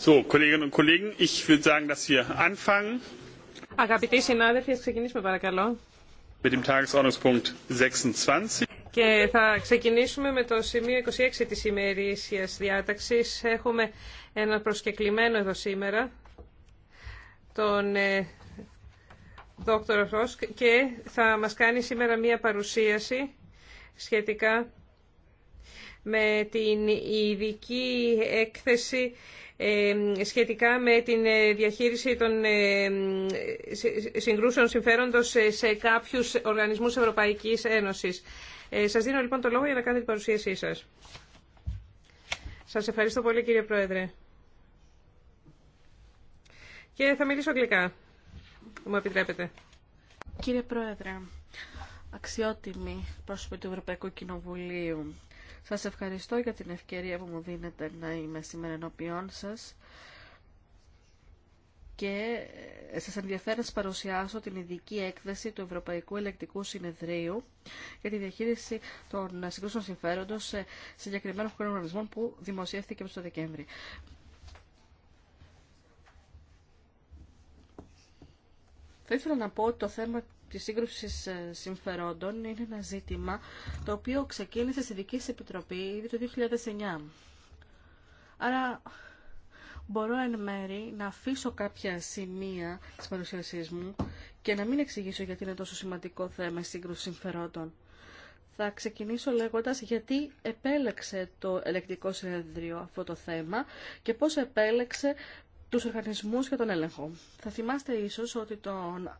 So, Kolleginnen und Kollegen, ich würde sagen, dass wir Αγαπητοί συνάδελφοι, ας ξεκινήσουμε παρακαλώ. Και θα ξεκινήσουμε με το σημείο 26 της ημερήσιας διάταξης. Έχουμε ένα προσκεκλημένο εδώ σήμερα, τον ε, Δόκτωρο Φρόσκ, και θα μας κάνει σήμερα μία παρουσίαση σχετικά με την ειδική έκθεση ε, σχετικά με την ε, διαχείριση των ε, συγκρούσεων συμφέροντος σε κάποιους οργανισμούς Ευρωπαϊκής Ένωσης. Σας δίνω λοιπόν το λόγο για να κάνετε την παρουσίασή σας. Σας ευχαριστώ πολύ κύριε Πρόεδρε. Και θα μιλήσω αγγλικά, μου επιτρέπετε. Κύριε Πρόεδρε, αξιότιμη πρόσωποι του Ευρωπαϊκού Κοινοβουλίου, σας ευχαριστώ για την ευκαιρία που μου δίνετε να είμαι σήμερα ενώπιόν σας και ε, σας ενδιαφέρει να παρουσιάσω την ειδική έκθεση του Ευρωπαϊκού Ελεκτικού Συνεδρίου για τη διαχείριση των συγκρούσεων συμφέροντος σε συγκεκριμένων χρονών που δημοσιεύθηκε στο Δεκέμβρη. Θα ήθελα να πω το θέμα της σύγκρουση ε, συμφερόντων είναι ένα ζήτημα το οποίο ξεκίνησε στη δική σας επιτροπή ήδη το 2009. Άρα μπορώ εν μέρη να αφήσω κάποια σημεία τη παρουσίασή μου και να μην εξηγήσω γιατί είναι τόσο σημαντικό θέμα η σύγκρουση συμφερόντων. Θα ξεκινήσω λέγοντας γιατί επέλεξε το ελεκτικό συνεδρίο αυτό το θέμα και πώς επέλεξε τους οργανισμούς για τον έλεγχο. Θα θυμάστε ίσως ότι τον,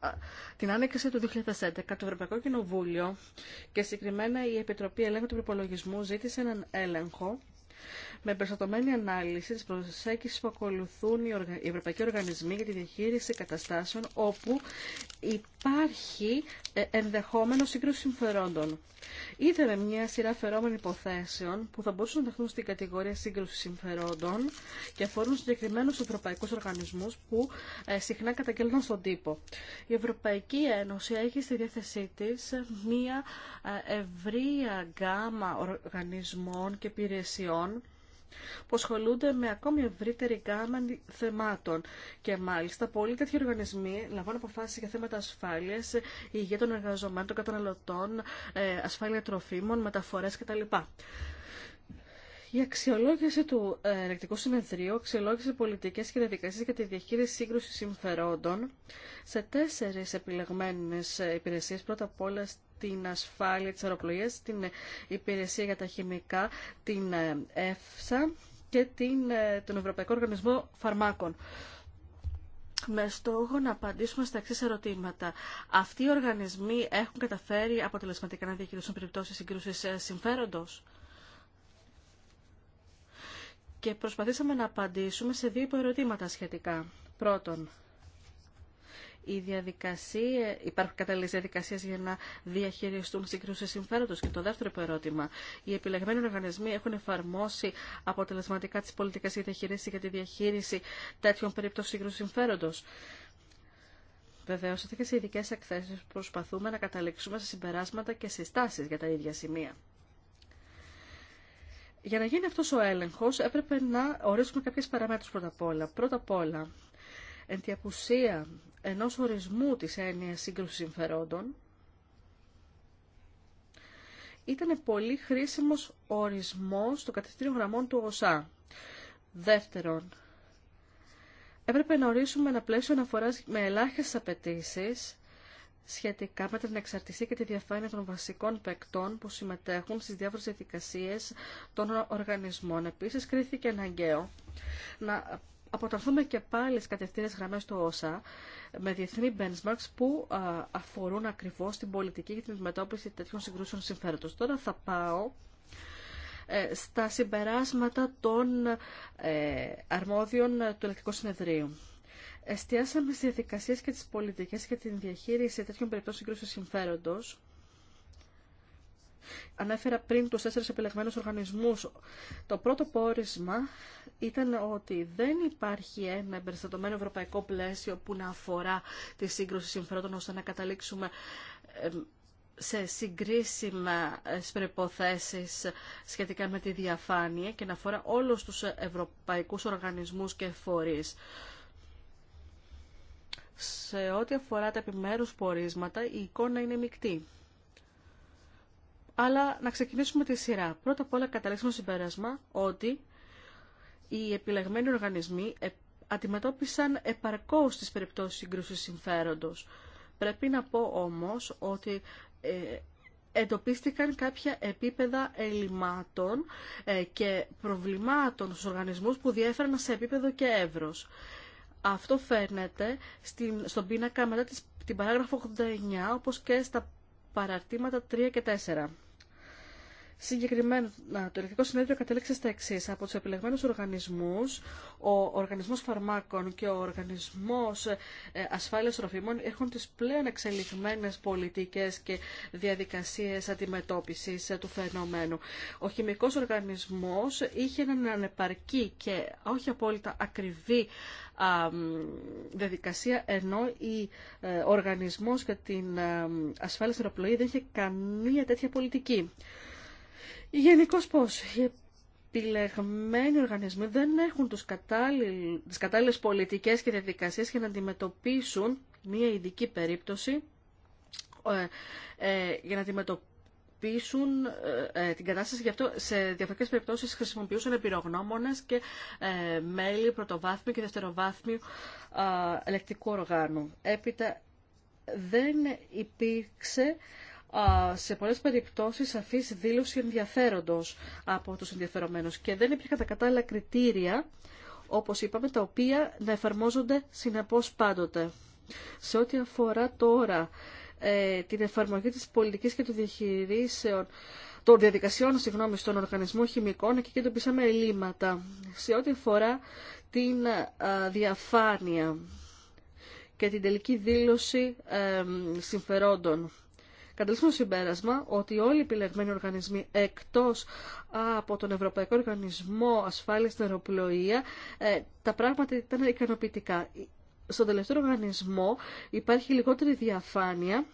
την άνεξη του 2011 το Ευρωπαϊκό Κοινοβούλιο και συγκεκριμένα η Επιτροπή Ελέγχου του Προπολογισμού ζήτησε έναν έλεγχο με περιστατωμένη ανάλυση τη προσέγγιση που ακολουθούν οι ευρωπαϊκοί οργανισμοί για τη διαχείριση καταστάσεων όπου υπάρχει ε, ενδεχόμενο σύγκρουση συμφερόντων. Είδαμε μια σειρά φερόμενων υποθέσεων που θα μπορούσαν να ταχθούν στην κατηγορία σύγκρουση συμφερόντων και αφορούν συγκεκριμένου ευρωπαϊκού οργανισμού που ε, συχνά καταγγέλνουν στον τύπο. Η Ευρωπαϊκή Ένωση έχει στη διάθεσή τη μια ε, ευρεία γκάμα οργανισμών και υπηρεσιών που ασχολούνται με ακόμη ευρύτερη γάμα θεμάτων. Και μάλιστα πολλοί τέτοιοι οργανισμοί λαμβάνουν αποφάσει για θέματα ασφάλεια, υγεία των εργαζομένων, των καταναλωτών, ε, ασφάλεια τροφίμων, μεταφορέ κτλ. Η αξιολόγηση του ε, Ελεκτικού Συνεδρίου αξιολόγησε πολιτικέ και διαδικασίε για τη διαχείριση σύγκρουση συμφερόντων σε τέσσερι επιλεγμένε ε, υπηρεσίε. Πρώτα απ' όλα την ασφάλεια της Αεροπλογίας, την υπηρεσία για τα χημικά, την ε, ΕΦΣΑ και την, ε, τον Ευρωπαϊκό Οργανισμό Φαρμάκων με στόχο να απαντήσουμε στα εξή ερωτήματα. Αυτοί οι οργανισμοί έχουν καταφέρει αποτελεσματικά να διαχειριστούν περιπτώσει συγκρούση ε, συμφέροντο. Και προσπαθήσαμε να απαντήσουμε σε δύο ερωτήματα σχετικά. Πρώτον, υπάρχουν κατάλληλες διαδικασίε για να διαχειριστούν συγκρούσεις συμφέροντος. Και το δεύτερο ερώτημα, οι επιλεγμένοι οργανισμοί έχουν εφαρμόσει αποτελεσματικά τις πολιτικές για τη διαχείριση τέτοιων περιπτώσεων συγκρούσεων συμφέροντος. Βεβαίω, ότι και σε ειδικέ εκθέσει προσπαθούμε να καταλήξουμε σε συμπεράσματα και συστάσει για τα ίδια σημεία. Για να γίνει αυτό ο έλεγχο, έπρεπε να ορίσουμε κάποιε παραμέτρου πρώτα απ' όλα. Πρώτα απ' όλα, εν τη απουσία ενός ορισμού της έννοιας σύγκρουση συμφερόντων, ήταν πολύ χρήσιμος ορισμός των κατευθύνων γραμμών του ΟΣΑ. Δεύτερον, έπρεπε να ορίσουμε ένα πλαίσιο αναφοράς με ελάχιστες απαιτήσει σχετικά με την εξαρτησία και τη διαφάνεια των βασικών παικτών που συμμετέχουν στις διάφορες διαδικασίες των οργανισμών. Επίσης, κρίθηκε αναγκαίο να αποταθούμε και πάλι στις κατευθύνες γραμμές του ΩΣΑ με διεθνή benchmarks που αφορούν ακριβώς την πολιτική και την αντιμετώπιση τέτοιων συγκρούσεων συμφέροντος. Τώρα θα πάω ε, στα συμπεράσματα των ε, αρμόδιων του Ελεκτικού Συνεδρίου. Εστιάσαμε στις διαδικασίες και τις πολιτικές και την διαχείριση τέτοιων περιπτώσεων συγκρούσεων συμφέροντος Ανέφερα πριν τους τέσσερις επιλεγμένους οργανισμούς. Το πρώτο πόρισμα ήταν ότι δεν υπάρχει ένα εμπεριστατωμένο ευρωπαϊκό πλαίσιο που να αφορά τη σύγκρουση συμφερόντων ώστε να καταλήξουμε σε συγκρίσιμα ε, προϋποθέσεις σχετικά με τη διαφάνεια και να αφορά όλους τους ευρωπαϊκούς οργανισμούς και φορείς. Σε ό,τι αφορά τα επιμέρους πορίσματα, η εικόνα είναι μεικτή. Αλλά να ξεκινήσουμε τη σειρά. Πρώτα απ' όλα καταλήξουμε συμπέρασμα ότι οι επιλεγμένοι οργανισμοί ε, αντιμετώπισαν επαρκώς τις περιπτώσεις σύγκρουσης συμφέροντος. Πρέπει να πω όμως ότι ε, εντοπίστηκαν κάποια επίπεδα ελλημάτων ε, και προβλημάτων στους οργανισμούς που διέφεραν σε επίπεδο και εύρος. Αυτό φαίνεται στην, στον πίνακα μετά την παράγραφο 89, όπως και στα παραρτήματα 3 και 4. Συγκεκριμένα, το Ελληνικό Συνέδριο κατέληξε στα εξή. Από του επιλεγμένου οργανισμού, ο Οργανισμό Φαρμάκων και ο Οργανισμό ε, Ασφάλεια Τροφίμων έχουν τι πλέον εξελιγμένε πολιτικέ και διαδικασίε αντιμετώπιση ε, του φαινομένου. Ο Χημικό Οργανισμό είχε έναν ανεπαρκή και όχι απόλυτα ακριβή διαδικασία, ενώ ο ε, Οργανισμό για την Ασφάλεια Τροπλοή δεν είχε καμία τέτοια πολιτική. Γενικώ πώς οι επιλεγμένοι οργανισμοί δεν έχουν τους κατάλληλε τις πολιτικές και διαδικασίες για να αντιμετωπίσουν μία ειδική περίπτωση ε, ε, για να αντιμετωπίσουν ε, την κατάσταση. Γι' αυτό σε διαφορετικές περιπτώσεις χρησιμοποιούσαν επιρογνώμονες και μέλη πρωτοβάθμιου και δευτεροβάθμιου ελεκτικού οργάνου. Έπειτα δεν υπήρξε σε πολλές περιπτώσεις αφήσει δήλωση ενδιαφέροντος από τους ενδιαφερομένους και δεν υπήρχαν τα κατάλληλα κριτήρια, όπως είπαμε, τα οποία να εφαρμόζονται συνεπώς πάντοτε. Σε ό,τι αφορά τώρα ε, την εφαρμογή της πολιτικής και των διαχειρήσεων των διαδικασιών συγγνώμη, στον οργανισμό χημικών, εκεί και εντοπίσαμε ελλείμματα. Σε ό,τι αφορά την ε, διαφάνεια και την τελική δήλωση ε, συμφερόντων καταλήξουμε στο συμπέρασμα ότι όλοι οι επιλεγμένοι οργανισμοί εκτός από τον Ευρωπαϊκό Οργανισμό Ασφάλειας στην Αεροπλοεία ε, τα πράγματα ήταν ικανοποιητικά. Στον τελευταίο οργανισμό υπάρχει λιγότερη διαφάνεια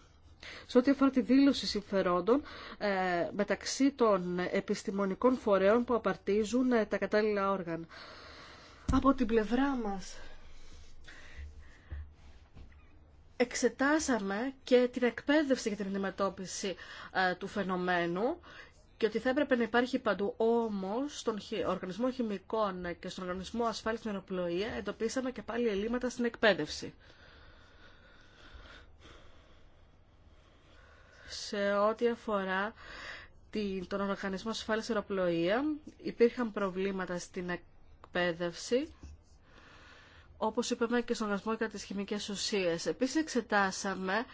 σε ό,τι αφορά τη δήλωση συμφερόντων ε, μεταξύ των επιστημονικών φορέων που απαρτίζουν ε, τα κατάλληλα όργανα. Από την πλευρά μας εξετάσαμε και την εκπαίδευση για την αντιμετώπιση ε, του φαινομένου και ότι θα έπρεπε να υπάρχει παντού. Όμω, στον Οργανισμό Χημικών και στον Οργανισμό Ασφάλεια στην Αεροπλοεία εντοπίσαμε και πάλι ελλείμματα στην εκπαίδευση. Σε ό,τι αφορά τον Οργανισμό Ασφάλεια Αεροπλοεία, υπήρχαν προβλήματα στην εκπαίδευση όπως είπαμε και στον οργανισμό για τις χημικές ουσίες. Επίσης εξετάσαμε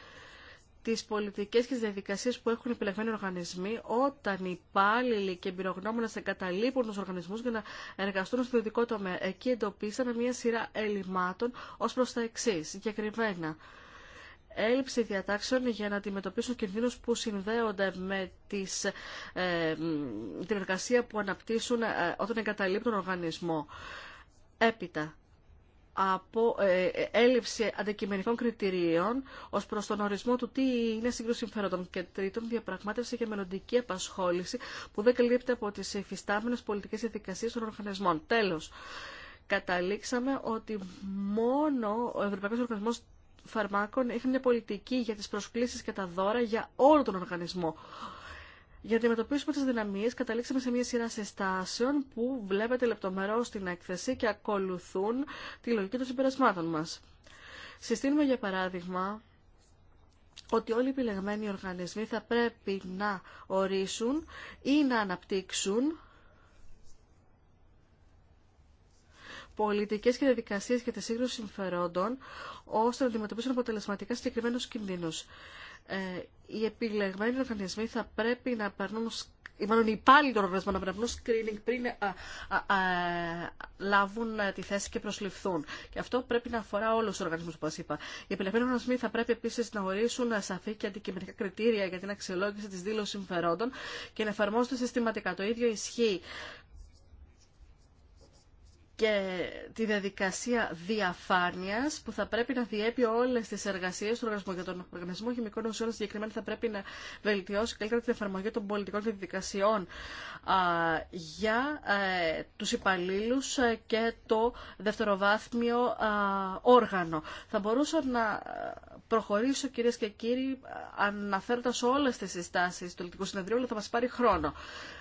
τις πολιτικές και τις διαδικασίες που έχουν επιλεγμένοι οργανισμοί όταν οι υπάλληλοι και εμπειρογνώμονες εγκαταλείπουν τους οργανισμούς για να εργαστούν στο ιδιωτικό τομέα. Εκεί εντοπίσαμε μια σειρά ελλημάτων ως προς τα εξή, συγκεκριμένα. Έλλειψη διατάξεων για να αντιμετωπίσουν κινδύνους που συνδέονται με τις, ε, την εργασία που αναπτύσσουν ε, όταν εγκαταλείπουν τον οργανισμό. Έπειτα, από ε, ε, έλλειψη αντικειμενικών κριτηρίων ως προς τον ορισμό του τι είναι σύγκρουση συμφέροντων και τρίτον διαπραγμάτευση για μελλοντική απασχόληση που δεν καλύπτεται από τις εφιστάμενες πολιτικές διαδικασίε των οργανισμών. Τέλος, καταλήξαμε ότι μόνο ο Ευρωπαϊκό Οργανισμός Φαρμάκων έχει μια πολιτική για τι προσκλήσει και τα δώρα για όλο τον οργανισμό για να αντιμετωπίσουμε τι δυναμίε, καταλήξαμε σε μια σειρά συστάσεων που βλέπετε λεπτομερώ στην έκθεση και ακολουθούν τη λογική των συμπερασμάτων μας. Συστήνουμε για παράδειγμα ότι όλοι οι επιλεγμένοι οργανισμοί θα πρέπει να ορίσουν ή να αναπτύξουν πολιτικές και διαδικασίες για τη σύγκρουση συμφερόντων, ώστε να αντιμετωπίσουν αποτελεσματικά συγκεκριμένους κινδύνους. Ε, οι επιλεγμένοι οργανισμοί θα πρέπει να περνούν ή οι υπάλληλοι των οργανισμών να περνούν screening πριν α, ε, α, ε, λάβουν τη θέση και προσληφθούν. Και αυτό πρέπει να αφορά όλου του οργανισμού, όπω είπα. Οι επιλεγμένοι οργανισμοί θα πρέπει επίση να ορίσουν σαφή και αντικειμενικά κριτήρια για την αξιολόγηση τη δήλωση συμφερόντων και να εφαρμόζονται συστηματικά. Το ίδιο ισχύει και τη διαδικασία διαφάνειας που θα πρέπει να διέπει όλες τις εργασίες του οργανισμού για τον οργανισμό χημικών ουσιών συγκεκριμένα θα πρέπει να βελτιώσει καλύτερα την εφαρμογή των πολιτικών διαδικασιών για ε, τους υπαλλήλους ε, και το δευτεροβάθμιο όργανο. Θα μπορούσα να ε, προχωρήσω κυρίες και κύριοι αναφέροντας όλες τις συστάσεις του Ελληνικού Συνεδρίου αλλά θα μας πάρει χρόνο.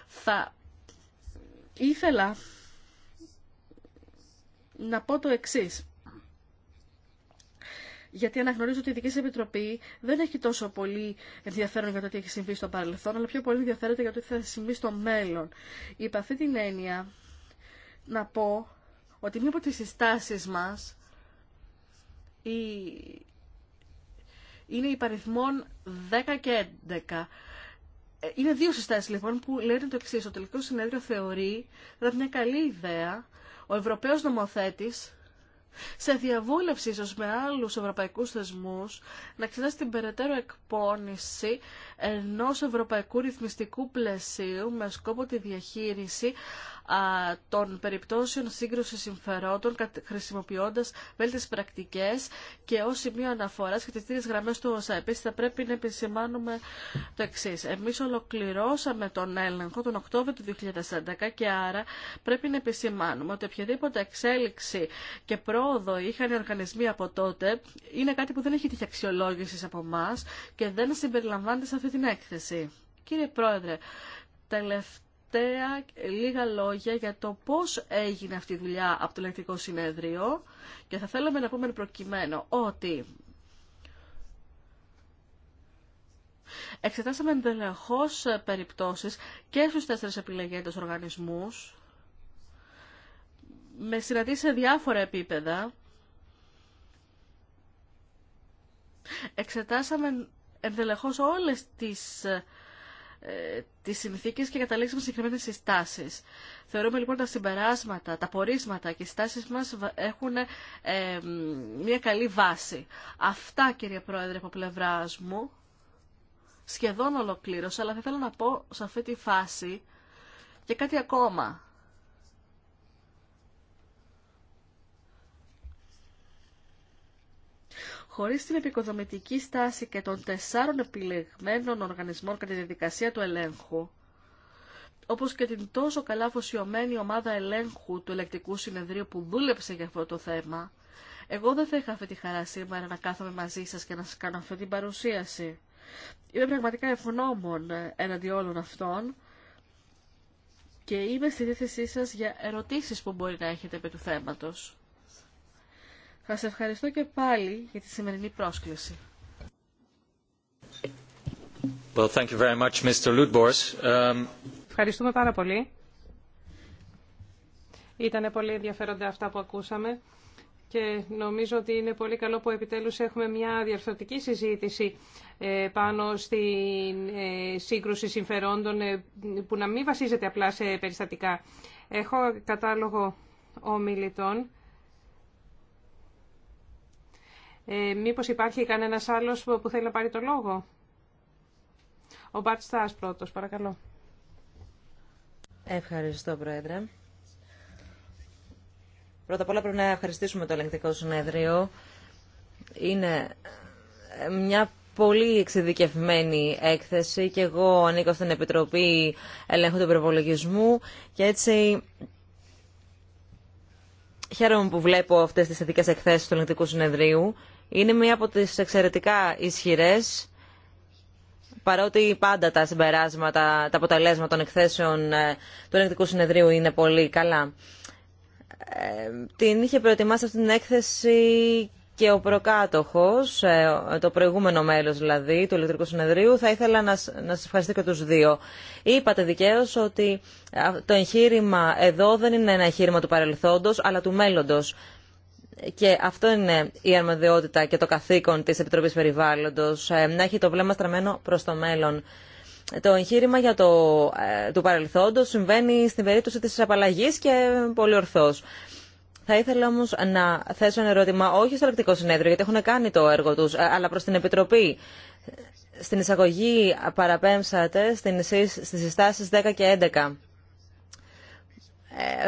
Θα ήθελα να πω το εξή. Γιατί αναγνωρίζω ότι η ειδική επιτροπή δεν έχει τόσο πολύ ενδιαφέρον για το τι έχει συμβεί στο παρελθόν, αλλά πιο πολύ ενδιαφέρεται για το τι θα συμβεί στο μέλλον. Υπ' αυτή την έννοια, να πω ότι μία από τις συστάσεις μας είναι η αριθμών 10 και 11. Ε, είναι δύο συστάσεις λοιπόν που λένε το εξή. Το τελικό συνέδριο θεωρεί ότι είναι μια καλή ιδέα ο Ευρωπαίος νομοθέτης σε διαβούλευση ίσως με άλλους ευρωπαϊκούς θεσμούς να ξεδάσει την περαιτέρω εκπόνηση ενός ευρωπαϊκού ρυθμιστικού πλαισίου με σκόπο τη διαχείριση των περιπτώσεων σύγκρουση συμφερόντων χρησιμοποιώντα βέλτιε πρακτικέ και ω σημείο αναφορά και τι τρεις γραμμέ του ΩΣΑ. Επίση, θα πρέπει να επισημάνουμε το εξή. Εμεί ολοκληρώσαμε τον έλεγχο τον Οκτώβριο του 2011 και άρα πρέπει να επισημάνουμε ότι οποιαδήποτε εξέλιξη και πρόοδο είχαν οι οργανισμοί από τότε είναι κάτι που δεν έχει τύχει αξιολόγηση από εμά και δεν συμπεριλαμβάνεται σε αυτή την έκθεση. Κύριε Πρόεδρε, τελευταία τελευταία λίγα λόγια για το πώς έγινε αυτή η δουλειά από το ελεκτικό συνέδριο και θα θέλαμε να πούμε προκειμένο, ότι εξετάσαμε εντελεχώς περιπτώσεις και στους τέσσερις επιλεγέντες οργανισμούς με συναντήσει σε διάφορα επίπεδα. Εξετάσαμε εντελεχώς όλες τις ε, τις συνθήκες και καταλήξουμε συγκεκριμένες συστάσεις. Θεωρούμε λοιπόν τα συμπεράσματα, τα πορίσματα και οι συστάσεις μας έχουν ε, μια καλή βάση. Αυτά κύριε Πρόεδρε από πλευρά μου σχεδόν ολοκλήρωσα, αλλά θα ήθελα να πω σε αυτή τη φάση και κάτι ακόμα. Χωρίς την επικοδομητική στάση και των τεσσάρων επιλεγμένων οργανισμών κατά τη διαδικασία του ελέγχου, όπως και την τόσο καλά φωσιωμένη ομάδα ελέγχου του ελεκτικού συνεδρίου που δούλεψε για αυτό το θέμα, εγώ δεν θα είχα αυτή τη χαρά σήμερα να κάθομαι μαζί σας και να σας κάνω αυτή την παρουσίαση. Είμαι πραγματικά ευγνώμων ε, έναντι όλων αυτών και είμαι στη διάθεσή σας για ερωτήσεις που μπορεί να έχετε επί του θέματος σε ευχαριστώ και πάλι για τη σημερινή πρόσκληση. Well, thank you very much, um, Ευχαριστούμε πάρα πολύ. Ήταν πολύ ενδιαφέροντα αυτά που ακούσαμε και νομίζω ότι είναι πολύ καλό που επιτέλους έχουμε μια διαρθρωτική συζήτηση ε, πάνω στην ε, σύγκρουση συμφερόντων ε, που να μην βασίζεται απλά σε περιστατικά. Έχω κατάλογο ομιλητών Ε, μήπως υπάρχει κανένας άλλος που θέλει να πάρει το λόγο. Ο Μπαρτ Στάς πρώτος, παρακαλώ. Ευχαριστώ, Πρόεδρε. Πρώτα απ' όλα πρέπει να ευχαριστήσουμε το ελεγκτικό συνέδριο. Είναι μια πολύ εξειδικευμένη έκθεση και εγώ ανήκω στην Επιτροπή Ελέγχου του Προπολογισμού και έτσι χαίρομαι που βλέπω αυτές τις ειδικές εκθέσεις του ελεγκτικού συνεδρίου είναι μία από τις εξαιρετικά ισχυρές, παρότι πάντα τα συμπεράσματα, τα αποτελέσματα των εκθέσεων ε, του ηλεκτρικού Συνεδρίου είναι πολύ καλά. Ε, την είχε προετοιμάσει αυτή την έκθεση και ο προκάτοχος, ε, το προηγούμενο μέλος δηλαδή του ηλεκτρικού συνεδρίου, θα ήθελα να, να σας ευχαριστήσω και τους δύο. Είπατε δικαίως ότι το εγχείρημα εδώ δεν είναι ένα εγχείρημα του παρελθόντος, αλλά του μέλλοντος και αυτό είναι η αρμοδιότητα και το καθήκον της Επιτροπής Περιβάλλοντος, ε, να έχει το βλέμμα στραμμένο προς το μέλλον. Το εγχείρημα για το, ε, του παρελθόντος συμβαίνει στην περίπτωση της απαλλαγής και πολύ ορθώς. Θα ήθελα όμω να θέσω ένα ερώτημα, όχι στο Ελεκτικό Συνέδριο, γιατί έχουν κάνει το έργο του, ε, αλλά προ την Επιτροπή. Στην εισαγωγή παραπέμψατε στι συστάσει 10 και 11.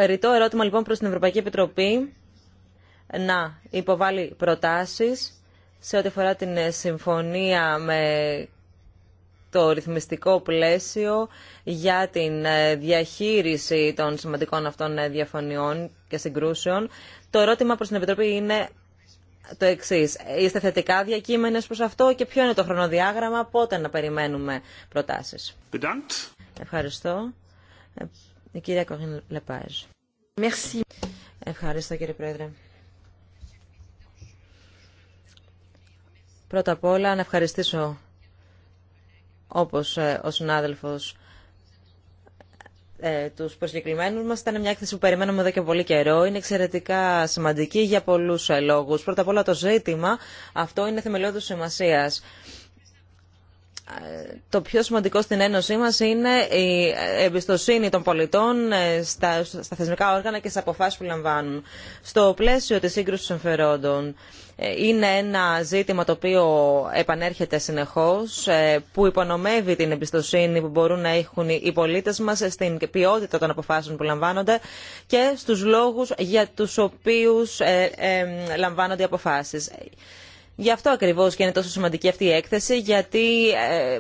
Ρητό ερώτημα λοιπόν προς την Ευρωπαϊκή Επιτροπή να υποβάλει προτάσεις σε ό,τι φορά την συμφωνία με το ρυθμιστικό πλαίσιο για την ε, διαχείριση των σημαντικών αυτών ε, διαφωνιών και συγκρούσεων. Το ερώτημα προς την Επιτροπή είναι το εξή. Είστε θετικά διακείμενε προ αυτό και ποιο είναι το χρονοδιάγραμμα, πότε να περιμένουμε προτάσει. Ευχαριστώ. Ε, η κυρία Λεπάζ. Ευχαριστώ κύριε Πρόεδρε. Πρώτα απ' όλα να ευχαριστήσω όπως ε, ο συνάδελφος ε, τους προσκεκλημένους μας. Ήταν μια έκθεση που περιμένουμε εδώ και πολύ καιρό. Είναι εξαιρετικά σημαντική για πολλούς ε, λόγους. Πρώτα απ' όλα το ζήτημα αυτό είναι θεμελιώδους σημασίας το πιο σημαντικό στην Ένωσή μας είναι η εμπιστοσύνη των πολιτών ε, στα, θεσμικά όργανα και στις αποφάσεις που λαμβάνουν. Στο πλαίσιο της σύγκρουσης συμφερόντων ε, είναι ένα ζήτημα το οποίο επανέρχεται συνεχώς, ε, που υπονομεύει την εμπιστοσύνη που μπορούν να έχουν οι πολίτες μας στην ποιότητα των αποφάσεων που λαμβάνονται και στους λόγους για τους οποίους λαμβάνονται οι αποφάσεις. Γι' αυτό ακριβώς και είναι τόσο σημαντική αυτή η έκθεση, γιατί ε,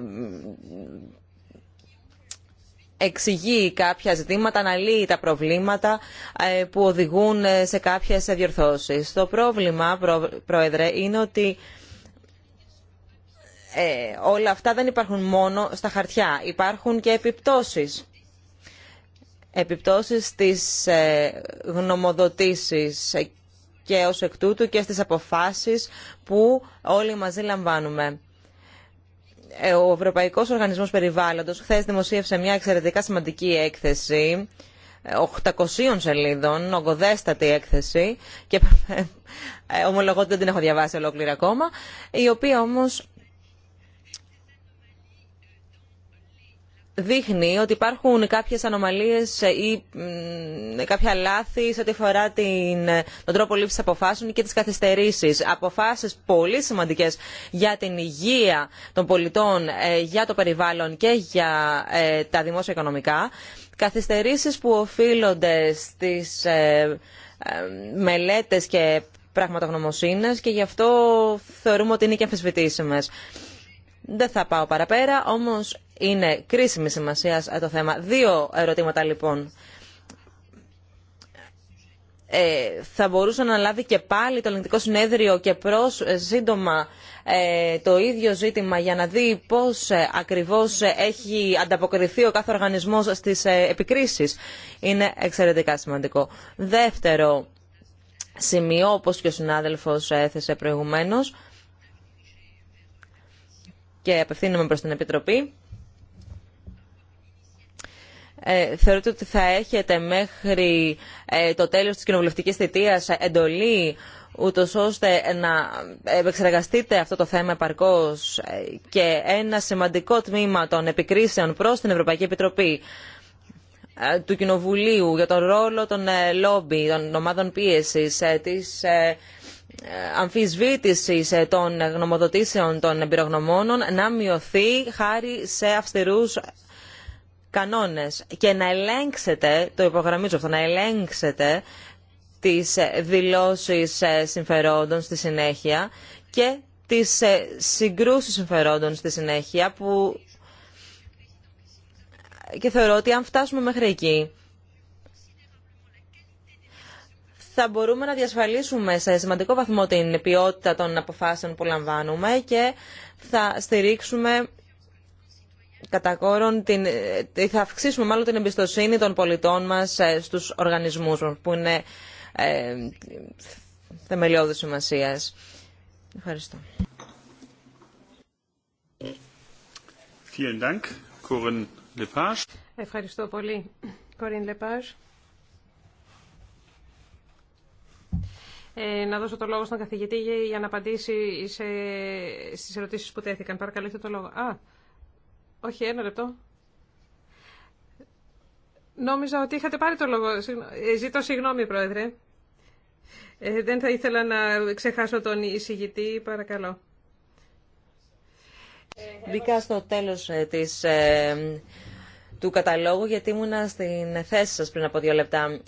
εξηγεί κάποια ζητήματα, αναλύει τα προβλήματα ε, που οδηγούν ε, σε κάποιε διορθώσει. Το πρόβλημα, Πρόεδρε, είναι ότι όλα αυτά δεν υπάρχουν μόνο στα χαρτιά. Υπάρχουν και επιπτώσεις. Επιπτώσεις στις γνωμοδοτήσεις και ως εκ τούτου και στις αποφάσεις που όλοι μαζί λαμβάνουμε. Ε, ο Ευρωπαϊκός Οργανισμός Περιβάλλοντος χθε δημοσίευσε μια εξαιρετικά σημαντική έκθεση 800 σελίδων, ογκοδέστατη έκθεση και ε, ε, ομολογώ ότι δεν την έχω διαβάσει ολόκληρη ακόμα η οποία όμως δείχνει ότι υπάρχουν κάποιες ανομαλίες ή κάποια λάθη σε ό,τι αφορά την, τον τρόπο λήψης αποφάσεων και τις καθυστερήσεις. Αποφάσεις πολύ σημαντικές για την υγεία των πολιτών, ε, για το περιβάλλον και για ε, τα δημόσια οικονομικά. Καθυστερήσεις που οφείλονται στις ε, μελέτες και πραγματογνωμοσύνες και γι' αυτό θεωρούμε ότι είναι και αμφισβητήσιμες. Δεν θα πάω παραπέρα, όμως είναι κρίσιμη σημασία το θέμα. Δύο ερωτήματα λοιπόν. Ε, θα μπορούσε να λάβει και πάλι το ελληνικό συνέδριο και προς ε, σύντομα ε, το ίδιο ζήτημα για να δει πώς ε, ακριβώς έχει ανταποκριθεί ο κάθε οργανισμός στις επικρίσεις. Είναι εξαιρετικά σημαντικό. Δεύτερο σημείο, όπως και ο συνάδελφος έθεσε προηγουμένως και απευθύνομαι προς την Επιτροπή, ε, θεωρείτε ότι θα έχετε μέχρι ε, το τέλος της κοινοβουλευτικής θητείας εντολή ούτω, ώστε να επεξεργαστείτε αυτό το θέμα επαρκώς ε, και ένα σημαντικό τμήμα των επικρίσεων προς την Ευρωπαϊκή Επιτροπή του Κοινοβουλίου για τον ρόλο των λόμπι, των ομάδων πίεσης, της αμφισβήτησης των γνωμοδοτήσεων των εμπειρογνωμόνων να μειωθεί χάρη σε αυστηρούς κανόνες και να ελέγξετε, το υπογραμμίζω αυτό, να ελέγξετε τις ε, δηλώσεις ε, συμφερόντων στη συνέχεια και τις ε, συγκρούσεις συμφερόντων στη συνέχεια που και θεωρώ ότι αν φτάσουμε μέχρι εκεί θα μπορούμε να διασφαλίσουμε σε σημαντικό βαθμό την ποιότητα των αποφάσεων που λαμβάνουμε και θα στηρίξουμε την, ε, θα αυξήσουμε μάλλον την εμπιστοσύνη των πολιτών μας ε, στους οργανισμούς μας, που είναι ε, θεμελιώδης σημασία. Ευχαριστώ. Ευχαριστώ πολύ, Κορίν Λεπάζ. Ε, να δώσω το λόγο στον καθηγητή για να απαντήσει σε, στις ερωτήσεις που τέθηκαν. Παρακαλώ, το λόγο. Α, όχι, ένα λεπτό. Νόμιζα ότι είχατε πάρει το λόγο. Ζήτω ε, συγγνώμη, Πρόεδρε. Ε, δεν θα ήθελα να ξεχάσω τον εισηγητή. Παρακαλώ. Μπήκα στο τέλος ε, της, του καταλόγου γιατί ήμουνα στην θέση σας πριν από δύο λεπτά.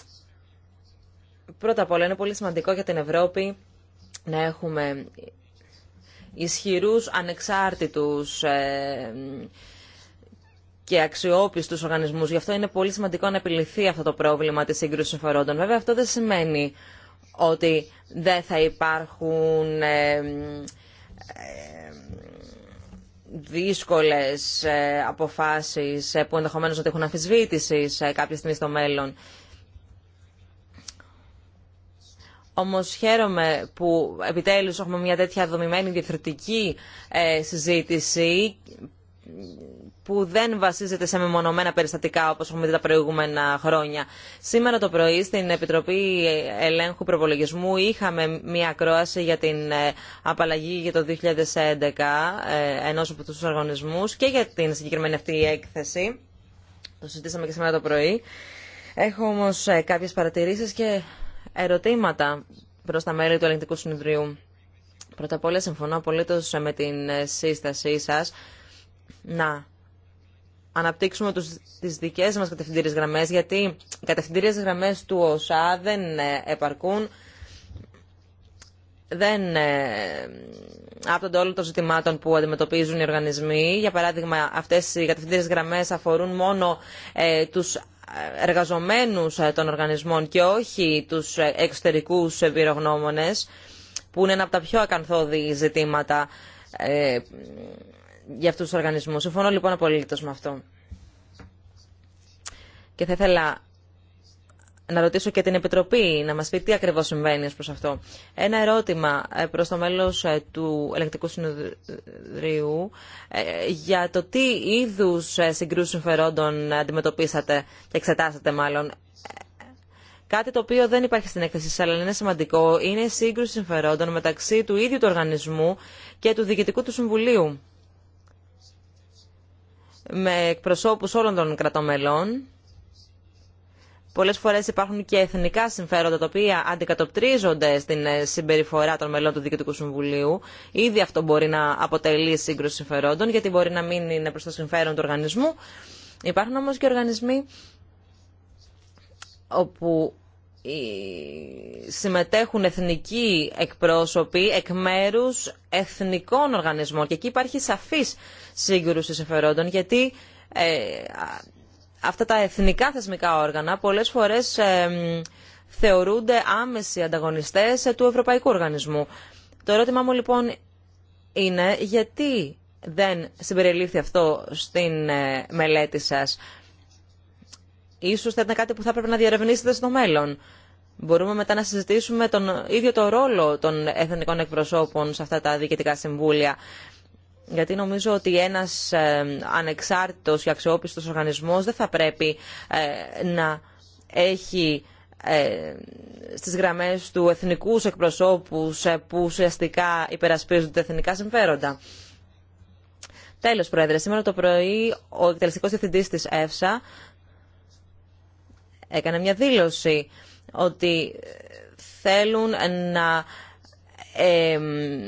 Πρώτα απ' όλα είναι πολύ σημαντικό για την Ευρώπη να έχουμε ισχυρούς, ανεξάρτητους ε, και αξιόπιστου οργανισμού. Γι' αυτό είναι πολύ σημαντικό να επιληθεί αυτό το πρόβλημα της σύγκρουση συμφερόντων. Βέβαια αυτό δεν σημαίνει ότι δεν θα υπάρχουν ε, ε, ε αποφάσεις ε, που ενδεχομένω να έχουν αμφισβήτηση σε κάποια στιγμή στο μέλλον. Όμω, χαίρομαι που επιτέλους έχουμε μια τέτοια δομημένη ε, συζήτηση που δεν βασίζεται σε μεμονωμένα περιστατικά όπως έχουμε δει τα προηγούμενα χρόνια. Σήμερα το πρωί στην Επιτροπή Ελέγχου Προπολογισμού είχαμε μια ακρόαση για την ε, απαλλαγή για το 2011 ε, ενός από τους οργανισμούς και για την συγκεκριμένη αυτή έκθεση. Το συζητήσαμε και σήμερα το πρωί. Έχω όμως ε, κάποιες παρατηρήσεις και ερωτήματα προς τα μέλη του Ελεγκτικού Συνεδρίου. Πρώτα απ' όλα συμφωνώ απολύτω με την σύστασή σας να αναπτύξουμε τους, τις δικές μας κατευθυντήριες γραμμές, γιατί οι κατευθυντήριες γραμμές του ΟΣΑ δεν ε, επαρκούν, δεν ε, άπτονται όλων των ζητημάτων που αντιμετωπίζουν οι οργανισμοί. Για παράδειγμα, αυτές οι κατευθυντήριες γραμμές αφορούν μόνο ε, τους εργαζομένους ε, των οργανισμών και όχι τους εξωτερικούς εμπειρογνώμονες, που είναι ένα από τα πιο ακαθόδη ζητήματα για αυτούς τους οργανισμούς. Συμφωνώ λοιπόν απολύτως με αυτό. Και θα ήθελα να ρωτήσω και την Επιτροπή να μας πει τι ακριβώς συμβαίνει ως προς αυτό. Ένα ερώτημα ε, προς το μέλος ε, του Ελεκτικού Συνοδριού ε, για το τι είδους συγκρούσεις συμφερόντων αντιμετωπίσατε και εξετάσατε μάλλον. Κάτι το οποίο δεν υπάρχει στην έκθεση αλλά είναι σημαντικό, είναι η σύγκρουση συμφερόντων μεταξύ του ίδιου του οργανισμού και του Διοικητικού του Συμβουλίου με εκπροσώπου όλων των κρατομελών. Πολλέ φορές υπάρχουν και εθνικά συμφέροντα τα οποία αντικατοπτρίζονται στην ε, συμπεριφορά των μελών του Διοικητικού Συμβουλίου. Ήδη αυτό μπορεί να αποτελεί σύγκρουση συμφερόντων γιατί μπορεί να μην είναι προ το συμφέρον του οργανισμού. Υπάρχουν όμως και οργανισμοί όπου συμμετέχουν εθνικοί εκπρόσωποι εκ μέρου εθνικών οργανισμών και εκεί υπάρχει σαφής σύγκρουση συμφερόντων γιατί ε, αυτά τα εθνικά θεσμικά όργανα πολλές φορές ε, θεωρούνται άμεση ανταγωνιστές ε, του Ευρωπαϊκού Οργανισμού. Το ερώτημά μου λοιπόν είναι γιατί δεν συμπεριλήφθη αυτό στην μελέτη σας. Ίσως θα ήταν κάτι που θα έπρεπε να διαρευνήσετε στο μέλλον. Μπορούμε μετά να συζητήσουμε τον ίδιο το ρόλο των εθνικών εκπροσώπων σε αυτά τα διοικητικά συμβούλια. Γιατί νομίζω ότι ένας ε, ανεξάρτητος και αξιόπιστος οργανισμός δεν θα πρέπει ε, να έχει ε, στις γραμμές του εθνικούς εκπροσώπους που ουσιαστικά υπερασπίζονται εθνικά συμφέροντα. Τέλος, Πρόεδρε, σήμερα το πρωί ο εκτελεστικός διευθυντής της ΕΦΣΑ έκανε μια δήλωση ότι θέλουν να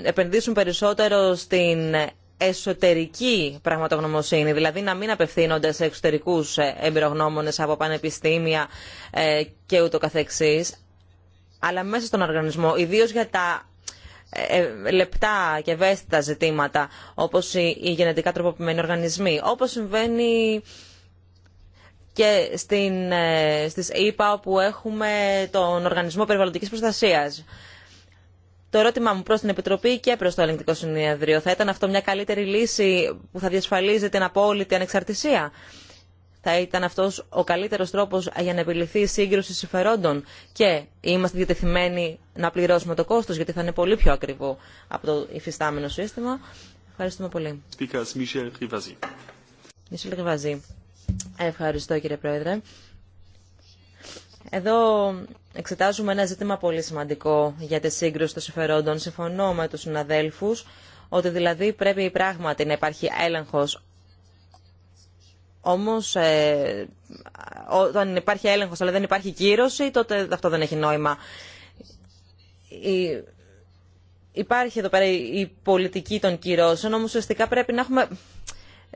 επενδύσουν περισσότερο στην εσωτερική πραγματογνωμοσύνη, δηλαδή να μην απευθύνονται σε εξωτερικούς ε, εμπειρογνώμονες από πανεπιστήμια ε, και ούτω καθεξής, αλλά μέσα στον οργανισμό, ιδίως για τα ε, λεπτά και ευαίσθητα ζητήματα, όπως οι γενετικά τροποποιημένοι οργανισμοί, όπως συμβαίνει και στι ε, στις ΕΙΠΑ όπου έχουμε τον Οργανισμό Περιβαλλοντικής Προστασίας. Το ερώτημά μου προς την Επιτροπή και προς το Ελληνικό Συνέδριο θα ήταν αυτό μια καλύτερη λύση που θα διασφαλίζει την απόλυτη ανεξαρτησία. Θα ήταν αυτός ο καλύτερος τρόπος για να επιληθεί η σύγκρουση συμφερόντων και είμαστε διατεθειμένοι να πληρώσουμε το κόστος γιατί θα είναι πολύ πιο ακριβό από το υφιστάμενο σύστημα. Ευχαριστούμε πολύ. Ευχαριστώ κύριε Πρόεδρε. Εδώ εξετάζουμε ένα ζήτημα πολύ σημαντικό για τη σύγκρουση των συμφερόντων. Συμφωνώ με τους συναδέλφους ότι δηλαδή πρέπει πράγματι να υπάρχει έλεγχος. Όμως ε, όταν υπάρχει έλεγχος αλλά δεν υπάρχει κύρωση τότε αυτό δεν έχει νόημα. υπάρχει εδώ πέρα η πολιτική των κυρώσεων όμως ουσιαστικά πρέπει να έχουμε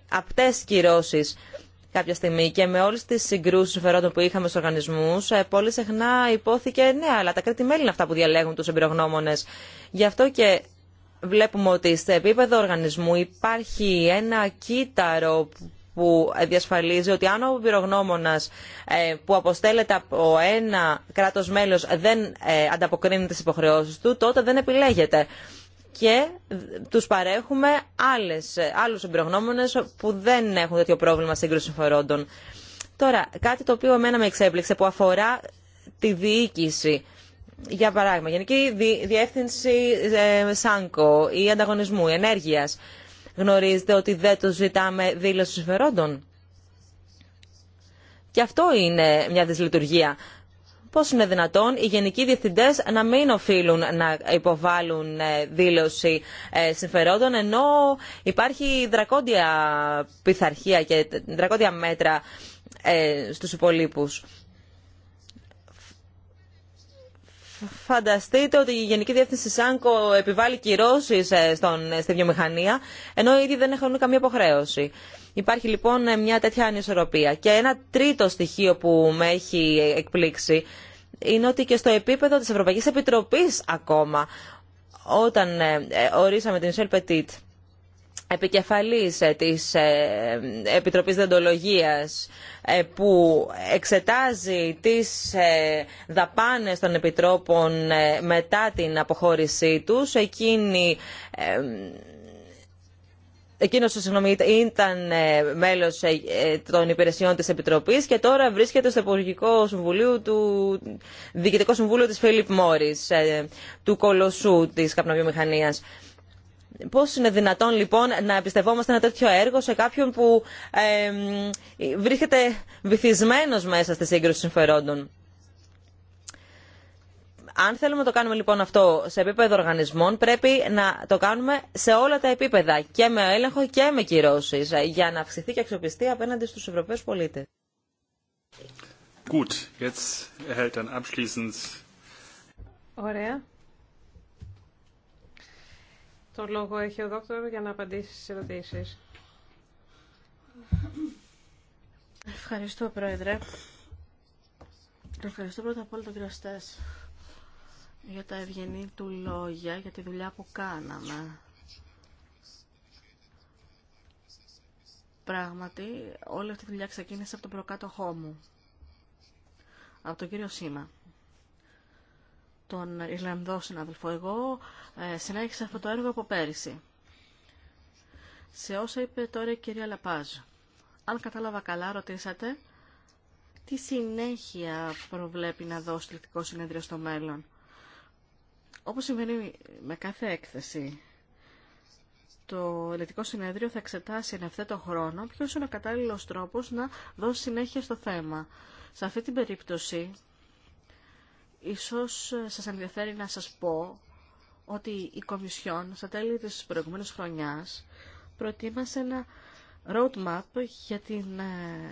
απτές κυρώσεις κάποια στιγμή και με όλες τις συγκρούσει συμφερόντων που είχαμε στου οργανισμούς ε, πολύ συχνά υπόθηκε ναι αλλά τα κράτη-μέλη είναι αυτά που διαλέγουν τους εμπειρογνώμονες. Γι' αυτό και βλέπουμε ότι σε επίπεδο οργανισμού υπάρχει ένα κύτταρο που διασφαλίζει ότι αν ο πυρογνώμονα ε, που αποστέλλεται από ένα κράτο μέλο δεν ε, ανταποκρίνει τι υποχρεώσει του, τότε δεν επιλέγεται και τους παρέχουμε άλλες, άλλους εμπειρογνώμονες που δεν έχουν τέτοιο πρόβλημα σύγκρουση συμφερόντων. Τώρα, κάτι το οποίο εμένα με εξέπληξε που αφορά τη διοίκηση. Για παράδειγμα, Γενική Διεύθυνση ε, ΣΑΝΚΟ ή Ανταγωνισμού, ή Ενέργειας. Γνωρίζετε ότι δεν τους ζητάμε δήλωση συμφερόντων. Και αυτό είναι μια δυσλειτουργία πώς είναι δυνατόν οι γενικοί διευθυντές να μην οφείλουν να υποβάλουν ε, δήλωση ε, συμφερόντων ενώ υπάρχει δρακόντια πειθαρχία και δρακόντια μέτρα ε, στους υπολείπους. Φανταστείτε ότι η Γενική Διεύθυνση ΣΑΝΚΟ επιβάλλει κυρώσει ε, ε, στη βιομηχανία, ενώ ήδη δεν έχουν καμία υποχρέωση. Υπάρχει λοιπόν ε, μια τέτοια ανισορροπία. Και ένα τρίτο στοιχείο που με έχει εκπλήξει είναι ότι και στο επίπεδο της Ευρωπαϊκής Επιτροπής ακόμα, όταν ορίσαμε την Ισελ επικεφαλής ε, της ε, Επιτροπής Δεντολογίας ε, που εξετάζει τις δαπάνες των επιτρόπων μετά την αποχώρησή τους. Εκείνη Εκείνος συγγνώμη, ήταν μέλος των υπηρεσιών της Επιτροπής και τώρα βρίσκεται στο Υπουργικό Συμβουλίο του Διοικητικό Συμβούλιο της Φίλιπ Μόρι, του Κολοσσού της Καπνοβιομηχανίας. Πώ είναι δυνατόν λοιπόν να εμπιστευόμαστε ένα τέτοιο έργο σε κάποιον που ε, βρίσκεται βυθισμένο μέσα στη σύγκρουση συμφερόντων. Αν θέλουμε να το κάνουμε λοιπόν αυτό σε επίπεδο οργανισμών, πρέπει να το κάνουμε σε όλα τα επίπεδα, και με έλεγχο και με κυρώσει, για να αυξηθεί και αξιοπιστεί απέναντι στους ευρωπαίου πολίτε. Gut, jetzt erhält dann abschließend... Το λόγο έχει ο δόκτωρο για να απαντήσει στις ερωτήσεις. Ευχαριστώ, Πρόεδρε. Ευχαριστώ πρώτα απ' όλα τον κύριο Στές για τα ευγενή του λόγια, για τη δουλειά που κάναμε. Πράγματι, όλη αυτή η δουλειά ξεκίνησε από τον προκάτοχό μου, από τον κύριο Σίμα τον Ιρλανδό συναδελφό. Εγώ ε, συνέχισα αυτό το έργο από πέρυσι. Σε όσα είπε τώρα η κυρία Λαπάζ, αν κατάλαβα καλά, ρωτήσατε τι συνέχεια προβλέπει να δώσει το ηλεκτρικό συνέδριο στο μέλλον. Όπως συμβαίνει με κάθε έκθεση, το ηλεκτρικό συνέδριο θα εξετάσει εν ευθέτω χρόνο Ποιο είναι ο κατάλληλο τρόπο να δώσει συνέχεια στο θέμα. Σε αυτή την περίπτωση, Ίσως σας ενδιαφέρει να σας πω ότι η Κομισιόν στα τέλη της προηγούμενης χρονιάς προετοίμασε ένα roadmap για την ε,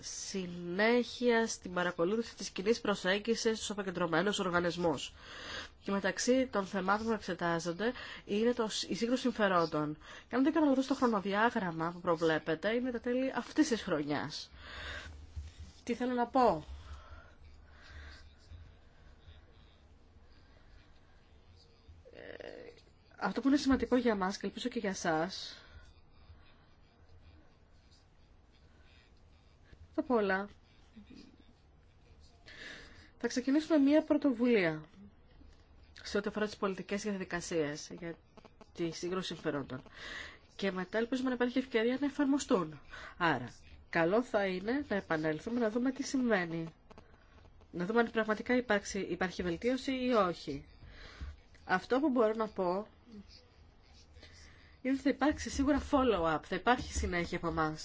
συνέχεια στην παρακολούθηση της κοινή προσέγγισης στους αποκεντρωμένους οργανισμούς. Και μεταξύ των θεμάτων που εξετάζονται είναι το, η σύγκρουση συμφερόντων. Και αν δεν κάνω το χρονοδιάγραμμα που προβλέπετε είναι τα τέλη αυτής της χρονιάς. Τι θέλω να πω. Αυτό που είναι σημαντικό για μας και ελπίζω και για σας, πω όλα, θα ξεκινήσουμε μία πρωτοβουλία σε ό,τι αφορά τις πολιτικές διαδικασίες για τη σύγκρουση συμφερόντων. Και μετά ελπίζουμε να υπάρχει ευκαιρία να εφαρμοστούν. Άρα, καλό θα είναι να επανέλθουμε να δούμε τι συμβαίνει. Να δούμε αν πραγματικά υπάρξει, υπάρχει βελτίωση ή όχι. Αυτό που μπορώ να πω είναι ότι θα υπάρξει σίγουρα follow-up, θα υπάρχει συνέχεια από εμά.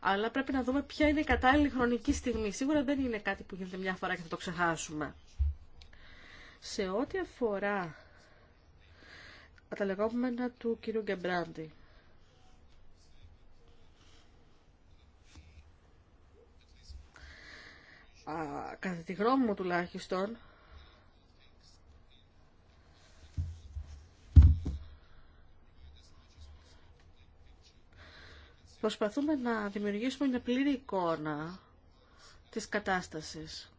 Αλλά πρέπει να δούμε ποια είναι η κατάλληλη χρονική στιγμή. Σίγουρα δεν είναι κάτι που γίνεται μια φορά και θα το ξεχάσουμε. Σε ό,τι αφορά τα λεγόμενα του κ. Γκεμπράντη, κατά τη γνώμη μου τουλάχιστον, Προσπαθούμε να δημιουργήσουμε μια πλήρη εικόνα της κατάστασης.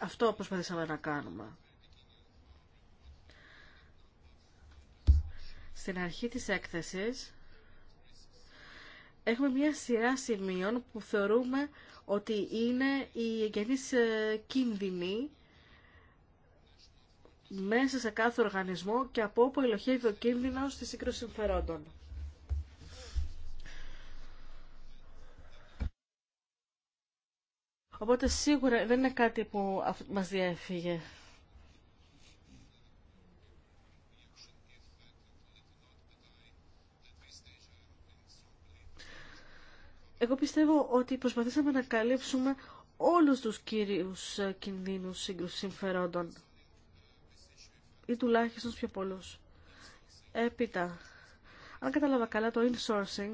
Αυτό προσπαθήσαμε να κάνουμε. Στην αρχή της έκθεσης έχουμε μια σειρά σημείων που θεωρούμε ότι είναι οι εγγενείς ε, κίνδυνοι μέσα σε κάθε οργανισμό και από όπου ελοχεύει ο κίνδυνος της σύγκρουσης συμφερόντων. Οπότε σίγουρα δεν είναι κάτι που μας διέφυγε. Εγώ πιστεύω ότι προσπαθήσαμε να καλύψουμε όλους τους κύριους ε, κινδύνους σύγκρουση συμφερόντων ή τουλάχιστον πιο πολλούς. Έπειτα, αν κατάλαβα καλά το insourcing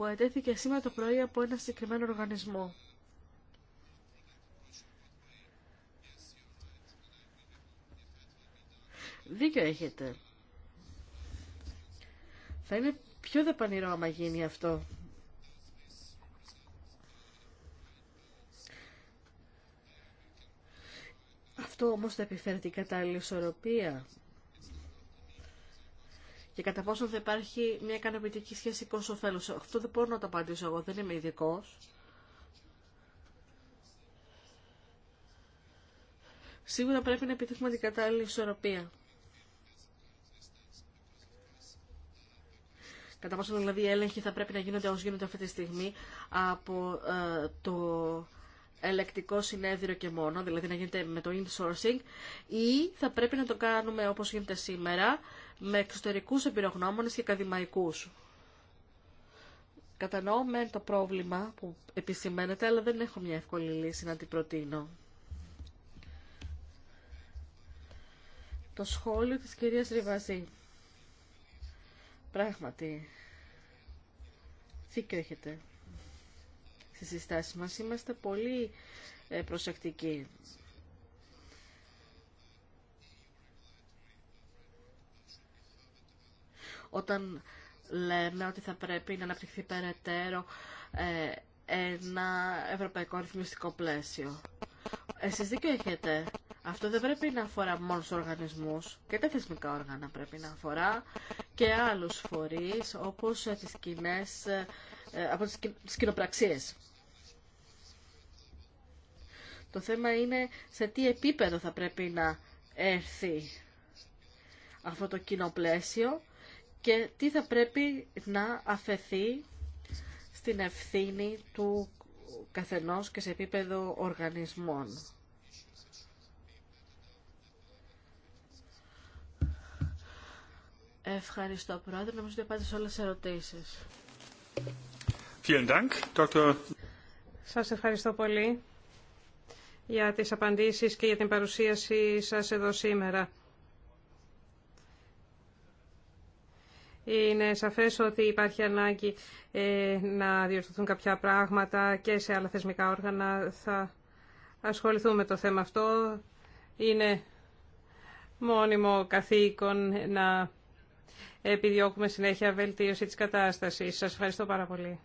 που ετέθηκε σήμερα το πρωί από ένα συγκεκριμένο οργανισμό. Δίκιο έχετε. Θα είναι πιο δεπανηρό άμα γίνει αυτό. Αυτό όμως θα επιφέρει την κατάλληλη ισορροπία και κατά πόσο θα υπάρχει μια ικανοποιητική πόσο θέλω. Αυτό δεν μπορώ να το απαντήσω εγώ, δεν είμαι ειδικό. Σίγουρα πρέπει να επιτύχουμε την κατάλληλη ισορροπία. Κατά πόσο δηλαδή οι έλεγχοι θα πρέπει να γίνονται όσο γίνονται αυτή τη στιγμή από ε, το ελεκτικό συνέδριο και μόνο, δηλαδή να γίνεται με το insourcing, ή θα πρέπει να το κάνουμε όπως γίνεται σήμερα, με εξωτερικούς εμπειρογνώμονες και ακαδημαϊκούς. Κατανοώ μεν το πρόβλημα που επισημαίνεται, αλλά δεν έχω μια εύκολη λύση να την προτείνω. Το σχόλιο της κυρίας Ριβαζή. Πράγματι, δίκιο έχετε. Στις συστάσεις μας είμαστε πολύ ε, προσεκτικοί. όταν λέμε ότι θα πρέπει να αναπτυχθεί περαιτέρω ε, ένα ευρωπαϊκό ρυθμιστικό πλαίσιο. Εσείς δίκιο έχετε. Αυτό δεν πρέπει να αφορά μόνο στους οργανισμούς και τα θεσμικά όργανα πρέπει να αφορά και άλλους φορείς όπως ε, τις κοινές, ε, από τις κοινοπραξίες. Το θέμα είναι σε τι επίπεδο θα πρέπει να έρθει αυτό το κοινό και τι θα πρέπει να αφαιθεί στην ευθύνη του καθενός και σε επίπεδο οργανισμών. Ευχαριστώ, Πρόεδρε. Νομίζω ότι απάντησε όλες τις ερωτήσεις. Σας ευχαριστώ πολύ για τις απαντήσεις και για την παρουσίασή σας εδώ σήμερα. Είναι σαφές ότι υπάρχει ανάγκη ε, να διορθωθούν κάποια πράγματα και σε άλλα θεσμικά όργανα θα ασχοληθούμε με το θέμα αυτό. Είναι μόνιμο καθήκον να επιδιώκουμε συνέχεια βελτίωση της κατάστασης. Σας ευχαριστώ πάρα πολύ.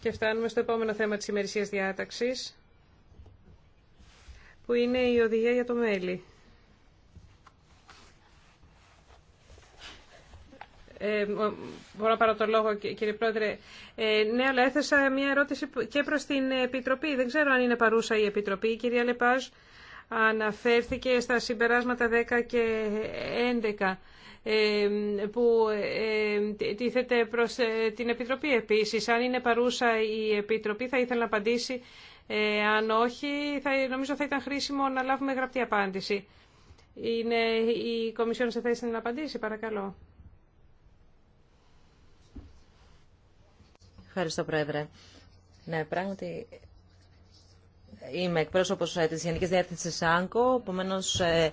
Και φτάνουμε στο επόμενο θέμα της ημερησίας διάταξης, που είναι η οδηγία για το μέλη. Ε, μπορώ να πάρω το λόγο, κύριε Πρόεδρε. Ε, ναι, αλλά έθεσα μια ερώτηση και προς την Επιτροπή. Δεν ξέρω αν είναι παρούσα η Επιτροπή. Η κυρία Λεπάζ αναφέρθηκε στα συμπεράσματα 10 και 11 ε, που τίθεται προς την Επιτροπή επίσης. Αν είναι παρούσα η Επιτροπή θα ήθελα να απαντήσει. αν όχι, θα, νομίζω θα ήταν χρήσιμο να λάβουμε γραπτή απάντηση. Είναι η Κομισιόν σε θέση να απαντήσει, παρακαλώ. Ευχαριστώ, Πρόεδρε. Ναι, πράγματι είμαι εκπρόσωπο ε, τη Γενική Διεύθυνση ΣΑΝΚΟ. επομένω ε,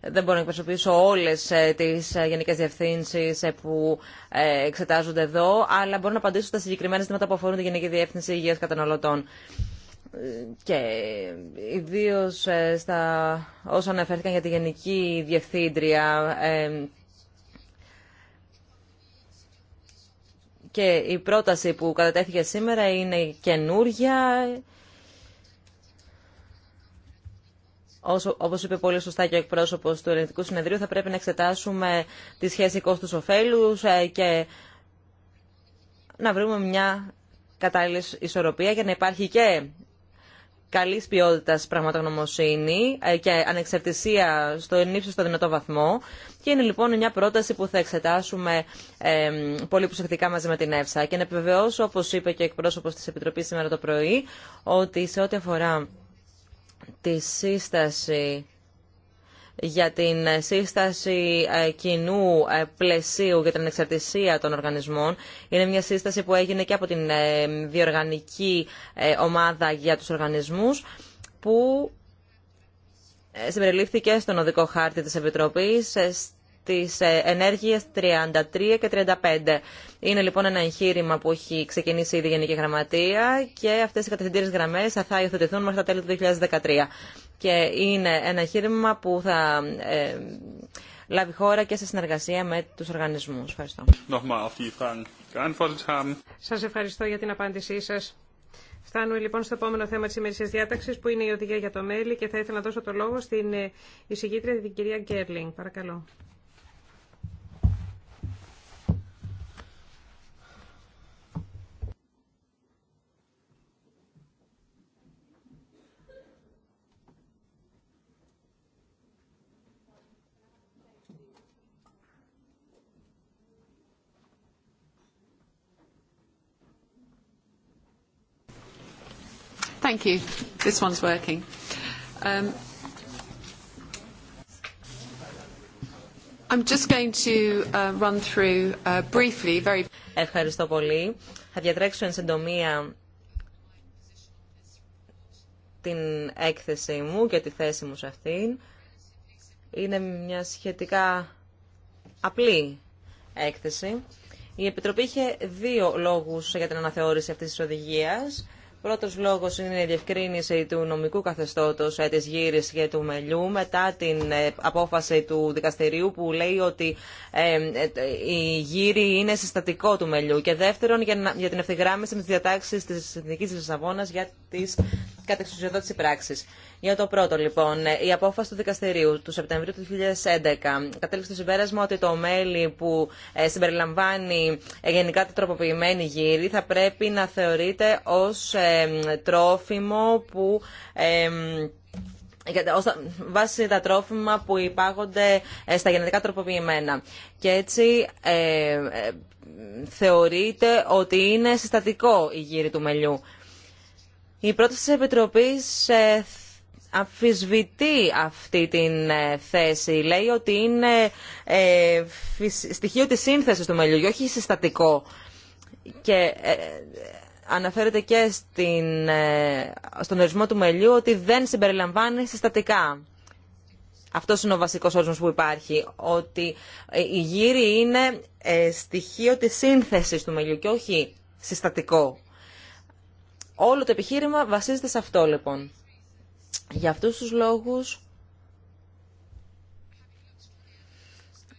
δεν μπορώ να εκπροσωπήσω όλε τι ε, γενικέ διευθύνσει που εξετάζονται εδώ, αλλά μπορώ να απαντήσω στα συγκεκριμένα ζητήματα που αφορούν τη Γενική Διεύθυνση Υγεία Καταναλωτών. Και ιδίω στα όσα αναφέρθηκαν για τη Γενική Διευθύντρια και η πρόταση που κατατέθηκε σήμερα είναι καινούρια. Όπω είπε πολύ σωστά και ο εκπρόσωπο του Ελληνικού Συνεδρίου, θα πρέπει να εξετάσουμε τη σχεση κοστους κόστου-οφέλου ε, και να βρούμε μια κατάλληλη ισορροπία για να υπάρχει και καλής ποιότητας πραγματογνωμοσύνη ε, και ανεξαρτησία στο ενύψιστο δυνατό βαθμό και είναι λοιπόν μια πρόταση που θα εξετάσουμε πολύ προσεκτικά μαζί με την ΕΦΣΑ. Και να επιβεβαιώσω, όπω είπε και ο εκπρόσωπο τη Επιτροπή σήμερα το πρωί, ότι σε ό,τι αφορά τη σύσταση για την σύσταση ε, κοινού ε, πλαισίου για την εξαρτησία των οργανισμών. Είναι μια σύσταση που έγινε και από την ε, διοργανική ομάδα για τους οργανισμούς που συμπεριλήφθηκε στον οδικό χάρτη της Επιτροπής τις ε, ενέργειες 33 και 35. Είναι λοιπόν ένα εγχείρημα που έχει ξεκινήσει η Γενική Γραμματεία και αυτές οι κατευθυντήρες γραμμές θα υιοθετηθούν μέχρι τα τέλη του 2013. Και είναι ένα εγχείρημα που θα ε, λάβει χώρα και σε συνεργασία με τους οργανισμούς. Ευχαριστώ. Σας ευχαριστώ για την απάντησή σας. Φτάνουμε λοιπόν στο επόμενο θέμα τη ημερησία διάταξη που είναι η οδηγία για το μέλη και θα ήθελα να δώσω το λόγο στην ε, εισηγήτρια την κυρία Γκέρλινγκ. Παρακαλώ. Thank you. This one's working. Um, I'm just going to uh, run through uh, briefly, very... Ευχαριστώ πολύ. Θα διατρέξω εν συντομία την έκθεσή μου και τη θέση μου σε αυτήν. Είναι μια σχετικά απλή έκθεση. Η Επιτροπή είχε δύο λόγους για την αναθεώρηση αυτής της οδηγίας. Πρώτος λόγος είναι η διευκρίνηση του νομικού καθεστώτος ε, της γύρισης και του μελιού μετά την ε, απόφαση του δικαστηρίου που λέει ότι ε, η γύρη είναι συστατικό του μελιού και δεύτερον για την ευθυγράμμιση με τις διατάξεις της Εθνικής Λισαβόνας για τις κατεξουσιοδότηση πράξη. Για το πρώτο, λοιπόν, η απόφαση του δικαστηρίου του Σεπτεμβρίου του 2011 κατέληξε στο συμπέρασμα ότι το μέλι που ε, συμπεριλαμβάνει ε, γενικά τα τροποποιημένη γύρι θα πρέπει να θεωρείται ω ε, τρόφιμο που βάσει τα τρόφιμα που υπάγονται στα γενετικά τροποποιημένα. Και έτσι ε, θεωρείται ότι είναι συστατικό η γύρι του μελιού. Η πρόταση της Επιτροπής ε, αμφισβητεί αυτή την ε, θέση. Λέει ότι είναι ε, στοιχείο της σύνθεσης του μελιού, όχι συστατικό. Και αναφέρεται και στον ορισμό του μελιού ότι δεν συμπεριλαμβάνει συστατικά. Αυτό είναι ο βασικός όρισμος που υπάρχει, ότι η γύρι είναι στοιχείο της σύνθεσης του μελιού και όχι συστατικό. Όλο το επιχείρημα βασίζεται σε αυτό λοιπόν. Για αυτούς τους λόγους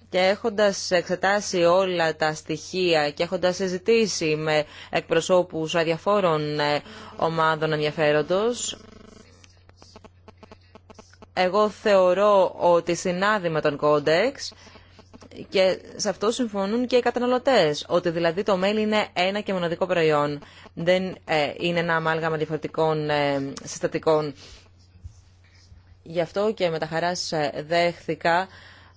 και έχοντας εξετάσει όλα τα στοιχεία και έχοντας συζητήσει με εκπροσώπους αδιαφόρων ε, ομάδων ενδιαφέροντος, εγώ θεωρώ ότι συνάδει με τον κόντεξ και σε αυτό συμφωνούν και οι καταναλωτές, ότι δηλαδή το mail είναι ένα και μοναδικό προϊόν. Δεν ε, είναι ένα αμάλγαμα διαφορετικών ε, συστατικών. Γι' αυτό και με τα χαράς ε, δέχθηκα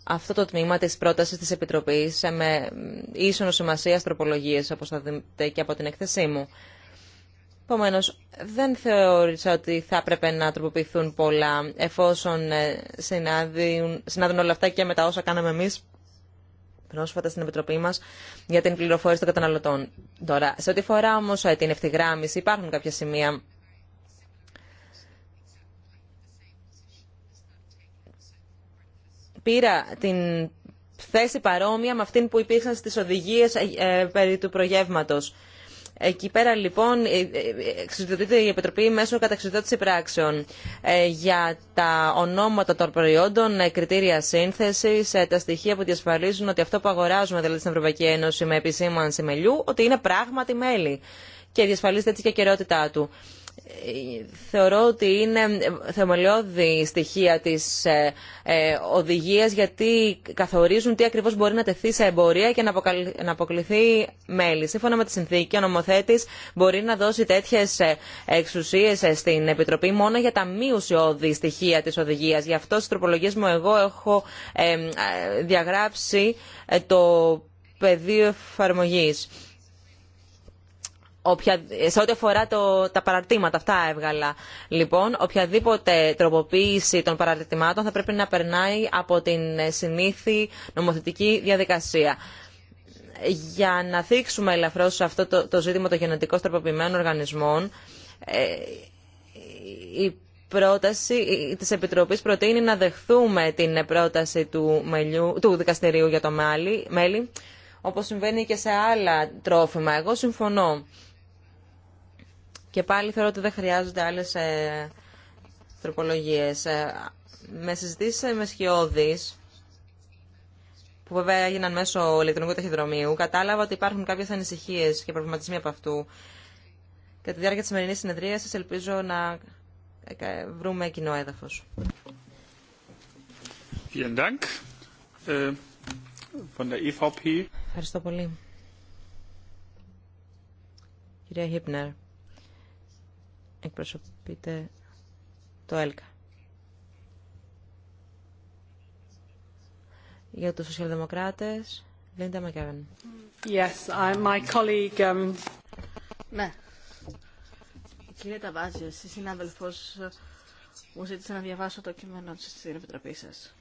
αυτό το τμήμα της πρότασης της Επιτροπής με ίσονο σημασία τροπολογίες, όπως θα δείτε και από την έκθεσή μου. Επομένω, δεν θεώρησα ότι θα έπρεπε να τροποποιηθούν πολλά, εφόσον συνάδουν, όλα αυτά και με τα όσα κάναμε εμείς πρόσφατα στην Επιτροπή μας για την πληροφόρηση των καταναλωτών. Τώρα, σε ό,τι φορά όμως ε, την ευθυγράμμιση υπάρχουν κάποια σημεία πήρα την θέση παρόμοια με αυτήν που υπήρξαν στις οδηγίες ε, ε, περί του προγεύματος. Εκεί πέρα λοιπόν ε, ε, εξουσιοδοτείται η Επιτροπή μέσω καταξιδότηση πράξεων ε, για τα ονόματα των προϊόντων, κριτήρια σύνθεση, τα στοιχεία που διασφαλίζουν ότι αυτό που αγοράζουμε δηλαδή στην Ευρωπαϊκή Ένωση με επισήμανση μελιού, ότι είναι πράγματι μέλη και διασφαλίζεται έτσι και η ακαιρεότητά του θεωρώ ότι είναι θεμελιώδη στοιχεία της ε, ε, οδηγίας γιατί καθορίζουν τι ακριβώς μπορεί να τεθεί σε εμπορία και να αποκληθεί μέλη. Σύμφωνα με τη συνθήκη, ο νομοθέτης μπορεί να δώσει τέτοιες ε, εξουσίες στην Επιτροπή μόνο για τα μη ουσιώδη στοιχεία της οδηγίας. Γι' αυτό στις τροπολογίες μου εγώ έχω διαγράψει το πεδίο εφαρμογής σε ό,τι αφορά τα παραρτήματα, αυτά έβγαλα. Λοιπόν, οποιαδήποτε τροποποίηση των παραρτημάτων θα πρέπει να περνάει από την συνήθη νομοθετική διαδικασία. Για να θίξουμε ελαφρώς αυτό το, ζήτημα των γενετικώς τροποποιημένων οργανισμών, ε, η πρόταση της Επιτροπής προτείνει να δεχθούμε την πρόταση του, μελιού... του δικαστηρίου για το μέλι, μέλι, όπως συμβαίνει και σε άλλα τρόφιμα. Εγώ συμφωνώ. Και πάλι θεωρώ ότι δεν χρειάζονται άλλες ε, τροπολογίες. Ε, με συζητήσεις ε, με σχιώδη, που βέβαια έγιναν μέσω ηλεκτρονικού ταχυδρομείου, κατάλαβα ότι υπάρχουν κάποιες ανησυχίες και προβληματισμοί από αυτού. Κατά τη διάρκεια τη σημερινή συνεδρία σα ελπίζω να ε, βρούμε κοινό έδαφος. Äh, e Ευχαριστώ πολύ. Κυρία Χίπνερ εκπροσωπείται το ΕΛΚΑ. Για τους σοσιαλδημοκράτες, Λίντα Μακέβεν. Yes, I'm my colleague... Um... Ναι. Η κυρία Ταβάζη, εσύ συνάδελφος, μου ζήτησε να διαβάσω το κείμενο της στην Επιτροπή σας.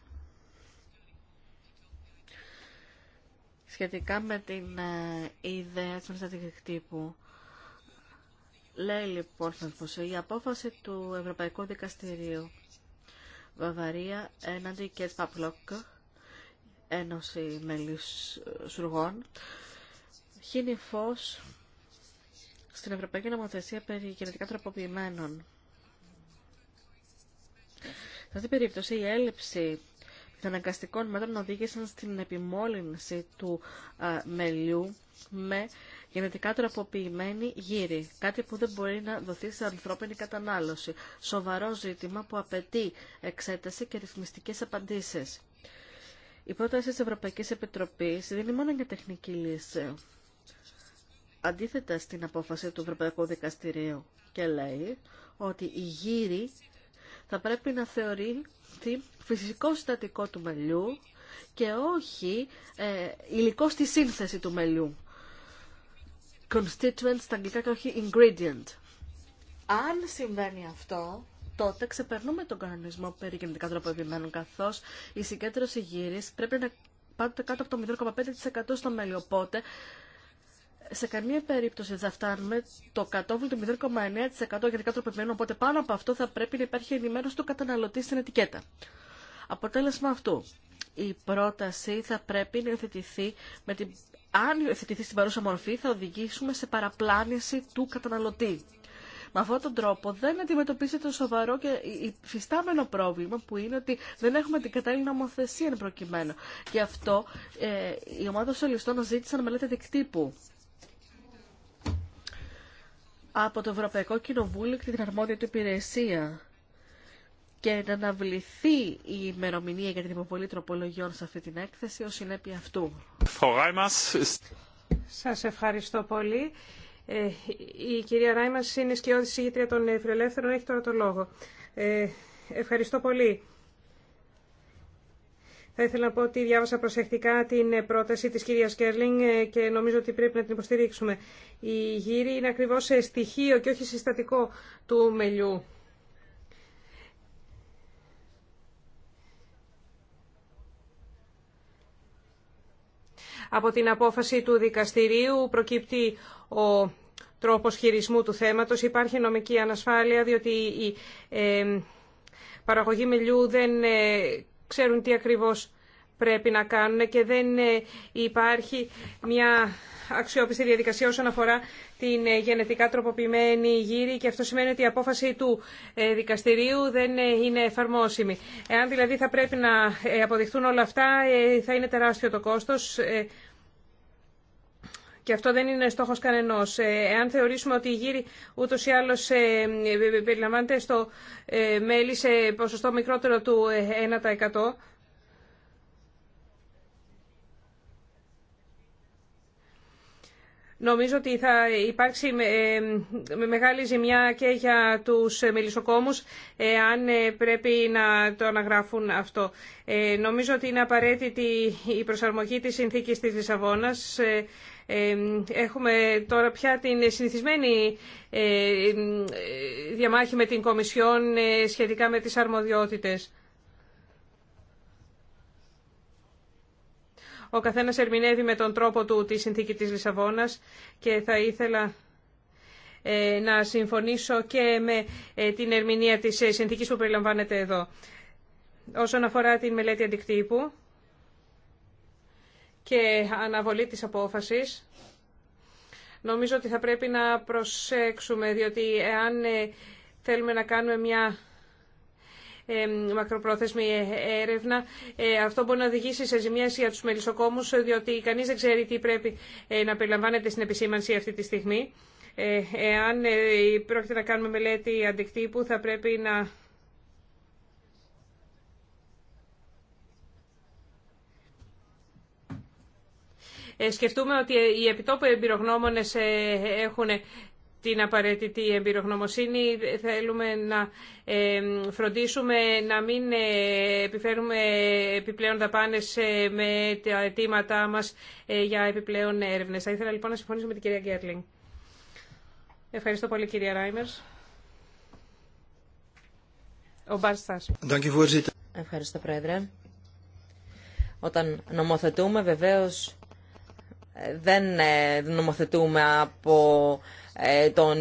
Σχετικά με την ε, ιδέα της μεταστατικής τύπου, Λέει λοιπόν η απόφαση του Ευρωπαϊκού Δικαστηρίου Βαβαρία έναντι και Παπλόκ, Ένωση Μελισσουργών, χύνει φως στην Ευρωπαϊκή Νομοθεσία περί γενετικά τροποποιημένων. Σε αυτή την περίπτωση η έλλειψη αναγκαστικών μέτρων οδήγησαν στην επιμόλυνση του μελιού με γενετικά τροποποιημένη γύρι, κάτι που δεν μπορεί να δοθεί σε ανθρώπινη κατανάλωση. Σοβαρό ζήτημα που απαιτεί εξέταση και ρυθμιστικές απαντήσεις. Η πρόταση της Ευρωπαϊκής Επιτροπής δίνει είναι μόνο για τεχνική λύση. Αντίθετα στην απόφαση του Ευρωπαϊκού Δικαστηρίου και λέει ότι οι γύροι θα πρέπει να τι, φυσικό συστατικό του μελιού και όχι ε, υλικό στη σύνθεση του μελιού. Constituents στα αγγλικά και όχι ingredient. Αν συμβαίνει αυτό, τότε ξεπερνούμε τον κανονισμό περί γενετικά τροποποιημένων, καθώ η συγκέντρωση γύρι πρέπει να πάτε κάτω από το 0,5% στο μελιό. Οπότε σε καμία περίπτωση δεν θα φτάνουμε το κατόφλι του 0,9% για κάτω πεπιμένο, οπότε πάνω από αυτό θα πρέπει να υπάρχει ενημέρωση του καταναλωτή στην ετικέτα. Αποτέλεσμα αυτού, η πρόταση θα πρέπει να υιοθετηθεί με την... αν υιοθετηθεί στην παρούσα μορφή θα οδηγήσουμε σε παραπλάνηση του καταναλωτή. Με αυτόν τον τρόπο δεν αντιμετωπίσετε το σοβαρό και υφιστάμενο πρόβλημα που είναι ότι δεν έχουμε την κατάλληλη νομοθεσία εν προκειμένου. Γι' αυτό ε, η ομάδα σολιστών ζήτησαν μελέτη δικτύπου από το Ευρωπαϊκό Κοινοβούλιο και την αρμόδια του υπηρεσία και να αναβληθεί η ημερομηνία για την υποβολή τροπολογιών σε αυτή την έκθεση ως συνέπεια αυτού. Σας ευχαριστώ πολύ. Ε, η κυρία Ράιμας είναι σκιώδη συγγήτρια των Φιλελεύθερων. Έχει τώρα το λόγο. Ε, ευχαριστώ πολύ. Θα ήθελα να πω ότι διάβασα προσεκτικά την πρόταση της κυρίας Κέρλινγκ ε, και νομίζω ότι πρέπει να την υποστηρίξουμε. Η γύρι είναι ακριβώς στοιχείο και όχι συστατικό του μελιού. Από την απόφαση του δικαστηρίου προκύπτει ο τρόπος χειρισμού του θέματος. Υπάρχει νομική ανασφάλεια διότι η ε, παραγωγή μελιού δεν ε, ξέρουν τι ακριβώς πρέπει να κάνουν και δεν ε, υπάρχει μια αξιόπιστη διαδικασία όσον αφορά την ε, γενετικά τροποποιημένη γύρη και αυτό σημαίνει ότι η απόφαση του ε, δικαστηρίου δεν είναι εφαρμόσιμη. Εάν δηλαδή θα πρέπει να αποδειχθούν όλα αυτά θα είναι τεράστιο το κόστος και αυτό δεν είναι στόχος κανενός. Ε, εάν θεωρήσουμε ότι η γύροι ούτως ή άλλως ε, ε, περιλαμβάνεται στο μέλι σε ποσοστό μικρότερο του 1%, Νομίζω ότι θα υπάρξει μεγάλη ζημιά και για τους μελισσοκόμους αν πρέπει να το αναγράφουν αυτό. Νομίζω ότι είναι απαραίτητη η προσαρμογή της συνθήκης της Λισαβόνας Έχουμε τώρα πια την συνηθισμένη ε, διαμάχη με την Κομισιόν ε, σχετικά με τις αρμοδιότητες. Ο καθένας ερμηνεύει με τον τρόπο του τη συνθήκη της Λισαβόνας και θα ήθελα ε, να συμφωνήσω και με την ερμηνεία της συνθήκης που περιλαμβάνεται εδώ. Όσον αφορά την μελέτη αντικτύπου, και αναβολή της απόφασης. Νομίζω ότι θα πρέπει να προσέξουμε, διότι εάν ε, θέλουμε να κάνουμε μια ε, μακροπρόθεσμη ε, έρευνα. Αυτό μπορεί να οδηγήσει σε ζημίες για τους μελισσοκόμους, διότι κανείς δεν ξέρει τι πρέπει να περιλαμβάνεται στην επισήμανση αυτή τη στιγμή. Εάν πρόκειται να κάνουμε μελέτη αντικτύπου, θα πρέπει να Ε, σκεφτούμε ότι οι επιτόπου εμπειρογνώμονες ε, έχουν την απαραίτητη εμπειρογνωμοσύνη. Θέλουμε να ε, φροντίσουμε να μην επιφέρουμε επιπλέον δαπάνες με τα αιτήματά μας για επιπλέον έρευνες. Θα ήθελα λοιπόν να συμφωνήσω με την κυρία Γκέρλινγκ. Ευχαριστώ πολύ κυρία Ράιμερ. Ο Μπάρστας. Ευχαριστώ Πρόεδρε. Όταν νομοθετούμε βεβαίως ε, δεν ε, νομοθετούμε από ε, τον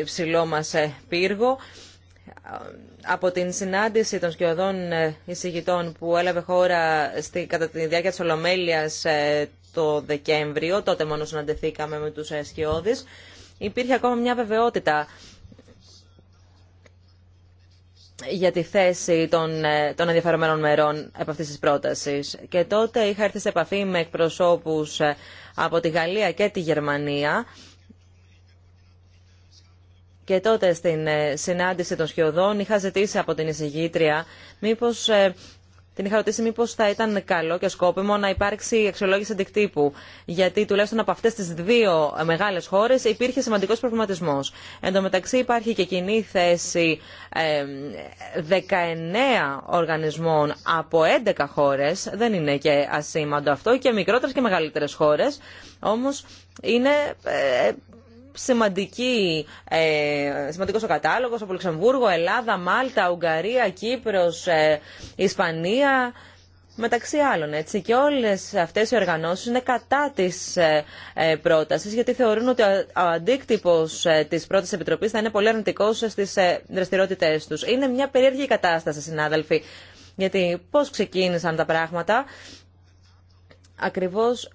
υψηλό μας πύργο. Από την συνάντηση των σκιωδών εισηγητών που έλαβε χώρα στη, κατά τη διάρκεια της Ολομέλειας το Δεκέμβριο, τότε μόνο συναντηθήκαμε με τους σκιώδεις, υπήρχε ακόμα μια βεβαιότητα για τη θέση των, των ενδιαφερομένων μερών από αυτής της πρότασης. Και τότε είχα έρθει σε επαφή με εκπροσώπους από τη Γαλλία και τη Γερμανία. Και τότε στην ε, συνάντηση των σχεδόν είχα ζητήσει από την εισηγήτρια μήπως ε, την είχα ρωτήσει μήπω θα ήταν καλό και σκόπιμο να υπάρξει αξιολόγηση αντικτύπου. Γιατί τουλάχιστον από αυτέ τι δύο μεγάλε χώρε υπήρχε σημαντικό προβληματισμό. Εν τω μεταξύ υπάρχει και κοινή θέση 19 οργανισμών από 11 χώρε. Δεν είναι και ασήμαντο αυτό και μικρότερε και μεγαλύτερε χώρε. Όμω είναι ε, σημαντική, ε, σημαντικός ο κατάλογος από Λουξεμβούργο, Ελλάδα, Μάλτα, Ουγγαρία, Κύπρος, ε, Ισπανία, μεταξύ άλλων. Έτσι. Και όλες αυτές οι οργανώσεις είναι κατά της ε, ε πρότασης, γιατί θεωρούν ότι ο, αντίκτυπος ε, της πρώτης επιτροπής θα είναι πολύ αρνητικός στις ε, δραστηριότητές τους. Είναι μια περίεργη κατάσταση, συνάδελφοι, γιατί πώς ξεκίνησαν τα πράγματα. Ακριβώς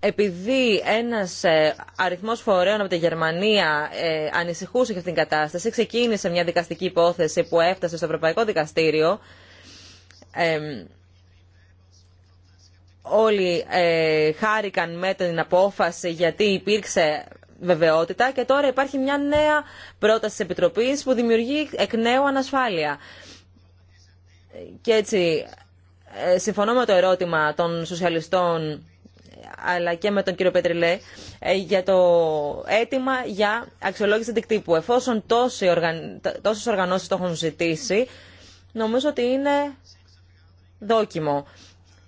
επειδή ένας ε, αριθμό φορέων από τη Γερμανία ε, ανησυχούσε για αυτήν την κατάσταση, ξεκίνησε μια δικαστική υπόθεση που έφτασε στο Ευρωπαϊκό Δικαστήριο. Όλοι ε, χάρηκαν με την απόφαση γιατί υπήρξε βεβαιότητα και τώρα υπάρχει μια νέα πρόταση της Επιτροπής που δημιουργεί εκ νέου ανασφάλεια. Και έτσι συμφωνώ με το ερώτημα των σοσιαλιστών αλλά και με τον κύριο Πετριλέ ε, για το αίτημα για αξιολόγηση δικτύπου. Εφόσον τόσε οργανώσει οργανώσεις το έχουν ζητήσει, νομίζω ότι είναι δόκιμο.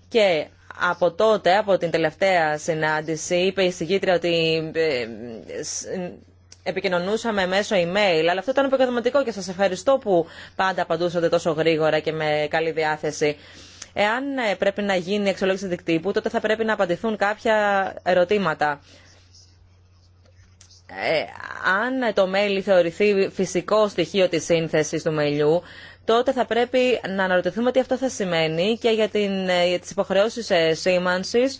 Και από τότε, από την τελευταία συνάντηση, είπε η συγκήτρια ότι ε, επικοινωνούσαμε μέσω email, αλλά αυτό ήταν επικοδοματικό και σας ευχαριστώ που πάντα απαντούσατε τόσο γρήγορα και με καλή διάθεση. Εάν ε, πρέπει να γίνει εξολόγηση δικτύπου, τότε θα πρέπει να απαντηθούν κάποια ερωτήματα. Ε, αν το μέλι θεωρηθεί φυσικό στοιχείο της σύνθεσης του μελιού, τότε θα πρέπει να αναρωτηθούμε τι αυτό θα σημαίνει και για, την, ε, για τις υποχρεώσεις σήμανσης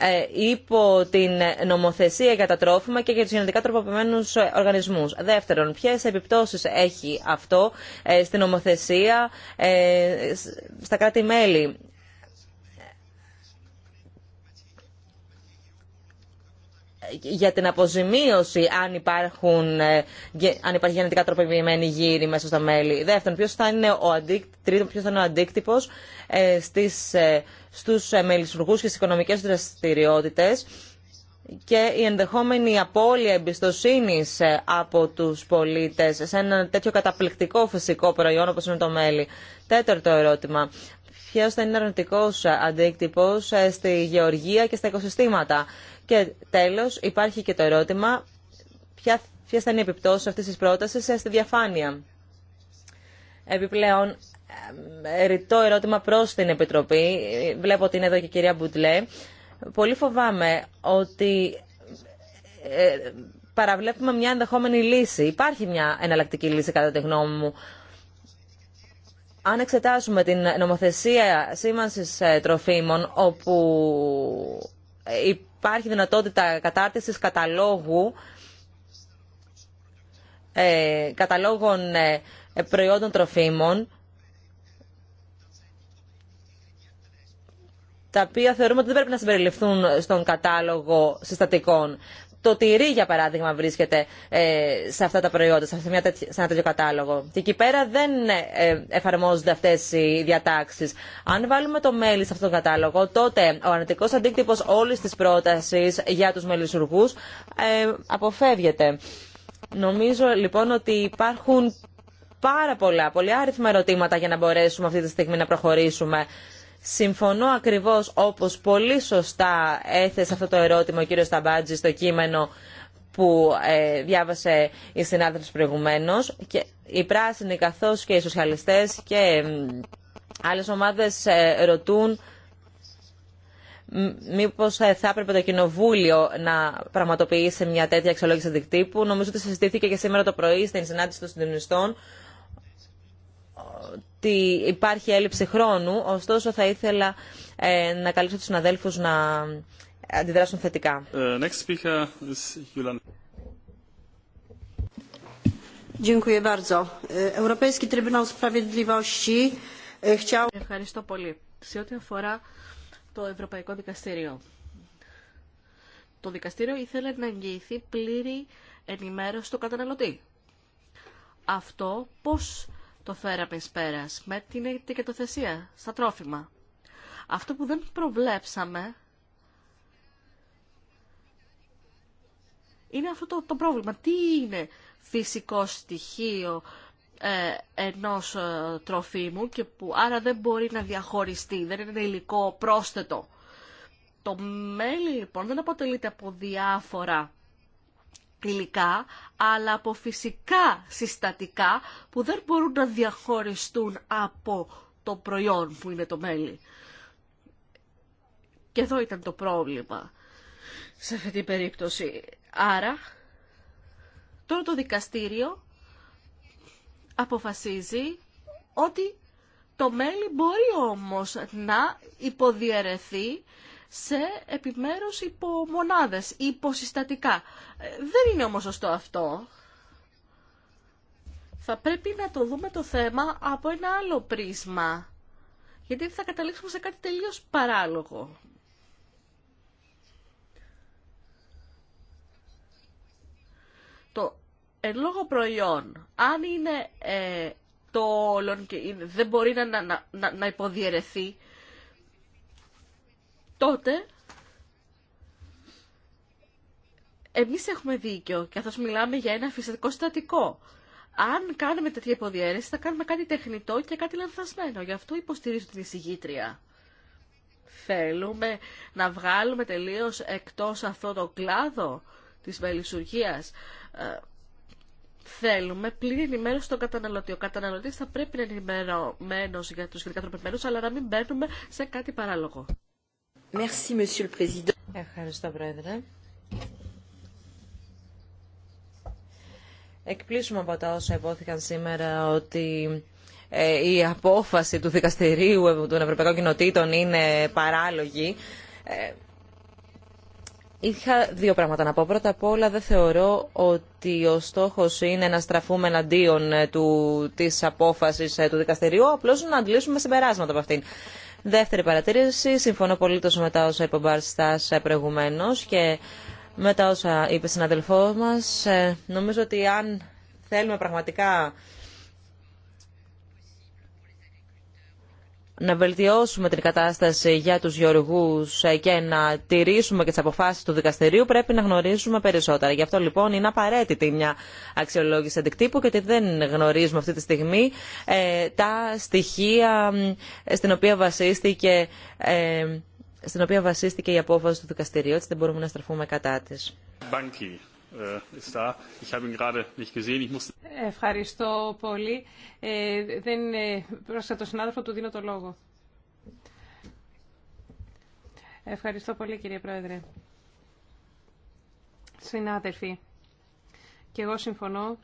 ε, υπό την νομοθεσία για τα τρόφιμα και για τους γενετικά τροποποιημένους οργανισμούς. Δεύτερον, ποιες επιπτώσεις έχει αυτό ε, στην νομοθεσία ε, στα κράτη-μέλη για την αποζημίωση αν, υπάρχουν, ε, αν υπάρχει γενετικά τροποποιημένη γύρι μέσα στα μέλη. Δεύτερον, ποιος θα είναι ο, αντίκ, τρίτον, ποιος θα είναι ο αντίκτυπος ε, στις, ε, στους ε, μελισσουργούς και στις οικονομικές δραστηριότητες και η ενδεχόμενη απώλεια εμπιστοσύνης ε, από τους πολίτες σε ένα τέτοιο καταπληκτικό φυσικό προϊόν όπως είναι το μέλι. Τέταρτο ερώτημα. Ποιος θα είναι αρνητικός αντίκτυπος στη γεωργία και στα οικοσυστήματα. Και τέλο, υπάρχει και το ερώτημα ποια, ποιες θα είναι οι επιπτώσει αυτή τη πρόταση στη διαφάνεια. Επιπλέον, ε, ρητό ερώτημα προς την Επιτροπή. Βλέπω ότι είναι εδώ και η κυρία Μπουτλέ. Πολύ φοβάμαι ότι ε, παραβλέπουμε μια ενδεχόμενη λύση. Υπάρχει μια εναλλακτική λύση κατά τη γνώμη μου. Αν εξετάσουμε την νομοθεσία σήμανσης ε, τροφίμων, όπου υπάρχει δυνατότητα κατάρτισης καταλόγου ε, καταλόγων ε, προϊόντων τροφίμων τα οποία θεωρούμε ότι δεν πρέπει να συμπεριληφθούν στον κατάλογο συστατικών το τυρί, για παράδειγμα, βρίσκεται ε, σε αυτά τα προϊόντα, σε ένα τέτοιο κατάλογο. Και εκεί πέρα δεν ε, εφαρμόζονται αυτέ οι διατάξει. Αν βάλουμε το μέλι σε αυτόν τον κατάλογο, τότε ο αρνητικό αντίκτυπο όλη τη πρόταση για του μελισσουργού ε, αποφεύγεται. Νομίζω λοιπόν ότι υπάρχουν πάρα πολλά, πολλοί άριθμα ερωτήματα για να μπορέσουμε αυτή τη στιγμή να προχωρήσουμε. Συμφωνώ ακριβώς όπως πολύ σωστά έθεσε αυτό το ερώτημα ο κύριος Σταμπάτζη στο κείμενο που ε, διάβασε η συνάδελφος προηγουμένως και οι πράσινοι καθώς και οι σοσιαλιστές και ε, άλλες ομάδες ε, ρωτούν μήπως θα έπρεπε το Κοινοβούλιο να πραγματοποιήσει μια τέτοια αξιολόγηση δικτύπου. Νομίζω ότι συζητήθηκε και σήμερα το πρωί στην συνάντηση των συντονιστών ότι υπάρχει έλλειψη χρόνου, ωστόσο θα ήθελα ε, να καλύψω τους συναδέλφους να αντιδράσουν θετικά. Ευχαριστώ πολύ. Σε ό,τι αφορά το Ευρωπαϊκό Δικαστήριο. Το δικαστήριο ήθελε να εγγυηθεί πλήρη ενημέρωση του καταναλωτή. Αυτό πώς το θέραπε πέρας με την ετικετοθεσία στα τρόφιμα. Αυτό που δεν προβλέψαμε είναι αυτό το, πρόβλημα. Τι είναι φυσικό στοιχείο ε, ενός ε, τροφίμου και που άρα δεν μπορεί να διαχωριστεί, δεν είναι υλικό πρόσθετο. Το μέλι λοιπόν δεν αποτελείται από διάφορα υλικά, αλλά από φυσικά συστατικά που δεν μπορούν να διαχωριστούν από το προϊόν που είναι το μέλι. Και εδώ ήταν το πρόβλημα σε αυτή την περίπτωση. Άρα, τώρα το δικαστήριο αποφασίζει ότι το μέλι μπορεί όμως να υποδιαιρεθεί σε επιμέρους υπομονάδες, υποσυστατικά. Ε, δεν είναι όμως σωστό αυτό. Θα πρέπει να το δούμε το θέμα από ένα άλλο πρίσμα. Γιατί θα καταλήξουμε σε κάτι τελείως παράλογο. Το εν λόγω προϊόν, αν είναι ε, το όλον και δεν μπορεί να, να, να, να υποδιαιρεθεί, τότε εμείς έχουμε δίκιο και αυτός μιλάμε για ένα φυσικό συστατικό. Αν κάνουμε τέτοια υποδιέρεση θα κάνουμε κάτι τεχνητό και κάτι λανθασμένο. Γι' αυτό υποστηρίζω την εισηγήτρια. Θέλουμε να βγάλουμε τελείως εκτός αυτό το κλάδο της μελισσουργίας. Ε, θέλουμε πλήρη ενημέρωση στον καταναλωτή. Ο καταναλωτής θα πρέπει να είναι ενημερωμένος για τους γενικά τροπημένους, αλλά να μην μπαίνουμε σε κάτι παράλογο. Ευχαριστώ, Εκπλήσουμε από τα όσα υπόθηκαν σήμερα ότι ε, η απόφαση του Δικαστηρίου ε, των Ευρωπαϊκών Κοινοτήτων είναι παράλογη. Ε, είχα δύο πράγματα να πω. Πρώτα απ' όλα δεν θεωρώ ότι ο στόχος είναι να στραφούμε εναντίον του, της απόφασης του δικαστηρίου, απλώς να αντλήσουμε συμπεράσματα από αυτήν. Δεύτερη παρατήρηση, συμφωνώ πολύ με τα όσα είπε ο και με τα όσα είπε συναδελφό μας. Ε, νομίζω ότι αν θέλουμε πραγματικά να βελτιώσουμε την κατάσταση για τους γεωργούς και να τηρήσουμε και τις αποφάσεις του δικαστηρίου πρέπει να γνωρίζουμε περισσότερα. Γι' αυτό λοιπόν είναι απαραίτητη μια αξιολόγηση αντικτύπου γιατί δεν γνωρίζουμε αυτή τη στιγμή ε, τα στοιχεία στην οποία βασίστηκε, ε, στην οποία βασίστηκε η απόφαση του δικαστηρίου. Έτσι δεν μπορούμε να στραφούμε κατά της. Ευχαριστώ πολύ. Ε, δεν ε, πρόσεξα τον συνάδελφο, του δίνω το λόγο. Ευχαριστώ πολύ κύριε Πρόεδρε. Συνάδελφοι, και εγώ συμφωνώ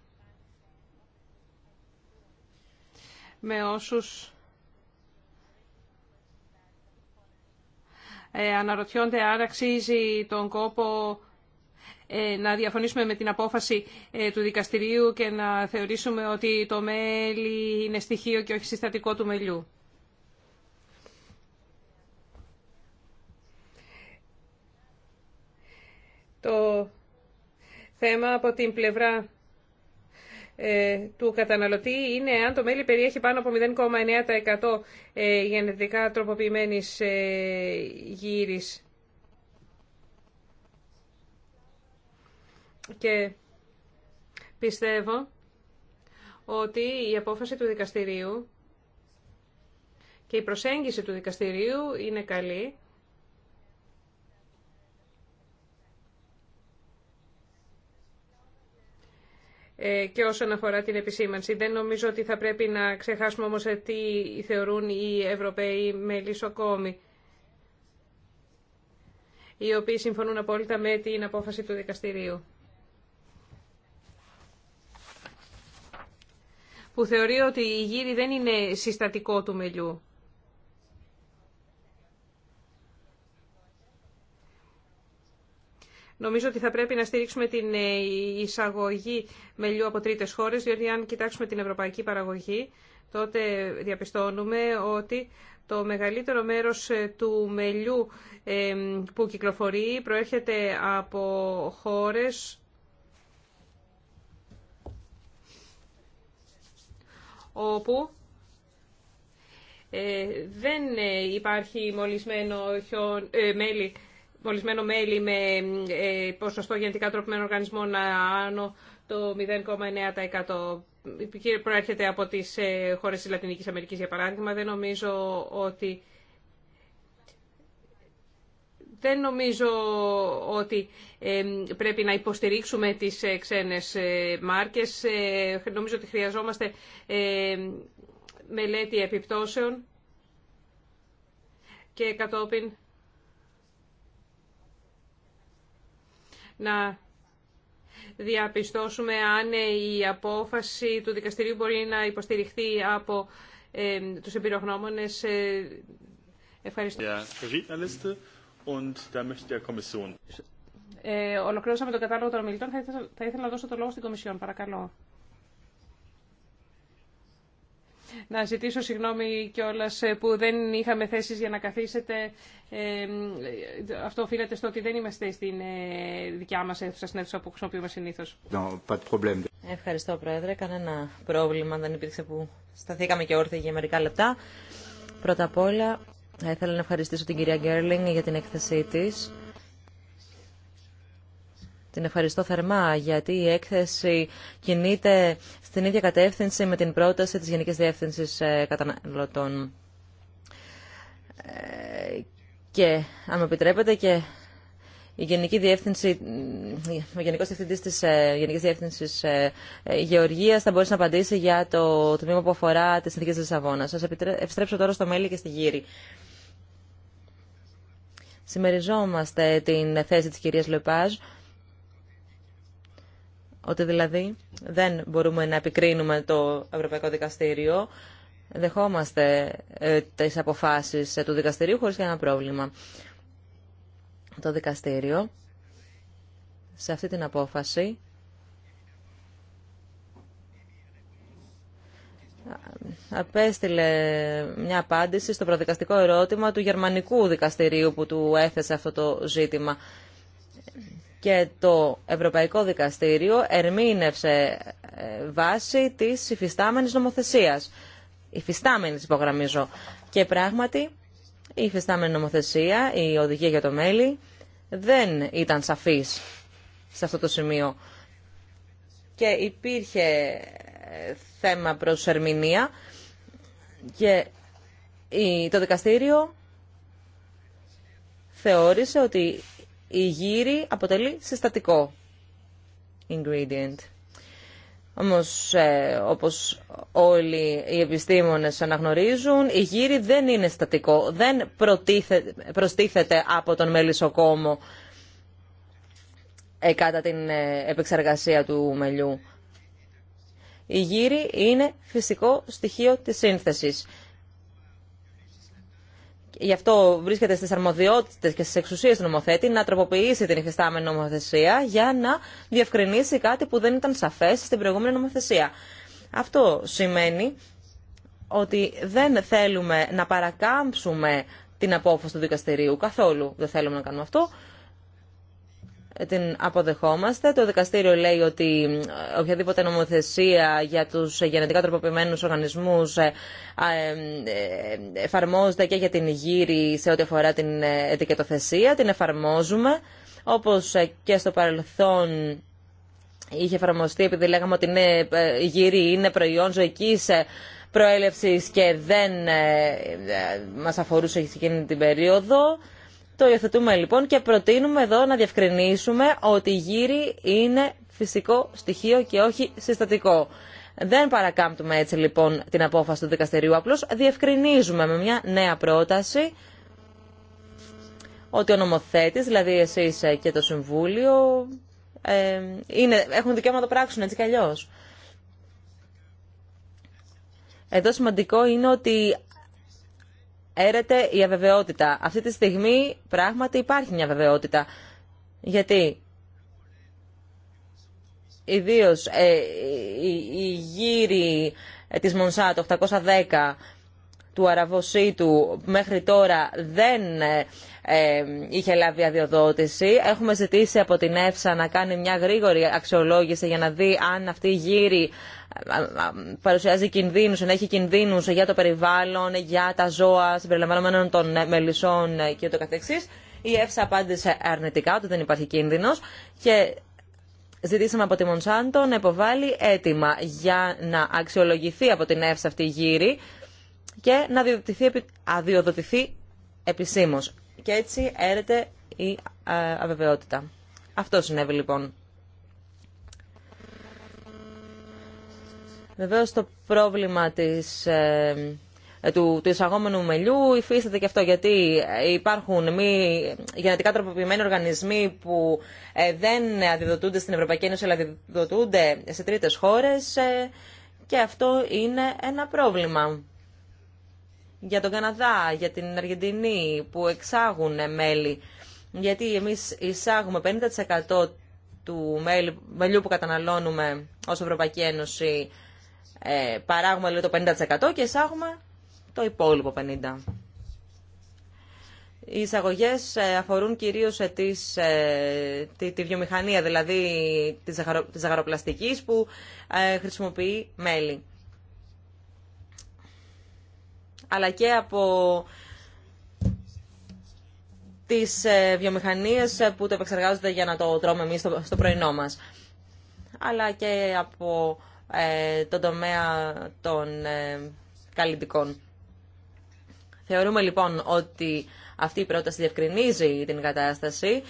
με όσους ε, αναρωτιόνται αν αξίζει τον κόπο ε, να διαφωνήσουμε με την απόφαση ε, του δικαστηρίου και να θεωρήσουμε ότι το μέλι είναι στοιχείο και όχι συστατικό του μελιού. Το θέμα από την πλευρά ε, του καταναλωτή είναι αν το μέλι περιέχει πάνω από 0,9% γενετικά τροποποιημένης γύρης. Και πιστεύω ότι η απόφαση του δικαστηρίου και η προσέγγιση του δικαστηρίου είναι καλή. Ε, και όσον αφορά την επισήμανση. Δεν νομίζω ότι θα πρέπει να ξεχάσουμε όμως ε, τι θεωρούν οι Ευρωπαίοι μελισσοκόμοι, οι οποίοι συμφωνούν απόλυτα με την απόφαση του δικαστηρίου. που θεωρεί ότι η γύρι δεν είναι συστατικό του μελιού. Νομίζω ότι θα πρέπει να στηρίξουμε την ε, εισαγωγή μελιού από τρίτες χώρες, διότι αν κοιτάξουμε την ευρωπαϊκή παραγωγή, τότε διαπιστώνουμε ότι το μεγαλύτερο μέρος ε, του μελιού ε, που κυκλοφορεί προέρχεται από χώρες όπου ε, δεν ε, υπάρχει μολυσμένο, χιον, ε, μέλι, μολυσμένο μέλι με ε, ποσοστό γενετικά τροπημένων οργανισμών άνω το 0,9% προέρχεται από τις ε, χώρες της Λατινικής Αμερικής για παράδειγμα. Δεν νομίζω ότι δεν νομίζω ότι πρέπει να υποστηρίξουμε τις ε, ξένες ε, μάρκες. Ε, νομίζω ότι χρειαζόμαστε μελέτη επιπτώσεων και κατόπιν να διαπιστώσουμε αν η απόφαση του δικαστηρίου μπορεί να υποστηριχθεί από τους εμπειρογνώμονες. Ευχαριστώ. Ε, ολοκληρώσαμε τον κατάλογο των ομιλητών. Θα ήθελα, θα ήθελα να δώσω το λόγο στην Κομισιόν, παρακαλώ. Να ζητήσω συγγνώμη κιόλα ε, που δεν είχαμε θέσει για να καθίσετε. Ε, αυτό οφείλεται στο ότι δεν είμαστε στην ε, δικιά μα αίθουσα, στην αίθουσα που χρησιμοποιούμε συνήθως. Ευχαριστώ, Πρόεδρε. Κανένα πρόβλημα δεν υπήρξε που σταθήκαμε και όρθιοι για μερικά λεπτά. Πρώτα απ' όλα, θα ήθελα να ευχαριστήσω την κυρία Γκέρλινγκ για την έκθεσή της. Την ευχαριστώ θερμά γιατί η έκθεση κινείται στην ίδια κατεύθυνση με την πρόταση της Γενικής Διεύθυνσης ε, Καταναλωτών. Ε, και αν με επιτρέπετε και η Γενική Διεύθυνση, ο Γενικός Διευθυντής της ε, Γενικής Διεύθυνσης Γεωργίας θα μπορεί να απαντήσει για το τμήμα που αφορά τις συνθήκες της Λισαβόνας. Σας επιστρέψω τώρα στο μέλη και στη γύρι. Συμμεριζόμαστε την θέση της κυρίας Λεπάζ ότι δηλαδή δεν μπορούμε να επικρίνουμε το Ευρωπαϊκό Δικαστήριο. Δεχόμαστε ε, τις αποφάσεις ε, του δικαστηρίου χωρίς κανένα πρόβλημα. Το δικαστήριο σε αυτή την απόφαση απέστειλε μια απάντηση στο προδικαστικό ερώτημα του γερμανικού δικαστηρίου που του έθεσε αυτό το ζήτημα. Και το Ευρωπαϊκό Δικαστήριο ερμήνευσε ε, βάση της υφιστάμενης νομοθεσίας. Υφιστάμενης υπογραμμίζω. Και πράγματι η υφιστάμενη νομοθεσία, η οδηγία για το μέλη, δεν ήταν σαφής σε αυτό το σημείο. Και υπήρχε θέμα προς ερμηνεία και το δικαστήριο θεώρησε ότι η γύρι αποτελεί συστατικό ingredient. Όμως, ε, όπως όλοι οι επιστήμονες αναγνωρίζουν, η γύρι δεν είναι στατικό, δεν προστίθεται από τον μελισσοκόμο ε, κατά την ε, επεξεργασία του μελιού. Η γύρι είναι φυσικό στοιχείο της σύνθεσης. Γι' αυτό βρίσκεται στις αρμοδιότητες και στις εξουσίες του νομοθέτη να τροποποιήσει την υφιστάμενη νομοθεσία για να διευκρινίσει κάτι που δεν ήταν σαφές στην προηγούμενη νομοθεσία. Αυτό σημαίνει ότι δεν θέλουμε να παρακάμψουμε την απόφαση του δικαστηρίου καθόλου. Δεν θέλουμε να κάνουμε αυτό την αποδεχόμαστε. Το δικαστήριο λέει ότι ε, οποιαδήποτε νομοθεσία για τους ε, γενετικά τροποποιημένους οργανισμούς ε, εφαρμόζεται και για την γύρι σε ό,τι αφορά την ετικετοθεσία. Την εφαρμόζουμε, όπως και στο παρελθόν είχε εφαρμοστεί, επειδή λέγαμε ότι είναι, η γύρι είναι προϊόν ζωικής προέλευσης και δεν μας αφορούσε εκείνη την περίοδο. Το υιοθετούμε λοιπόν και προτείνουμε εδώ να διευκρινίσουμε ότι η γύρι είναι φυσικό στοιχείο και όχι συστατικό. Δεν παρακάμπτουμε έτσι λοιπόν την απόφαση του δικαστηρίου, απλώς διευκρινίζουμε με μια νέα πρόταση ότι ο νομοθέτης, δηλαδή εσείς και το Συμβούλιο, ε, είναι, έχουν δικαίωμα να το πράξουν έτσι κι αλλιώς. Εδώ σημαντικό είναι ότι έρεται η αβεβαιότητα. Αυτή τη στιγμή πράγματι υπάρχει μια αβεβαιότητα. Γιατί ιδίω η ε, οι γύροι ε, της Μονσάτο 810 του Αραβοσίτου μέχρι τώρα δεν ε, είχε λάβει αδειοδότηση. Έχουμε ζητήσει από την ΕΦΣΑ να κάνει μια γρήγορη αξιολόγηση για να δει αν αυτή η γύρι παρουσιάζει κινδύνους, έχει κινδύνους για το περιβάλλον, για τα ζώα, συμπεριλαμβανομένων των ε, μελισσών ε, και ούτω καθεξής. Η ΕΦΣΑ απάντησε αρνητικά ότι δεν υπάρχει κίνδυνος και ζητήσαμε από τη Μονσάντο να υποβάλει αίτημα για να αξιολογηθεί από την ΕΦΣΑ αυτή η γύρη και να αδειοδοτηθεί, αδειοδοτηθεί επισήμως. Και έτσι έρεται η αβεβαιότητα. Αυτό συνέβη λοιπόν. Βεβαίως το πρόβλημα της, ε, του, του εισαγόμενου μελιού υφίσταται και αυτό γιατί ε, υπάρχουν μη γενετικά τροποποιημένοι οργανισμοί που ε, δεν αντιδοτούνται στην Ευρωπαϊκή Ένωση αλλά αντιδοτούνται σε τρίτες χώρες και αυτό είναι ένα πρόβλημα. Για τον Καναδά, για την Αργεντινή που εξάγουν μέλι γιατί εμείς εισάγουμε 50% του μελιού που καταναλώνουμε ως Ευρωπαϊκή Ένωση ε, παράγουμε το 50% και εισάγουμε το υπόλοιπο 50%. Οι εισαγωγέ ε, αφορούν κυρίω ε, ε, τη, τη βιομηχανία, δηλαδή τη ζαχαρο, ζαχαροπλαστική που χρησιμοποιεί μέλι. Αλλά και από τι βιομηχανίε που το επεξεργάζονται για να το τρώμε εμεί στο, στο πρωινό μα. Αλλά και από ε, τον τομέα των ε, καλλιτικών. Θεωρούμε λοιπόν ότι αυτή η πρόταση διευκρινίζει την κατάσταση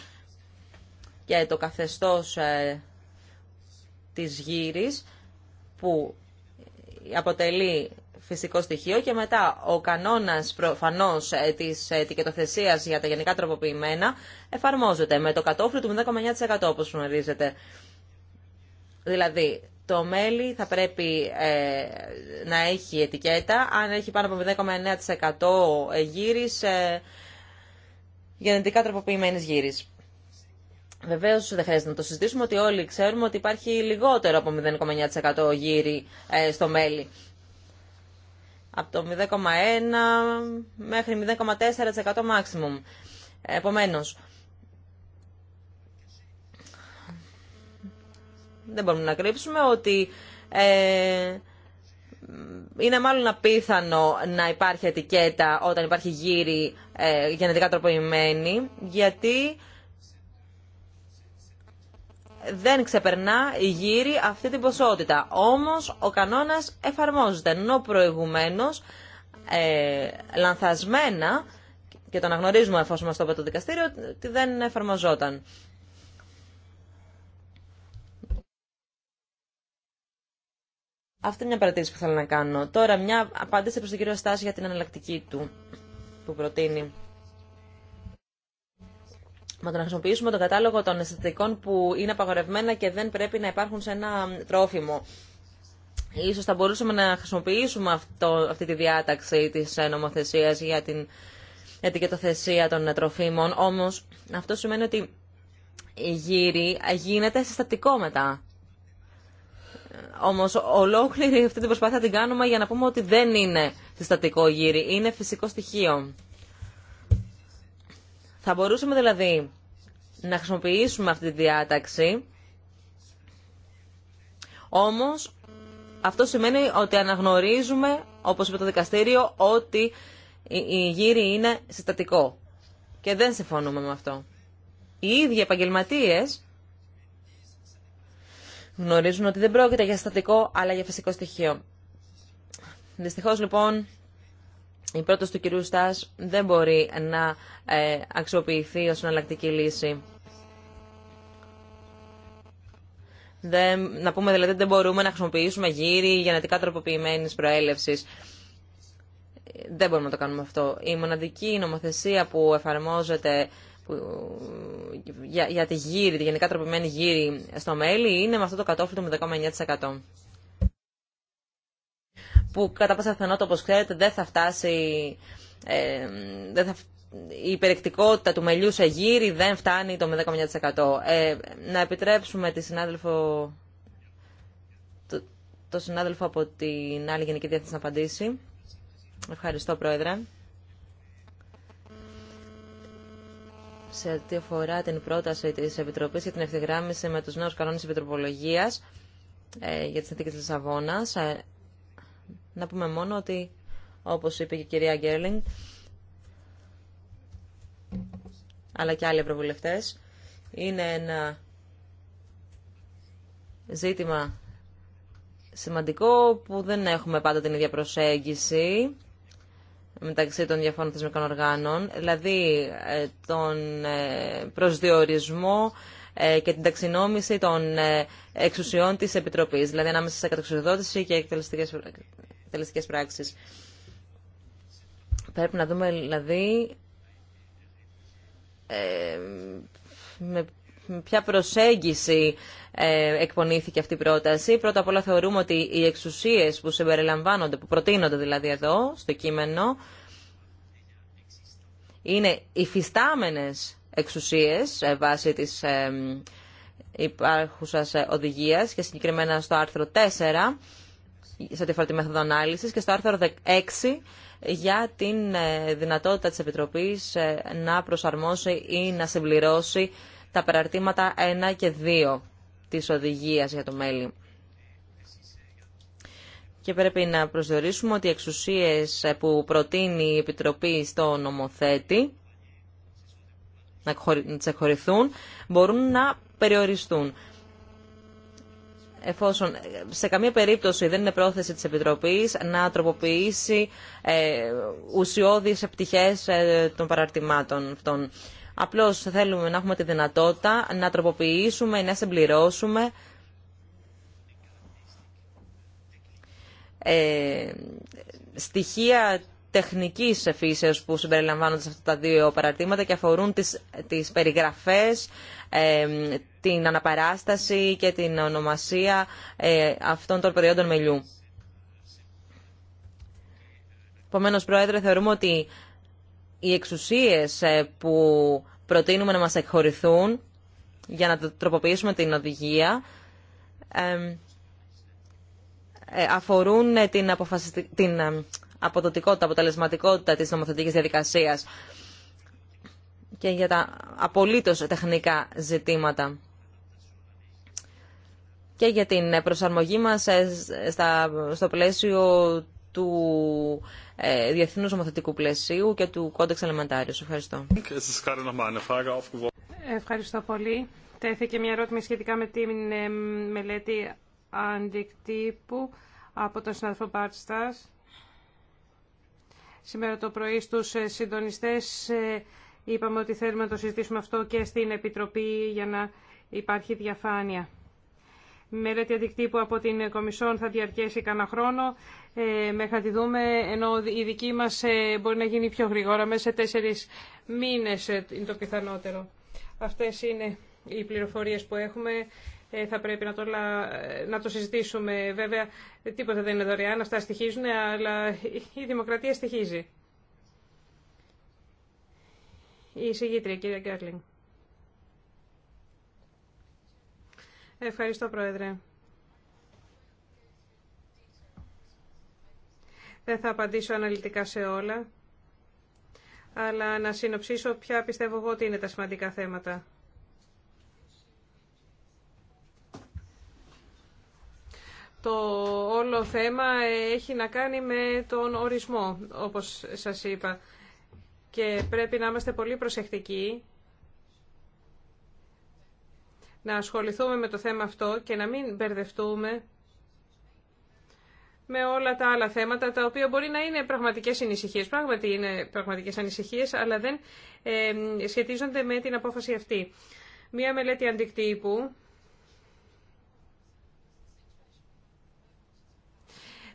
και το καθεστώς ε, της γύρης που αποτελεί φυσικό στοιχείο και μετά ο κανόνας προφανώς της ετικετοθεσίας για τα γενικά τροποποιημένα εφαρμόζεται με το κατόφλι του 0,9% όπως γνωρίζετε. Δηλαδή το μέλι θα πρέπει ε, να έχει ετικέτα. Αν έχει πάνω από 0,9% γύρις, ε, γενετικά τροποποιημένης γύρις. Βεβαίω δεν χρειάζεται να το συζητήσουμε ότι όλοι ξέρουμε ότι υπάρχει λιγότερο από 0,9% γύρι ε, στο μέλι. Από το 0,1 μέχρι 0,4% maximum. Επομένως, δεν μπορούμε να κρύψουμε ότι ε, είναι μάλλον απίθανο να υπάρχει ετικέτα όταν υπάρχει γύρι ε, γενετικά τροποποιημένη, γιατί δεν ξεπερνά η γύρι αυτή την ποσότητα. Όμως ο κανόνας εφαρμόζεται, ενώ προηγουμένως ε, λανθασμένα, και το αναγνωρίζουμε εφόσον μας το είπε το δικαστήριο, ότι δεν εφαρμοζόταν. Αυτή είναι μια παρατήρηση που θέλω να κάνω. Τώρα, μια απάντηση προ τον κύριο Στάση για την εναλλακτική του που προτείνει. Μα το να χρησιμοποιήσουμε τον κατάλογο των αισθητικών που είναι απαγορευμένα και δεν πρέπει να υπάρχουν σε ένα τρόφιμο. Ίσως θα μπορούσαμε να χρησιμοποιήσουμε αυτό, αυτή τη διάταξη της νομοθεσίας για την ετικετοθεσία των τροφίμων. Όμως αυτό σημαίνει ότι η γύρι ε, γίνεται συστατικό μετά. Όμως ολόκληρη αυτή την προσπάθεια την κάνουμε για να πούμε ότι δεν είναι συστατικό γύρι, είναι φυσικό στοιχείο. Θα μπορούσαμε δηλαδή να χρησιμοποιήσουμε αυτή τη διάταξη, όμως αυτό σημαίνει ότι αναγνωρίζουμε, όπως είπε το δικαστήριο, ότι η γύρι είναι συστατικό. Και δεν συμφωνούμε με αυτό. Οι ίδιοι επαγγελματίες γνωρίζουν ότι δεν πρόκειται για στατικό αλλά για φυσικό στοιχείο. Δυστυχώ, λοιπόν η πρόταση του κυρίου Στάς δεν μπορεί να ε, αξιοποιηθεί ως εναλλακτική λύση. Δεν, να πούμε δηλαδή ότι δεν μπορούμε να χρησιμοποιήσουμε γύρι γενετικά τροποποιημένη προέλευση. Δεν μπορούμε να το κάνουμε αυτό. Η μοναδική νομοθεσία που εφαρμόζεται που, για, για τη γύρι, τη γενικά τροπημένη γύρι στο μέλι είναι με αυτό το κατόφλι του 0,9% που κατά πάσα πιθανότητα, όπω ξέρετε, δεν θα φτάσει, ε, δεν θα, η υπερεκτικότητα του μελιού σε γύρι δεν φτάνει το 0,9%. Ε, να επιτρέψουμε τη συνάδελφο, το, το συνάδελφο από την άλλη Γενική Διεύθυνση να απαντήσει. Ευχαριστώ, Πρόεδρε. σε ό,τι αφορά την πρόταση τη Επιτροπή για την ευθυγράμμιση με του νέους κανόνες Επιτροπολογία ε, για τις συνθήκε τη Λισαβόνα, ε, να πούμε μόνο ότι, όπω είπε και η κυρία Γκέρλινγκ, αλλά και άλλοι ευρωβουλευτέ, είναι ένα ζήτημα σημαντικό που δεν έχουμε πάντα την ίδια προσέγγιση μεταξύ των διαφόρων θεσμικών οργάνων, δηλαδή ε, τον ε, προσδιορισμό ε, και την ταξινόμηση των εξουσιών της Επιτροπής, δηλαδή ανάμεσα σε καταξιδότηση και εκτελεστικές πράξεις. Πρέπει να δούμε, δηλαδή, με ποια προσέγγιση ε, εκπονήθηκε αυτή η πρόταση. Πρώτα απ' όλα θεωρούμε ότι οι εξουσίες που συμπεριλαμβάνονται, που προτείνονται δηλαδή εδώ στο κείμενο, είναι υφιστάμενες εξουσίες ε, βάσει της ε, υπάρχουσας οδηγίας και συγκεκριμένα στο άρθρο 4 σε τη τη μέθοδο ανάλυσης και στο άρθρο 6 για την δυνατότητα της Επιτροπής να προσαρμόσει ή να συμπληρώσει τα περαρτήματα 1 και 2 της οδηγίας για το μέλη. Και πρέπει να προσδιορίσουμε ότι οι εξουσίες που προτείνει η Επιτροπή στο νομοθέτη να τις εκχωρηθούν, μπορούν να περιοριστούν. Εφόσον σε καμία περίπτωση δεν είναι πρόθεση της Επιτροπής να τροποποιήσει ε, ουσιώδεις επιτυχές ε, των παραρτημάτων αυτών. Απλώς θέλουμε να έχουμε τη δυνατότητα να τροποποιήσουμε, να συμπληρώσουμε ε, στοιχεία τεχνικής φύσεως που συμπεριλαμβάνονται σε αυτά τα δύο παρατήματα και αφορούν τις, τις περιγραφές, ε, την αναπαράσταση και την ονομασία ε, αυτών των προϊόντων μελιού. Επομένω, Πρόεδρε, θεωρούμε ότι οι εξουσίες ε, που προτείνουμε να μας εκχωρηθούν για να τροποποιήσουμε την οδηγία ε, αφορούν ε, την, αποφασιστη... την αποδοτικότητα, αποτελεσματικότητα της νομοθετικής διαδικασίας και για τα απολύτως τεχνικά ζητήματα και για την προσαρμογή μας στο πλαίσιο του ε, Διεθνούς Ομοθετικού Πλαισίου και του Κόντεξ Ελεμαντάριου. Ευχαριστώ. Ευχαριστώ πολύ. Τέθηκε μια ερώτηση σχετικά με τη ε, μελέτη αντικτύπου από τον συνάδελφο Μπάρτστας. Σήμερα το πρωί στους ε, συντονιστές ε, είπαμε ότι θέλουμε να το συζητήσουμε αυτό και στην Επιτροπή για να υπάρχει διαφάνεια μελέτη αντικτύπου από την Κομισόν θα διαρκέσει κανένα χρόνο ε, μέχρι να τη δούμε, ενώ η δική μας ε, μπορεί να γίνει πιο γρήγορα, μέσα σε τέσσερις μήνες ε, είναι το πιθανότερο. Αυτές είναι οι πληροφορίες που έχουμε. θα πρέπει να το, να το συζητήσουμε. Βέβαια, τίποτα δεν είναι δωρεάν, αυτά στοιχίζουν, αλλά η δημοκρατία στοιχίζει. Η συγγήτρια, κυρία Γκέρλινγκ. Ευχαριστώ, Πρόεδρε. Δεν θα απαντήσω αναλυτικά σε όλα, αλλά να συνοψίσω ποια πιστεύω εγώ ότι είναι τα σημαντικά θέματα. Το όλο θέμα έχει να κάνει με τον ορισμό, όπως σας είπα. Και πρέπει να είμαστε πολύ προσεκτικοί να ασχοληθούμε με το θέμα αυτό και να μην μπερδευτούμε με όλα τα άλλα θέματα, τα οποία μπορεί να είναι πραγματικές ανησυχίες. Πράγματι είναι πραγματικές ανησυχίες, αλλά δεν σχετίζονται με την απόφαση αυτή. Μία μελέτη αντικτύπου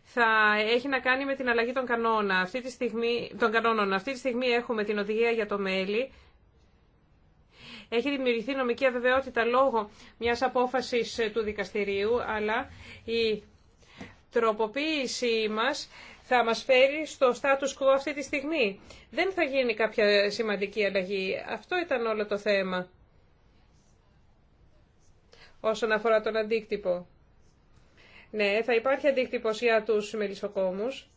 θα έχει να κάνει με την αλλαγή των, κανόνα. Αυτή τη στιγμή, των κανόνων. Αυτή τη στιγμή έχουμε την οδηγία για το μέλη, έχει δημιουργηθεί νομική αβεβαιότητα λόγω μιας απόφασης ε, του δικαστηρίου, αλλά η τροποποίησή μας θα μας φέρει στο status quo αυτή τη στιγμή. Δεν θα γίνει κάποια σημαντική αλλαγή. Αυτό ήταν όλο το θέμα όσον αφορά τον αντίκτυπο. Ναι, θα υπάρχει αντίκτυπος για τους μελισσοκόμους.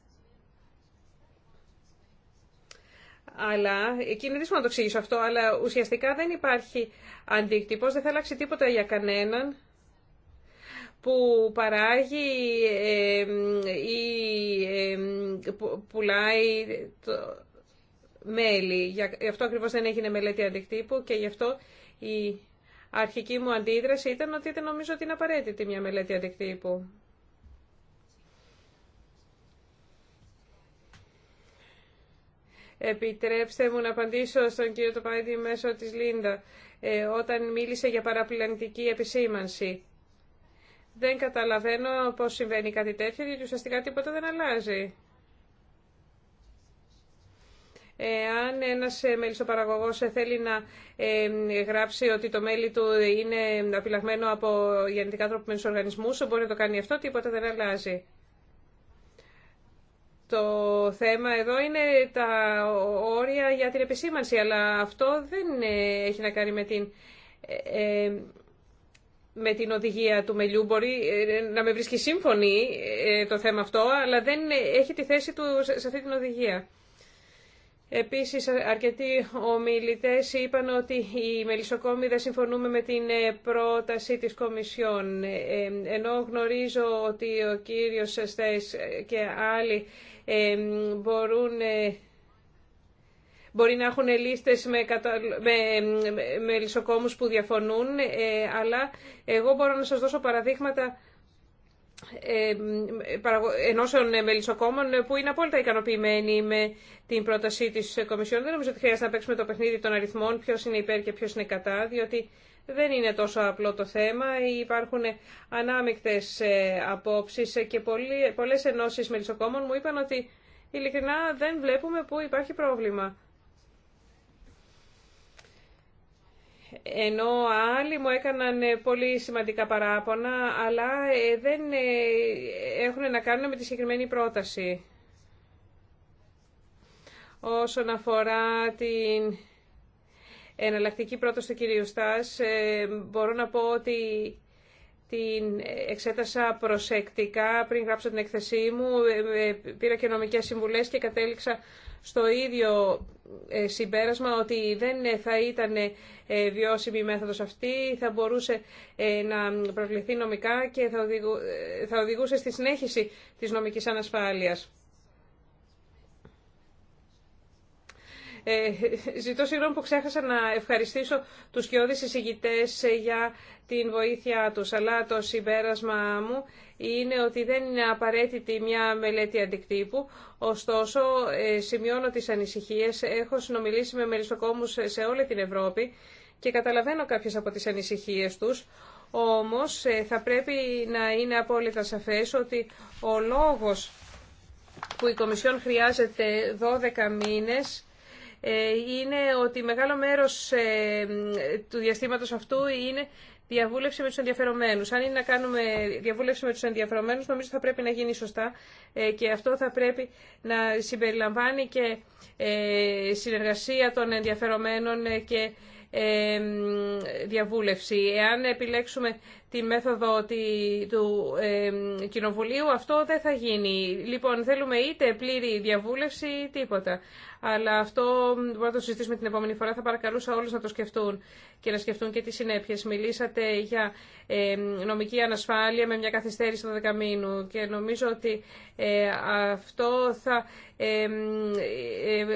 Αλλά, εκεί είναι δύσκολο να το εξηγήσω αυτό, αλλά ουσιαστικά δεν υπάρχει αντίκτυπο, δεν θα αλλάξει τίποτα για κανέναν που παράγει ή πουλάει το μέλι. Γι' αυτό ακριβώ δεν έγινε μελέτη αντικτύπου και γι' αυτό η αρχική μου αντίδραση ήταν ότι δεν νομίζω ότι είναι απαραίτητη μια μελέτη αντικτύπου. Επιτρέψτε μου να απαντήσω στον κύριο Τοπαίδη μέσω της Λίντα ε, όταν μίλησε για παραπλανητική επισήμανση. Δεν καταλαβαίνω πώς συμβαίνει κάτι τέτοιο, γιατί ουσιαστικά τίποτα δεν αλλάζει. Αν ένας ε, παραγωγός, ε, θέλει να γράψει ότι το μέλι του είναι απειλαγμένο από γενετικά τροπημένους οργανισμούς, μπορεί να το κάνει αυτό, τίποτα δεν αλλάζει. Το θέμα εδώ είναι τα όρια για την επισήμανση, αλλά αυτό δεν ε, έχει να κάνει με την, ε, ε, με την οδηγία του μελιού. Μπορεί να με βρίσκει σύμφωνη το θέμα αυτό, αλλά δεν έχει τη θέση του σε αυτή την οδηγία. Επίσης, αρκετοί ομιλητές είπαν ότι οι μελισσοκόμοι δεν συμφωνούμε με την πρόταση της Κομισιόν. Ενώ γνωρίζω ότι ο κύριος Στές και άλλοι μπορούν ε, Μπορεί να έχουν λίστες με, κατα... που διαφωνούν, ε, αλλά εγώ μπορώ να σας δώσω παραδείγματα ενώσεων ε, μελισσοκόμων ε, που είναι απόλυτα ικανοποιημένοι με την πρότασή της Κομισιόν. Δεν νομίζω ότι χρειάζεται να παίξουμε το παιχνίδι των αριθμών, ποιο είναι υπέρ και ποιο είναι κατά, διότι δεν είναι τόσο απλό το θέμα. Υπάρχουν ανάμεικτες ε, απόψεις και πολλές ενώσεις μελισσοκόμων μου είπαν ότι ειλικρινά δεν βλέπουμε πού υπάρχει πρόβλημα. ενώ άλλοι μου έκαναν ε, πολύ σημαντικά παράπονα, αλλά ε, δεν ε, έχουν να κάνουν με τη συγκεκριμένη πρόταση. Όσον αφορά την εναλλακτική πρόταση του κυρίου Στάς, μπορώ να πω ότι την εξέτασα προσεκτικά πριν γράψω την έκθεσή μου, πήρα και νομικές συμβουλές και κατέληξα στο ίδιο ε, συμπέρασμα ότι δεν θα ήταν ε, βιώσιμη η μέθοδος αυτή, θα μπορούσε ε, να προβληθεί νομικά και θα οδηγούσε στη συνέχιση της νομικής ανασφάλειας. Ε, ζητώ συγγνώμη που ξέχασα να ευχαριστήσω τους κοιόδης εισηγητές ε, για την βοήθειά τους, αλλά το συμπέρασμα μου είναι ότι δεν είναι απαραίτητη μια μελέτη αντικτύπου. Ωστόσο, ε, σημειώνω τις ανησυχίες. Έχω συνομιλήσει με μεριστοκόμους σε όλη την Ευρώπη και καταλαβαίνω κάποιες από τις ανησυχίες τους. Όμως, θα πρέπει να είναι απόλυτα σαφές ότι ο λόγος που η Κομισιόν χρειάζεται 12 μήνες ε, είναι ότι μεγάλο μέρος ε, του διαστήματος αυτού είναι διαβούλευση με τους ενδιαφερομένους. Αν είναι να κάνουμε διαβούλευση με τους ενδιαφερομένους, νομίζω θα πρέπει να γίνει σωστά ε, και αυτό θα πρέπει να συμπεριλαμβάνει και συνεργασία των ενδιαφερομένων και διαβούλευση. Εάν επιλέξουμε τη μέθοδο του Κοινοβουλίου, αυτό δεν θα γίνει. Λοιπόν, θέλουμε είτε πλήρη διαβούλευση ή τίποτα. Αλλά αυτό μπορούμε να το συζητήσουμε την επόμενη φορά. Θα παρακαλούσα όλους να το σκεφτούν και να σκεφτούν και τι συνέπειε. Μιλήσατε για ε, νομική ανασφάλεια με μια καθυστέρηση των δεκαμήνου και νομίζω ότι ε, αυτό θα ε,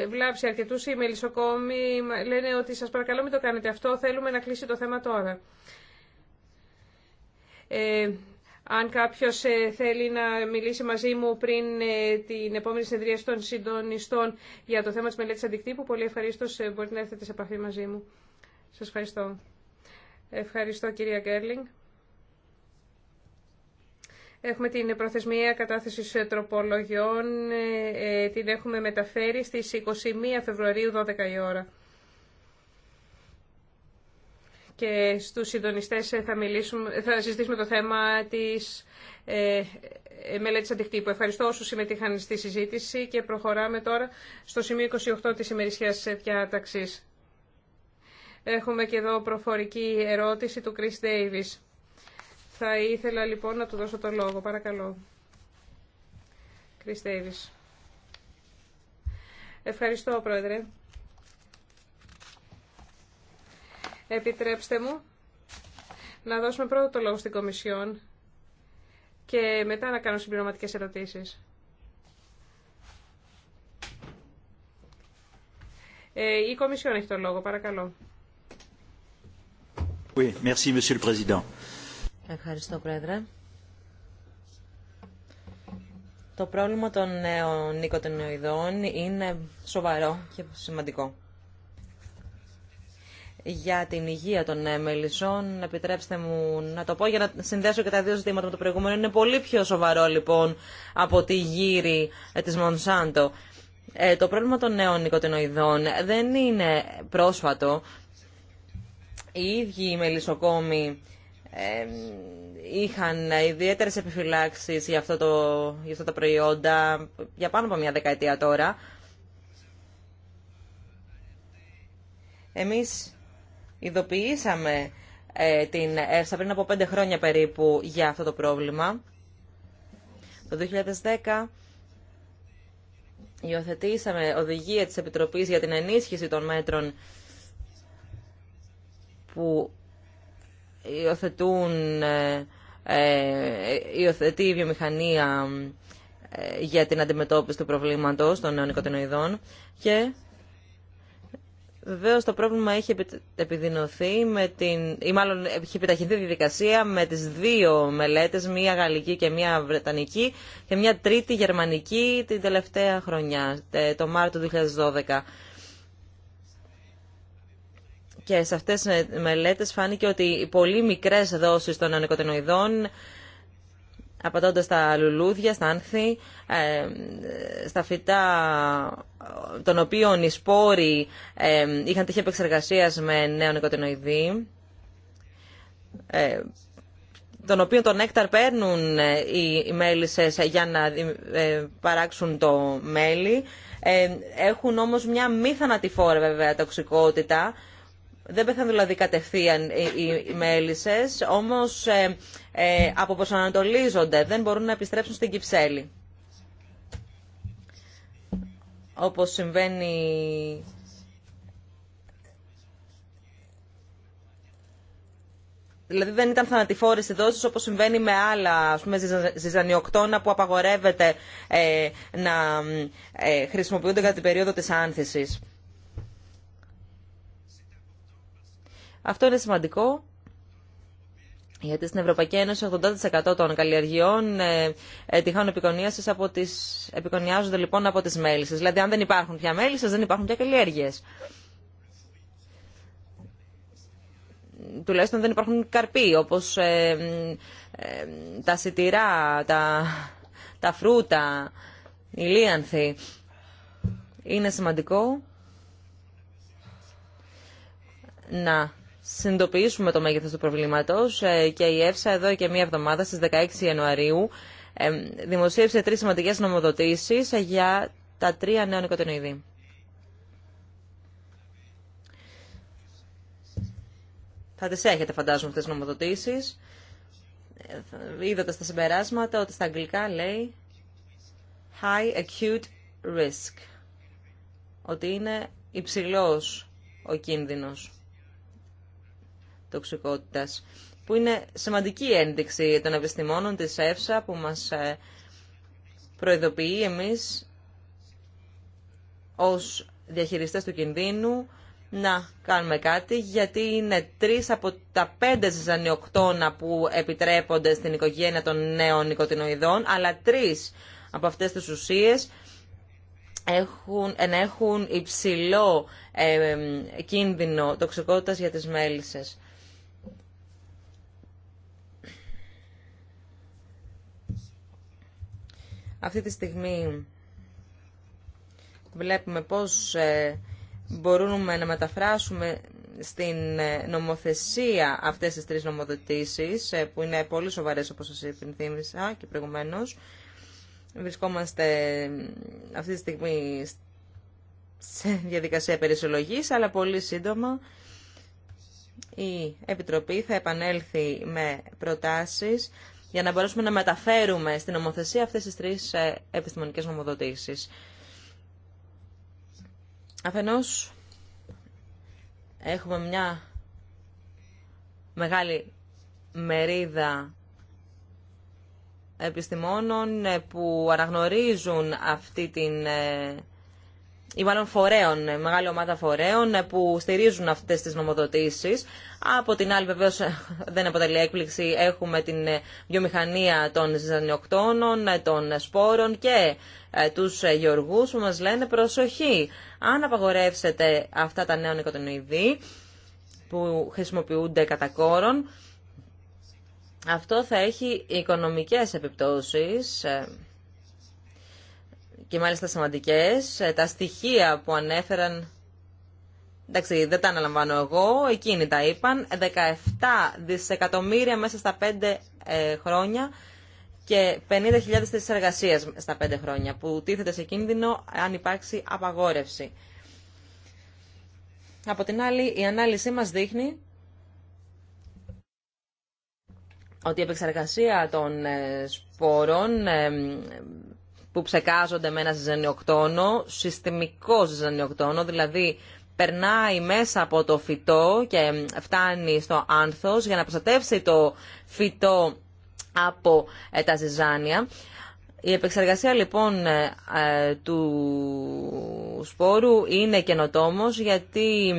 βλάψει αρκετούς οι μελισσοκόμοι. Λένε ότι σα παρακαλώ μην το κάνετε αυτό, θέλουμε να κλείσει το θέμα τώρα. αν κάποιος θέλει να μιλήσει μαζί μου πριν την επόμενη συνεδρία των συντονιστών για το θέμα της μελέτης αντικτύπου, πολύ ευχαρίστως μπορείτε να έρθετε σε επαφή μαζί μου. Σας ευχαριστώ. Ευχαριστώ κυρία Γκέρλινγκ. Έχουμε την προθεσμία κατάθεσης τροπολογιών, ε, ε, την έχουμε μεταφέρει στις 21 Φεβρουαρίου 12 η ώρα. Και στους συντονιστές ε, θα, μιλήσουμε, θα συζητήσουμε το θέμα της ε, μελέτης αντικτύπου. Ευχαριστώ όσους συμμετείχαν στη συζήτηση και προχωράμε τώρα στο σημείο 28 της ημερησίας διάταξης. Έχουμε και εδώ προφορική ερώτηση του Chris Davis. Θα ήθελα λοιπόν να του δώσω το λόγο. Παρακαλώ. Chris Davis. Ευχαριστώ, Πρόεδρε. Επιτρέψτε μου να δώσουμε πρώτο το λόγο στην Κομισιόν και μετά να κάνω συμπληρωματικές ερωτήσεις. Ε, η Κομισιόν έχει το λόγο, παρακαλώ. Oui, merci, Monsieur le Président. Ευχαριστώ, Πρόεδρε. Το πρόβλημα των νέων νοικοτενοειδών είναι σοβαρό και σημαντικό. Για την υγεία των μελισσών, επιτρέψτε μου να το πω για να συνδέσω και τα δύο ζητήματα με το προηγούμενο. Είναι πολύ πιο σοβαρό λοιπόν από τη γύρι ε, της Μονσάντο. Ε, το πρόβλημα των νέων νοικοτενοειδών δεν είναι πρόσφατο οι ίδιοι οι μελισσοκόμοι είχαν ιδιαίτερε επιφυλάξει για, το, για αυτά τα προϊόντα για πάνω από μια δεκαετία τώρα. Εμείς ειδοποιήσαμε ε, την ΕΦΣΑ πριν από πέντε χρόνια περίπου για αυτό το πρόβλημα. Το 2010 υιοθετήσαμε οδηγία της Επιτροπής για την ενίσχυση των μέτρων που υιοθετούν, ε, ε, υιοθετεί η βιομηχανία ε, για την αντιμετώπιση του προβλήματος των νέων και βεβαίως το πρόβλημα έχει επιδεινωθεί με την, ή μάλλον έχει επιταχυνθεί η μαλλον εχει επιταχυνθει τη διαδικασια με τις δύο μελέτες, μία γαλλική και μία βρετανική και μία τρίτη γερμανική την τελευταία χρονιά, το Μάρτιο του 2012. Και σε αυτές τις ε, μελέτες φάνηκε ότι οι πολύ μικρές δόσεις των νοικοτινοειδών απατώντας τα λουλούδια, στα άνθη, ε, στα φυτά των οποίων οι σπόροι ε, είχαν τύχη επεξεργασία με νέο ε, τον οποίο τον νέκταρ παίρνουν οι μέλισσες για να παράξουν το μέλι. Έχουν όμως μια μη θανατηφόρα βέβαια τοξικότητα δεν πέθανε δηλαδή κατευθείαν οι μέλισσες, Όμω ε, ε, αποπροσανατολίζονται, δεν μπορούν να επιστρέψουν στην Κυψέλη. Όπω συμβαίνει Δηλαδή δεν ήταν θανατηφόρε οι δόσει όπω συμβαίνει με άλλα ζυζανιοκτώνα που απαγορεύεται ε, να ε, χρησιμοποιούνται κατά την περίοδο τη άνθηση. Αυτό είναι σημαντικό γιατί στην Ευρωπαϊκή Ένωση 80% των καλλιεργειών ε, ε από επικονιάζονται λοιπόν από τις μέλισσε. Δηλαδή αν δεν υπάρχουν πια μέλισσε, δεν υπάρχουν πια καλλιέργειες. Τουλάχιστον δεν υπάρχουν καρποί όπως ε, ε, τα σιτηρά, τα, τα φρούτα, η λίανθη. Είναι σημαντικό να συνειδητοποιήσουμε το μέγεθος του προβλήματος ε, και η ΕΦΣΑ εδώ και μία εβδομάδα στις 16 Ιανουαρίου ε, δημοσίευσε τρεις σημαντικές νομοδοτήσεις ε, για τα τρία νέα νοικοτενοειδή. Θα τις έχετε φαντάζομαι αυτές τις νομοδοτήσεις. Είδατε στα συμπεράσματα ότι στα αγγλικά λέει high acute risk. Ότι είναι υψηλός ο κίνδυνος τοξικότητας, που είναι σημαντική ένδειξη των επιστημόνων της ΕΦΣΑ που μας ε, προειδοποιεί εμείς ως διαχειριστές του κινδύνου να κάνουμε κάτι, γιατί είναι τρεις από τα πέντε ζυζανιοκτώνα που επιτρέπονται στην οικογένεια των νέων οικοτινοειδών αλλά τρεις από αυτές τις ουσίες έχουν, ενέχουν υψηλό ε, κίνδυνο τοξικότητας για τις μέλισσες. Αυτή τη στιγμή βλέπουμε πώς ε, μπορούμε να μεταφράσουμε στην ε, νομοθεσία αυτές τις τρεις νομοθετήσεις, ε, που είναι πολύ σοβαρές όπως σας υπενθύμησα και προηγουμένως. Βρισκόμαστε αυτή τη στιγμή σε διαδικασία περισσολογής, αλλά πολύ σύντομα η Επιτροπή θα επανέλθει με προτάσεις για να μπορέσουμε να μεταφέρουμε στην νομοθεσία αυτές τις τρεις ε, επιστημονικές νομοδοτήσεις. Αφενός, έχουμε μια μεγάλη μερίδα επιστημόνων ε, που αναγνωρίζουν αυτή την ε, ή μάλλον φορέων, ε, μεγάλη ομάδα φορέων ε, που στηρίζουν αυτές τις νομοδοτήσει. Από την άλλη βεβαίω ε, δεν αποτελεί έκπληξη, έχουμε την βιομηχανία των ζανιοκτώνων, των σπόρων και τους γεωργού που μας λένε προσοχή, αν απαγορεύσετε αυτά τα νέα νοικοτενοειδή που χρησιμοποιούνται κατά κόρον, αυτό θα έχει οικονομικές επιπτώσεις και μάλιστα σημαντικέ ε, Τα στοιχεία που ανέφεραν, εντάξει δεν τα αναλαμβάνω εγώ, εκείνοι τα είπαν, 17 δισεκατομμύρια μέσα στα 5 ε, χρόνια και 50.000 θέσει εργασία στα 5 χρόνια που τίθεται σε κίνδυνο αν υπάρξει απαγόρευση. Από την άλλη, η ανάλυση μας δείχνει ότι η επεξεργασία των ε, σπόρων που ψεκάζονται με ένα ζυζανιοκτόνο, συστημικό ζυζανιοκτόνο, δηλαδή περνάει μέσα από το φυτό και φτάνει στο άνθος για να προστατεύσει το φυτό από ε, τα ζυζάνια. Η επεξεργασία λοιπόν ε, ε, του σπόρου είναι καινοτόμος γιατί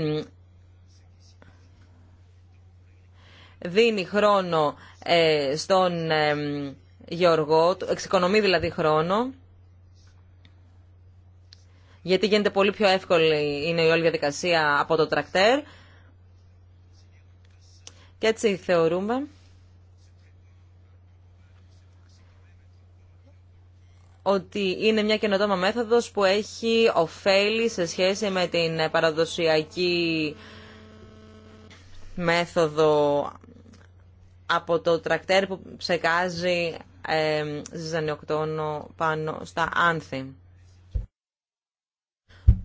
δίνει χρόνο στον γεωργό, εξοικονομεί δηλαδή χρόνο γιατί γίνεται πολύ πιο εύκολη είναι η όλη διαδικασία από το τρακτέρ. Και έτσι θεωρούμε ότι είναι μια καινοτόμα μέθοδος που έχει ωφέλη σε σχέση με την παραδοσιακή μέθοδο από το τρακτέρ που ψεκάζει ε, ζανιοκτόνο πάνω στα άνθη.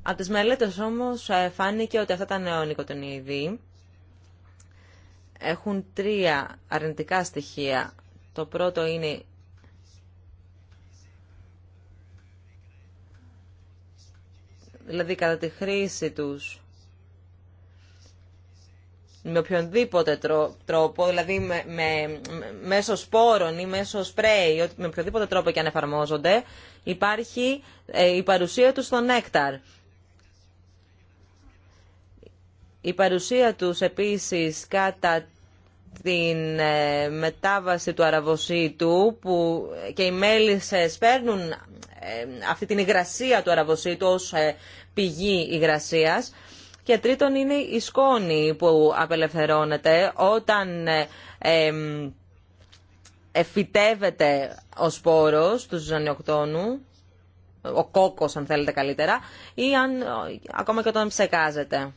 Από τις μελέτες όμως ε, φάνηκε ότι αυτά τα νεονικοτενοειδή έχουν τρία αρνητικά στοιχεία. Το πρώτο είναι δηλαδή κατά τη χρήση τους με οποιονδήποτε τρόπο, δηλαδή με, με, μέσω σπόρων ή μέσω σπρέι, με οποιοδήποτε τρόπο και αν εφαρμόζονται, υπάρχει ε, η παρουσία του στο νέκταρ. Η παρουσία τους επίσης κατά την ε, μετάβαση του αραβοσίτου που και οι μέλισσες παίρνουν ε, αυτή την υγρασία του αραβοσίτου ως ε, πηγή υγρασίας και τρίτον είναι η σκόνη που απελευθερώνεται όταν εφυτεύεται ο σπόρος του ζωνιοκτώνου ο κόκκος αν θέλετε καλύτερα ή αν, ακόμα και όταν ψεκάζεται.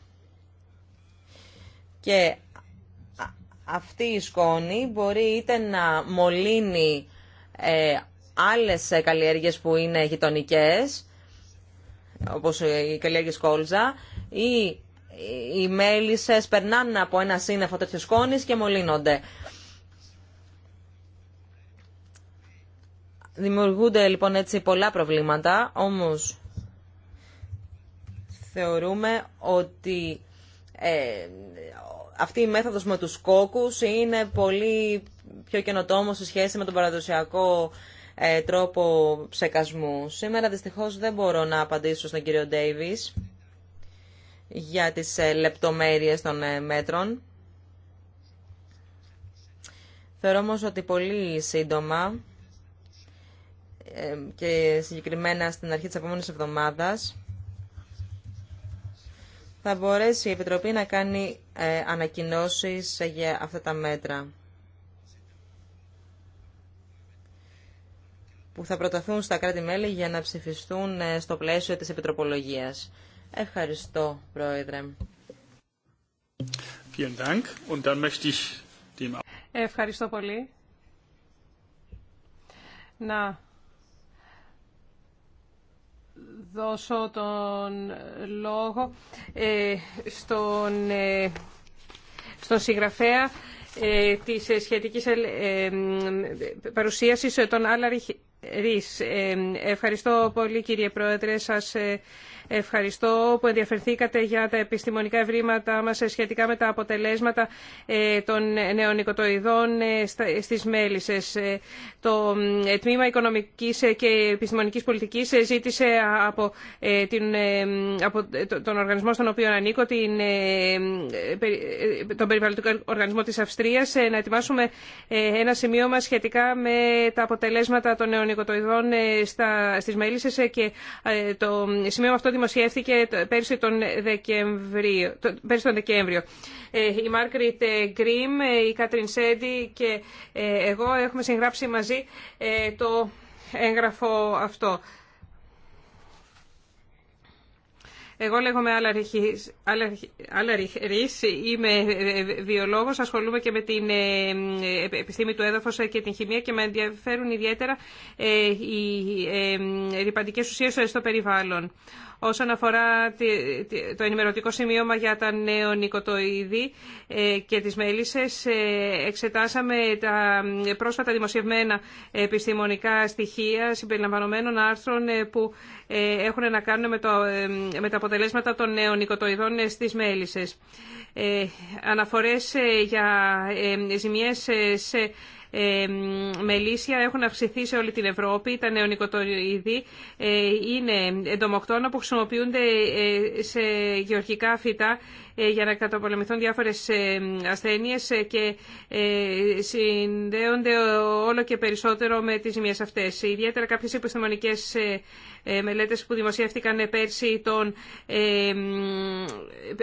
Και αυτή η σκόνη μπορεί είτε να μολύνει ε, άλλες ε, καλλιέργειες που είναι γειτονικέ, όπως οι καλλιέργειες κόλζα, ή οι μέλισσες περνάνε από ένα σύννεφο τέτοιες σκόνης και μολύνονται. Δημιουργούνται λοιπόν έτσι πολλά προβλήματα, όμως θεωρούμε ότι ε, αυτή η μέθοδος με τους κόκκους είναι πολύ πιο καινοτόμο σε σχέση με τον παραδοσιακό ε, τρόπο ψεκασμού. Σήμερα δυστυχώς δεν μπορώ να απαντήσω στον κύριο Ντέιβις για τις ε, λεπτομέρειες των ε, μέτρων. Θεωρώ όμως ότι πολύ σύντομα ε, και συγκεκριμένα στην αρχή της επόμενης εβδομάδας θα μπορέσει η Επιτροπή να κάνει ε, ανακοινώσεις για αυτά τα μέτρα που θα προταθούν στα κράτη-μέλη για να ψηφιστούν ε, στο πλαίσιο της Επιτροπολογίας. Ευχαριστώ, Πρόεδρε. Ευχαριστώ πολύ. Να δώσω τον λόγο ε, στον, ε, στον συγγραφέα ε, της σχετικής παρουσίασης, τον Ε, ε, Ευχαριστώ πολύ κύριε Πρόεδρε, σας Ευχαριστώ που ενδιαφερθήκατε για τα επιστημονικά ευρήματά μας σχετικά με τα αποτελέσματα ε, των νεονικοτοειδών ε, στις μέλισσες. Ε, το Τμήμα Οικονομικής και Επιστημονικής Πολιτικής ζήτησε από, τον οργανισμό στον οποίο ανήκω, τον Περιβαλλοντικό Οργανισμό της Αυστρίας, να ετοιμάσουμε ένα σημείο μας σχετικά με τα αποτελέσματα των νεονικοτοειδών στα, στις και το σημείο αυτό δημοσιεύθηκε πέρσι τον Δεκέμβριο. Πέρσι τον Δεκέμβριο. Η Μάρκριτ Γκριμ, η Κάτριν Σέντι και ε, εγώ έχουμε συγγράψει μαζί ε, το έγγραφο αυτό. Εγώ λέγομαι Άλλα Ρίχ, είμαι ε, βιολόγος, ασχολούμαι και με την επιστήμη του έδαφος και την χημεία και με ενδιαφέρουν ιδιαίτερα οι ρηπαντικές ουσίες στο περιβάλλον. Όσον αφορά το ενημερωτικό σημείωμα για τα νεονικοτοειδή ε, και τις μέλισσες, ε, εξετάσαμε τα πρόσφατα δημοσιευμένα επιστημονικά στοιχεία συμπεριλαμβανομένων άρθρων ε, που έχουν να κάνουν με, το, με τα αποτελέσματα των νοικοτοειδών στις μέλισσες. Αναφορές για ζημιές σε μελίσια έχουν αυξηθεί σε όλη την Ευρώπη. Τα νεονικοτοειδή ε, είναι εντομοκτώνα που χρησιμοποιούνται ε, σε γεωργικά φυτά ε, για να καταπολεμηθούν διάφορες ε, ασθένειες ε, και συνδέονται όλο και περισσότερο με τις ζημίες αυτές. Ιδιαίτερα κάποιες επιστημονικές μελέτες που δημοσιεύτηκαν πέρσι, τον,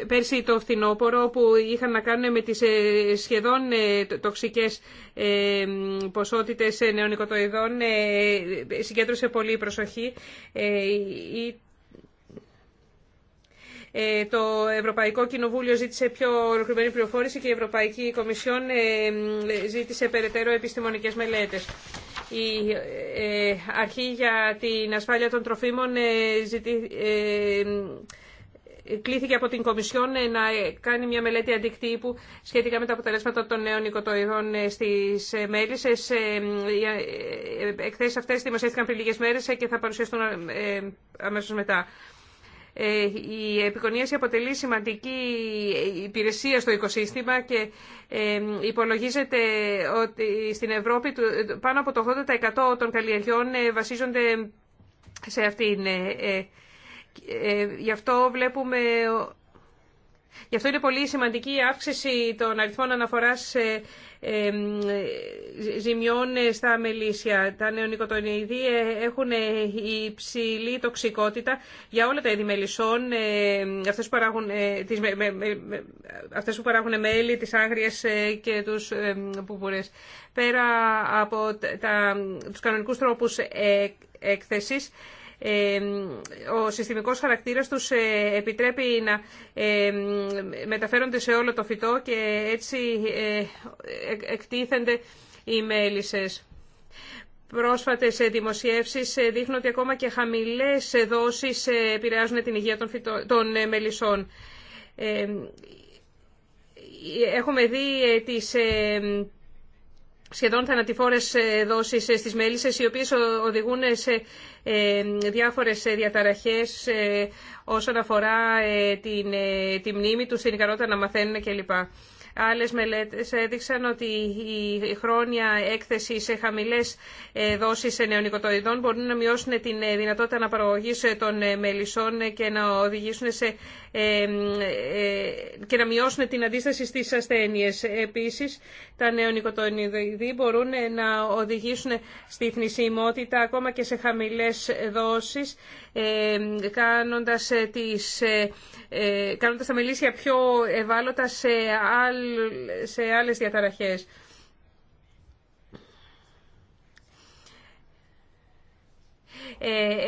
πέρσι το φθινόπωρο που είχαν να κάνουν με τις σχεδόν τοξικές ποσότητες νεονικοτοειδών συγκέντρωσε πολύ προσοχή ε, το Ευρωπαϊκό Κοινοβούλιο ζήτησε πιο ολοκληρωμένη πληροφόρηση και η Ευρωπαϊκή Κομισιόν ε, ζήτησε περαιτέρω επιστημονικές μελέτες. Η ε, Αρχή για την Ασφάλεια των Τροφίμων κλήθηκε από την Κομισιόν να κάνει μια μελέτη αντικτύπου σχετικά με τα αποτελέσματα των νέων οικοτοειδών στις μέλισσες. Οι εκθέσεις αυτές δημοσιεύτηκαν πριν λίγες μέρες και θα παρουσιαστούν αμέσως μετά. Ε, η επικονίαση αποτελεί σημαντική υπηρεσία στο οικοσύστημα και ε, υπολογίζεται ότι στην Ευρώπη πάνω από το 80% των καλλιεργιών ε, βασίζονται σε αυτήν. Γι' αυτό βλέπουμε... Γι' αυτό είναι πολύ σημαντική η αύξηση των αριθμών αναφοράς ζημιών στα μελίσια. Τα νεονικοτονοειδή έχουν υψηλή τοξικότητα για όλα τα είδη μελισσών, ε, αυτές που παράγουν, ε, τις, αυτές που τις άγριες ε, και τους πουπουρές. Πέρα από τα, τους κανονικούς τρόπους έκθεσης, ο συστημικός χαρακτήρας τους ε, επιτρέπει να μεταφέρονται σε όλο το φυτό και έτσι ε, εκτίθενται οι μέλισσες. Πρόσφατες δημοσιεύσεις ε, δείχνουν ότι ακόμα και χαμηλές δόσεις επηρεάζουν την υγεία των, φυτο... των μελισσών. Έχουμε δει τις σχεδόν θανατηφόρες δόσεις στις μέλισσες, οι οποίες οδηγούν σε ε, διάφορες διαταραχές ε, όσον αφορά ε, την, τη μνήμη τους, την ικανότητα να μαθαίνουν κλπ. Άλλες μελέτες έδειξαν ότι η χρόνια έκθεση σε χαμηλές ε, δόσεις νεονικοτοειδών μπορούν να μειώσουν την ε, δυνατότητα αναπαραγωγής ε, των μελισσών και να οδηγήσουν σε, και να μειώσουν την αντίσταση στις ασθένειες. Επίσης, τα νεονικοτοειδοί μπορούν να οδηγήσουν στη θνησιμότητα ακόμα και σε χαμηλές δόσεις ε, κάνοντας, ε, τις, ε, κάνοντας τα μελίσια πιο ευάλωτα σε, άλλ, σε άλλες διαταραχές.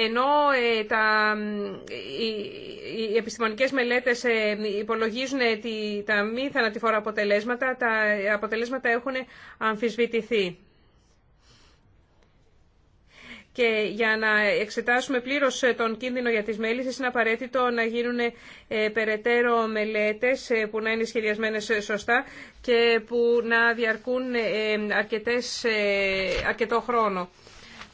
ενώ τα, οι, επιστημονικές μελέτες υπολογίζουν τα μη θανατηφόρα αποτελέσματα, τα αποτελέσματα έχουν αμφισβητηθεί. Και για να εξετάσουμε πλήρως ε, τον κίνδυνο για τις μέλισσες είναι απαραίτητο να γίνουν ε, περαιτέρω μελέτες ε, που να είναι σχεδιασμένες σωστά και που να διαρκούν αρκετές, αρκετό χρόνο.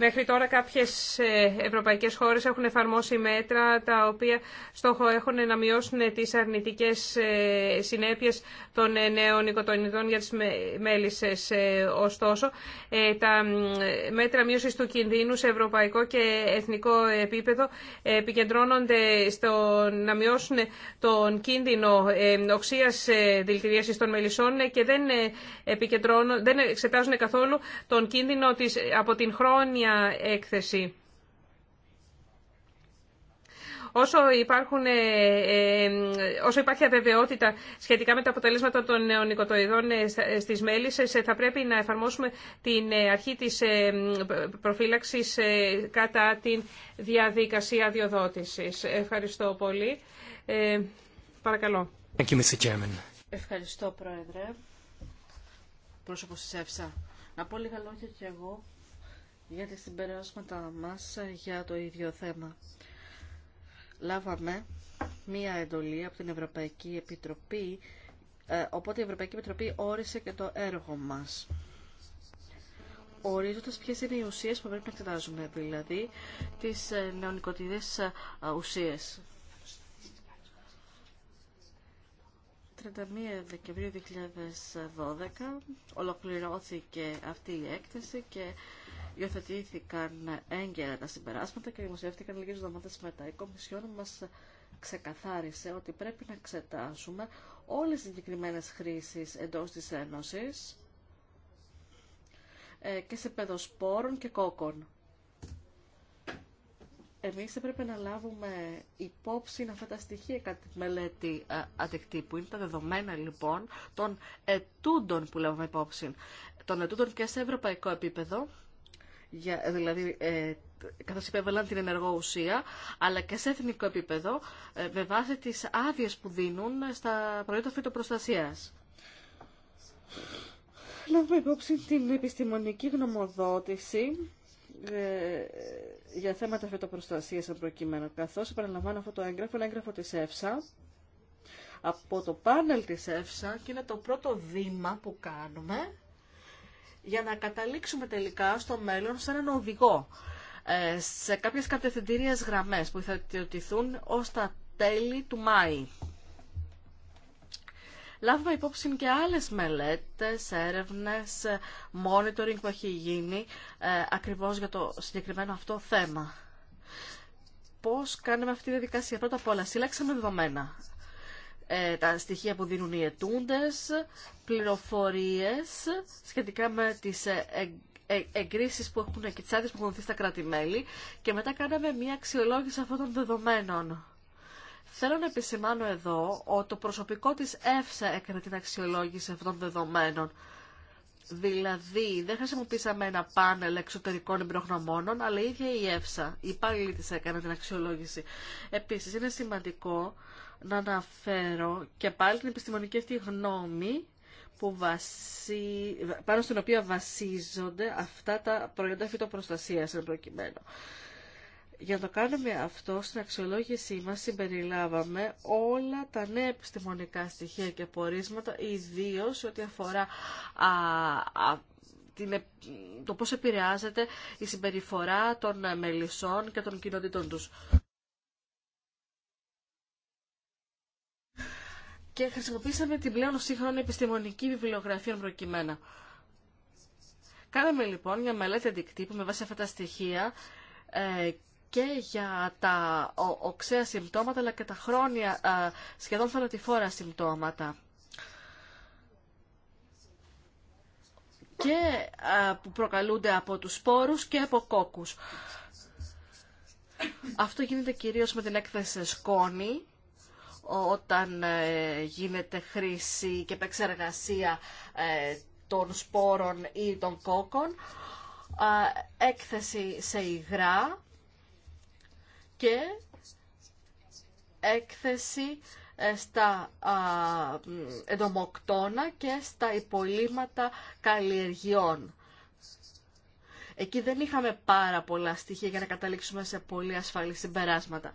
Μέχρι τώρα κάποιες ε, ευρωπαϊκές χώρες έχουν εφαρμόσει μέτρα τα οποία στόχο έχουν να μειώσουν τις αρνητικές ε, συνέπειες των ε, νέων οικοτονιδών για τις μέλισσες. Ωστόσο, τα μέτρα μείωσης του κινδύνου σε ευρωπαϊκό και εθνικό επίπεδο επικεντρώνονται στο να μειώσουν τον κίνδυνο οξίας δηλητηρίασης των μελισσών και δεν, δεν εξετάζουν καθόλου τον κίνδυνο από την χρόνια έκθεση. Όσο, υπάρχουν, ε, ε, όσο υπάρχει αβεβαιότητα σχετικά με τα αποτελέσματα των νεονικοτοειδών ε, στις μέλισσες, θα πρέπει να εφαρμόσουμε την αρχή της προφύλαξης κατά την διαδικασία διοδότησης. Ευχαριστώ πολύ. Ε, παρακαλώ. Ευχαριστώ, Πρόεδρε. Πρόσωπος της ΕΦΣΑ. Να πω λίγα λόγια και εγώ για τα συμπεράσματα μας ε, για το ίδιο θέμα. Λάβαμε μία εντολή από την Ευρωπαϊκή Επιτροπή, ε, οπότε η Ευρωπαϊκή Επιτροπή όρισε και το έργο μας. Ορίζοντας ποιες είναι οι ουσίες που πρέπει να εξετάζουμε, δηλαδή τις ε, νεονικοτιδές ουσίες. 31 Δεκεμβρίου 2012 ολοκληρώθηκε αυτή η έκθεση και Υιοθετήθηκαν έγκαιρα τα συμπεράσματα και δημοσιεύτηκαν λίγες εβδομάδες μετά. Η Κομισιόν μας ξεκαθάρισε ότι πρέπει να εξετάσουμε όλες τις συγκεκριμένες χρήσεις εντός της Ένωσης ε, και σε παιδοσπόρων και κόκκων. Εμείς έπρεπε να λάβουμε υπόψη αυτά τα στοιχεία κατά τη μελέτη ε, αντικτύπου. Είναι τα δεδομένα λοιπόν των ετούντων που λέμε υπόψη. Των ετούντων και σε ευρωπαϊκό επίπεδο για, ε, δηλαδή ε, καθώς υπέβαλαν την ενεργοουσία, αλλά και σε εθνικό επίπεδο, ε, με τις άδειε που δίνουν στα προϊόντα φυτοπροστασίας. Λάβουμε υπόψη την επιστημονική γνωμοδότηση ε, για θέματα φυτοπροστασίας εν προκειμένου, καθώς επαναλαμβάνω αυτό το έγγραφο, ένα έγγραφο της ΕΦΣΑ, από το πάνελ της ΕΦΣΑ και είναι το πρώτο βήμα που κάνουμε για να καταλήξουμε τελικά στο μέλλον σαν έναν οδηγό ε, σε κάποιες κατευθυντήριες γραμμές που θα διωτηθούν ως τα τέλη του Μάη. Λάβουμε υπόψη και άλλες μελέτες, έρευνες, monitoring που έχει γίνει ε, ακριβώς για το συγκεκριμένο αυτό θέμα. Πώς κάνουμε αυτή τη διαδικασία. Πρώτα απ' όλα, σύλλαξαμε δεδομένα. Ε, τα στοιχεία που δίνουν οι ετούντες, πληροφορίες σχετικά με τις ε, ε, εγκρίσεις που έχουν και τις άδειες που έχουν δει στα κράτη-μέλη και μετά κάναμε μια αξιολόγηση αυτών των δεδομένων. Θέλω να επισημάνω εδώ ότι το προσωπικό της ΕΦΣΑ έκανε την αξιολόγηση αυτών των δεδομένων. Δηλαδή, δεν χρησιμοποίησαμε ένα πάνελ εξωτερικών εμπειρογνωμόνων, αλλά η ίδια η ΕΦΣΑ, η υπάλληλη της έκανε την αξιολόγηση. Επίσης, είναι σημαντικό να αναφέρω και πάλι την επιστημονική αυτή γνώμη που βασί... πάνω στην οποία βασίζονται αυτά τα προϊόντα φυτοπροστασίας εν προκειμένου. Για να το κάνουμε αυτό, στην αξιολόγησή μας συμπεριλάβαμε όλα τα νέα επιστημονικά στοιχεία και πορίσματα, ιδίως ό,τι αφορά το πώς επηρεάζεται η συμπεριφορά των μελισσών και των κοινότητων τους. και χρησιμοποίησαμε την πλέον σύγχρονη επιστημονική βιβλιογραφία προκειμένα. Κάναμε λοιπόν μια μελέτη αντικτύπου με βάση αυτά τα στοιχεία ε, και για τα οξέα συμπτώματα αλλά και τα χρόνια ε, σχεδόν θανατηφόρα συμπτώματα. και ε, που προκαλούνται από τους σπόρους και από κόκκους. Αυτό γίνεται κυρίως με την έκθεση σκόνη όταν ε, γίνεται χρήση και επεξεργασία ε, των σπόρων ή των κόκκων, έκθεση σε υγρά και έκθεση ε, στα εντομοκτώνα και στα υπολείμματα καλλιεργιών. Εκεί δεν είχαμε πάρα πολλά στοιχεία για να καταλήξουμε σε πολύ ασφαλή συμπεράσματα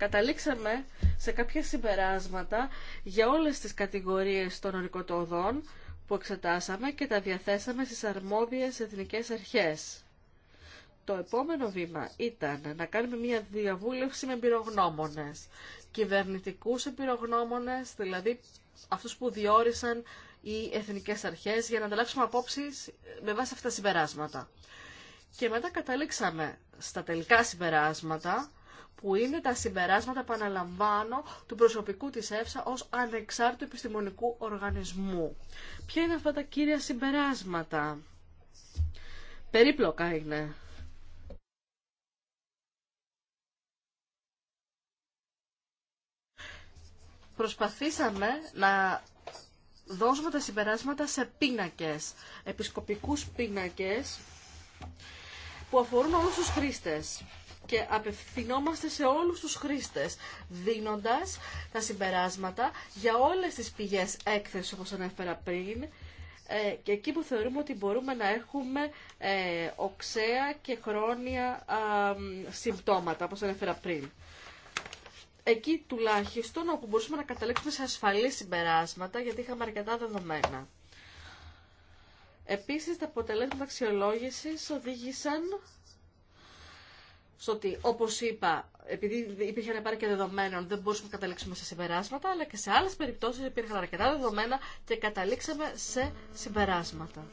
καταλήξαμε σε κάποια συμπεράσματα για όλες τις κατηγορίες των ορικοτοδών που εξετάσαμε και τα διαθέσαμε στις αρμόδιες εθνικές αρχές. Το επόμενο βήμα ήταν να κάνουμε μια διαβούλευση με εμπειρογνώμονες, κυβερνητικούς εμπειρογνώμονες, δηλαδή αυτούς που διόρισαν οι εθνικές αρχές για να ανταλλάξουμε απόψεις με βάση αυτά τα συμπεράσματα. Και μετά καταλήξαμε στα τελικά συμπεράσματα που είναι τα συμπεράσματα, αναλαμβάνω του προσωπικού της ΕΦΣΑ ως ανεξάρτητου επιστημονικού οργανισμού. Ποια είναι αυτά τα κύρια συμπεράσματα. Περίπλοκα είναι. Προσπαθήσαμε να δώσουμε τα συμπεράσματα σε πίνακες, επισκοπικούς πίνακες, που αφορούν όλους τους χρήστες και απευθυνόμαστε σε όλους τους χρήστες, δίνοντας τα συμπεράσματα για όλες τις πηγές έκθεσης όπως ανέφερα πριν, ε, και εκεί που θεωρούμε ότι μπορούμε να έχουμε ε, οξέα και χρόνια συμπτώματα, όπως ανέφερα πριν. Εκεί τουλάχιστον όπου μπορούσαμε να καταλήξουμε σε ασφαλή συμπεράσματα, γιατί είχαμε αρκετά δεδομένα. Επίσης, τα αποτελέσματα αξιολόγησης οδήγησαν στο ότι, όπως είπα, επειδή υπήρχε ένα και δεδομένων, δεν μπορούσαμε να καταλήξουμε σε συμπεράσματα, αλλά και σε άλλες περιπτώσεις υπήρχαν αρκετά δεδομένα και καταλήξαμε σε συμπεράσματα.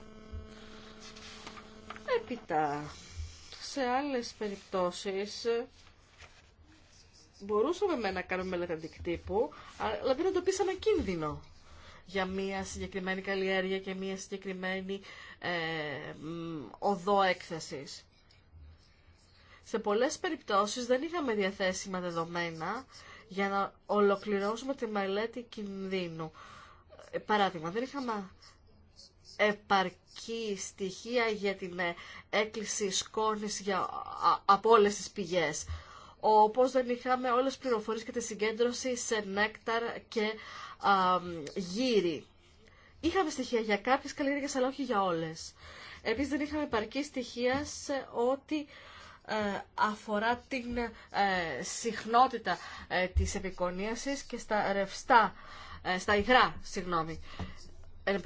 Έπειτα, σε άλλες περιπτώσεις, μπορούσαμε με να κάνουμε μελέτη αντικτύπου, αλλά δεν εντοπίσαμε κίνδυνο για μία συγκεκριμένη καλλιέργεια και μία συγκεκριμένη ε, οδό έκθεσης σε πολλές περιπτώσεις δεν είχαμε διαθέσιμα δεδομένα για να ολοκληρώσουμε τη μελέτη κινδύνου. Ε, παράδειγμα, δεν είχαμε επαρκή στοιχεία για την ε, έκκληση σκόνης για, από όλες τις πηγές. Όπως δεν είχαμε όλες τις πληροφορίες και τη συγκέντρωση σε νέκταρ και γύρι. Είχαμε στοιχεία για κάποιες καλλιέργειες αλλά όχι για όλες. Επίσης δεν είχαμε επαρκή στοιχεία σε ό,τι ε, αφορά την ε, συχνότητα ε, της επικονίασης και στα ρευστά, στα υγρά, συγγνώμη, εν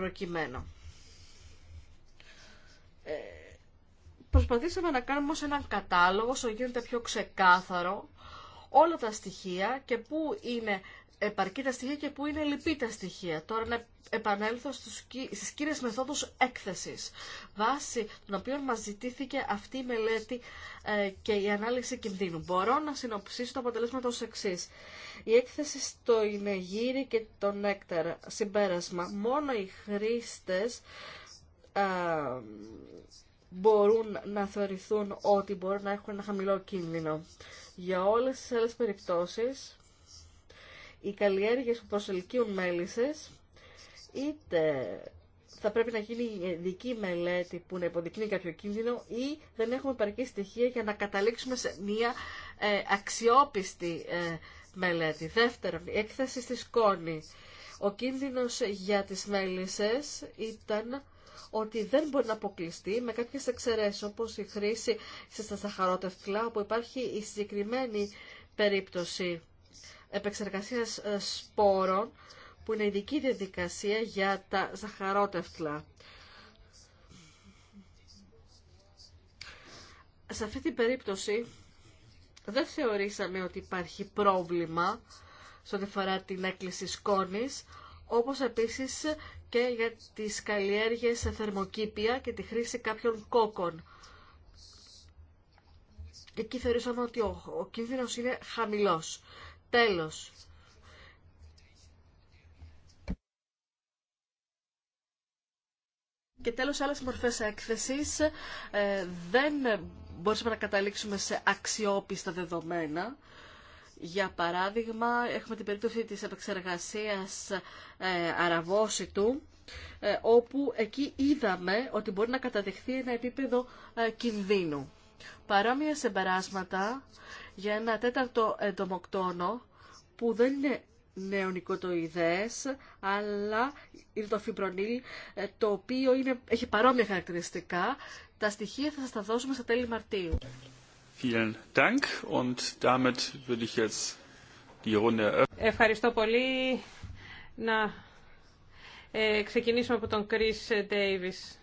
Προσπαθήσαμε να κάνουμε ως έναν κατάλογο, όσο γίνεται πιο ξεκάθαρο, όλα τα στοιχεία και πού είναι επαρκή τα στοιχεία και πού είναι λυπή τα στοιχεία. Τώρα να επανέλθω στι κύριε μεθόδου μεθόδους έκθεσης, βάσει των οποίων μας ζητήθηκε αυτή η μελέτη ε, και η ανάλυση κινδύνου. Μπορώ να συνοψίσω το αποτελέσμα ω εξή. Η έκθεση στο Ινεγύρι και το Νέκταρ, συμπέρασμα, μόνο οι χρήστες ε, μπορούν να θεωρηθούν ότι μπορούν να έχουν ένα χαμηλό κίνδυνο. Για όλες τις άλλες περιπτώσεις, οι καλλιέργειες που προσελκύουν μέλισσες, είτε θα πρέπει να γίνει ειδική μελέτη που να υποδεικνύει κάποιο κίνδυνο ή δεν έχουμε παρκή στοιχεία για να καταλήξουμε σε μία ε, αξιόπιστη ε, μελέτη. Δεύτερον, η έκθεση στη σκόνη. Ο κίνδυνος για τις μέλισσες ήταν ότι δεν μπορεί να αποκλειστεί με κάποιες εξαιρέσεις όπως η χρήση στα σαχαρότευκλα όπου υπάρχει η συγκεκριμένη περίπτωση Επεξεργασία ε, σπόρων, που είναι ειδική διαδικασία για τα ζαχαρότευτλα. Σε αυτή την περίπτωση δεν θεωρήσαμε ότι υπάρχει πρόβλημα σε ό,τι την έκκληση σκόνης, όπως επίσης και για τις καλλιέργειες σε θερμοκήπια και τη χρήση κάποιων κόκκων. Εκεί θεωρήσαμε ότι ο, ο κίνδυνος είναι χαμηλός. Τέλος. Και τέλος άλλες μορφές έκθεσης ε, δεν μπορούσαμε να καταλήξουμε σε αξιόπιστα δεδομένα. Για παράδειγμα, έχουμε την περίπτωση της επεξεργασίας ε, αραβόσιτου, ε, όπου εκεί είδαμε ότι μπορεί να καταδεχθεί ένα επίπεδο ε, κινδύνου. Παρόμοια συμπεράσματα για ένα τέταρτο εντομοκτόνο που δεν είναι νεονικοτοειδές, αλλά είναι το φιμπρονίλ, ε, το οποίο είναι, έχει παρόμοια χαρακτηριστικά. Τα στοιχεία θα σας τα δώσουμε στα τέλη Μαρτίου. Ευχαριστώ πολύ. Να ε, ξεκινήσουμε από τον Κρίς Ντέιβις.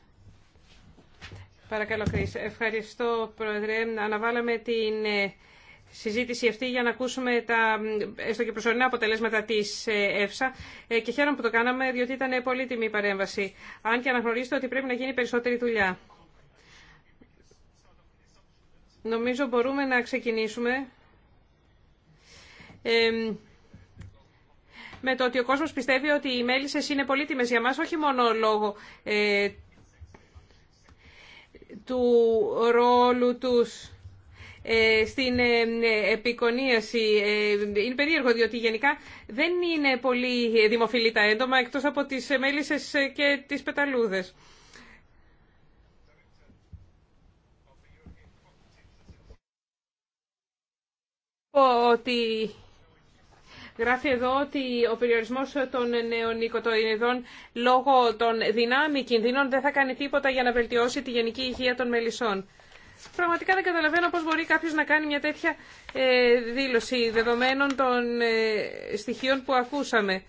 Παρακαλώ, Κρίς. Ευχαριστώ, Πρόεδρε. Αναβάλαμε την ε, συζήτηση αυτή για να ακούσουμε τα, έστω και προσωρινά αποτελέσματα της ε, ΕΦΣΑ ε, και χαίρομαι που το κάναμε διότι ήταν πολύτιμη η παρέμβαση. Αν και αναγνωρίζετε ότι πρέπει να γίνει περισσότερη δουλειά. Νομίζω μπορούμε να ξεκινήσουμε με το ότι ο κόσμος πιστεύει ότι οι μέλισσες είναι πολύτιμες για μας, όχι μόνο λόγω ε, του ρόλου τους ε, στην ε, ε, επικονίαση. Είναι περίεργο διότι γενικά δεν είναι πολύ δημοφιλή τα έντομα εκτός από τις μέλισσες και τις πεταλούδες. Ότι Γράφει εδώ ότι ο περιορισμός των νεονικοτοειδών λόγω των δυνάμει κινδύνων δεν θα κάνει τίποτα για να βελτιώσει τη γενική υγεία των μελισσών. Πραγματικά δεν καταλαβαίνω πώς μπορεί κάποιος να κάνει μια τέτοια ε, δήλωση δεδομένων των ε, στοιχείων που ακούσαμε.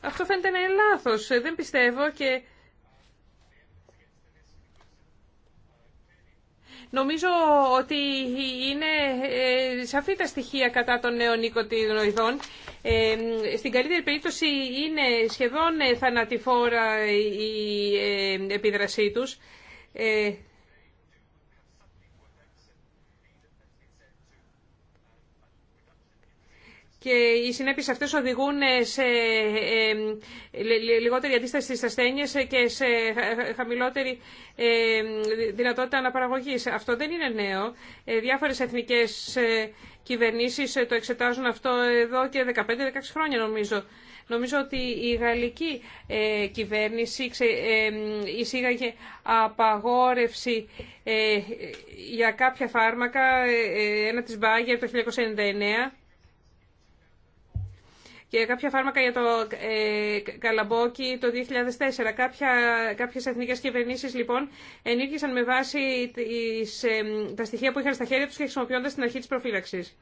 Αυτό φαίνεται να είναι λάθος. Ε, δεν πιστεύω και... Νομίζω ότι είναι σαφή τα στοιχεία κατά των νέων Ε, Στην καλύτερη περίπτωση είναι σχεδόν θανατηφόρα η επίδρασή τους. και οι συνέπειες αυτές οδηγούν ε, σε ε, ε, λιγότερη αντίσταση στις ασθένειες και σε χαμηλότερη δυνατότητα αναπαραγωγής. Αυτό δεν είναι νέο. Διάφορες εθνικές κυβερνήσεις το εξετάζουν αυτό εδώ και 15-16 χρόνια νομίζω. Νομίζω ότι η γαλλική κυβέρνηση εισήγαγε απαγόρευση για κάποια φάρμακα, ένα της Μπάγερ το 1999, και κάποια φάρμακα για το ε, καλαμπόκι το 2004. Κάποια, κάποιες εθνικές κυβερνήσεις λοιπόν ενήργησαν με βάση τις, ε, τα στοιχεία που είχαν στα χέρια τους και χρησιμοποιώντας την αρχή της προφύλαξης.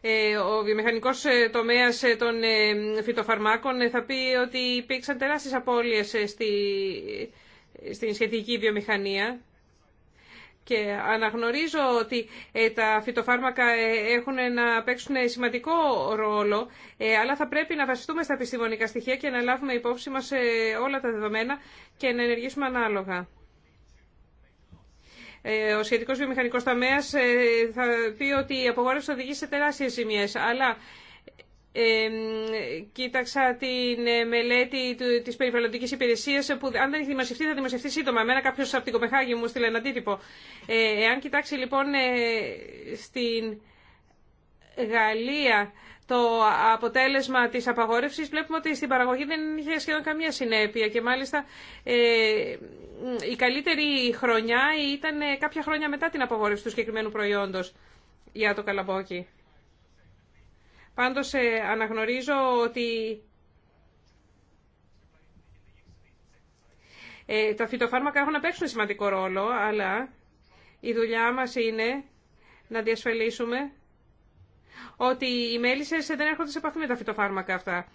Ε, ο βιομηχανικός ε, τομέας των φυτοφαρμάκων θα πει ότι υπήρξαν τεράστιες απώλειες στη, στην σχετική βιομηχανία και αναγνωρίζω ότι ε, τα φυτοφάρμακα ε, έχουν να παίξουν σημαντικό ρόλο, ε, αλλά θα πρέπει να βασιστούμε στα επιστημονικά στοιχεία και να λάβουμε υπόψη μας όλα τα δεδομένα και να ενεργήσουμε ανάλογα. Ο σχετικός βιομηχανικός τομέας θα πει ότι η απογόρευση οδηγεί σε τεράστιες ζημιές, αλλά ε, κοίταξα την ε, μελέτη τη της περιβαλλοντικής υπηρεσίας ε, που αν δεν έχει δημοσιευτεί θα δημοσιευτεί σύντομα. Εμένα κάποιος από την Κοπεχάγη μου στείλε ένα αντίτυπο Ε, εάν κοιτάξει λοιπόν ε, στην Γαλλία το αποτέλεσμα της απαγόρευσης βλέπουμε ότι στην παραγωγή δεν είχε σχεδόν καμία συνέπεια και μάλιστα ε, η καλύτερη χρονιά ήταν κάποια χρόνια μετά την απαγόρευση του συγκεκριμένου προϊόντος για το καλαμπόκι. Πάντως ε, αναγνωρίζω ότι ε, τα φυτοφάρμακα έχουν να παίξουν σημαντικό ρόλο, αλλά η δουλειά μας είναι να διασφαλίσουμε ότι οι μέλισσες δεν έρχονται σε επαφή με τα φυτοφάρμακα αυτά.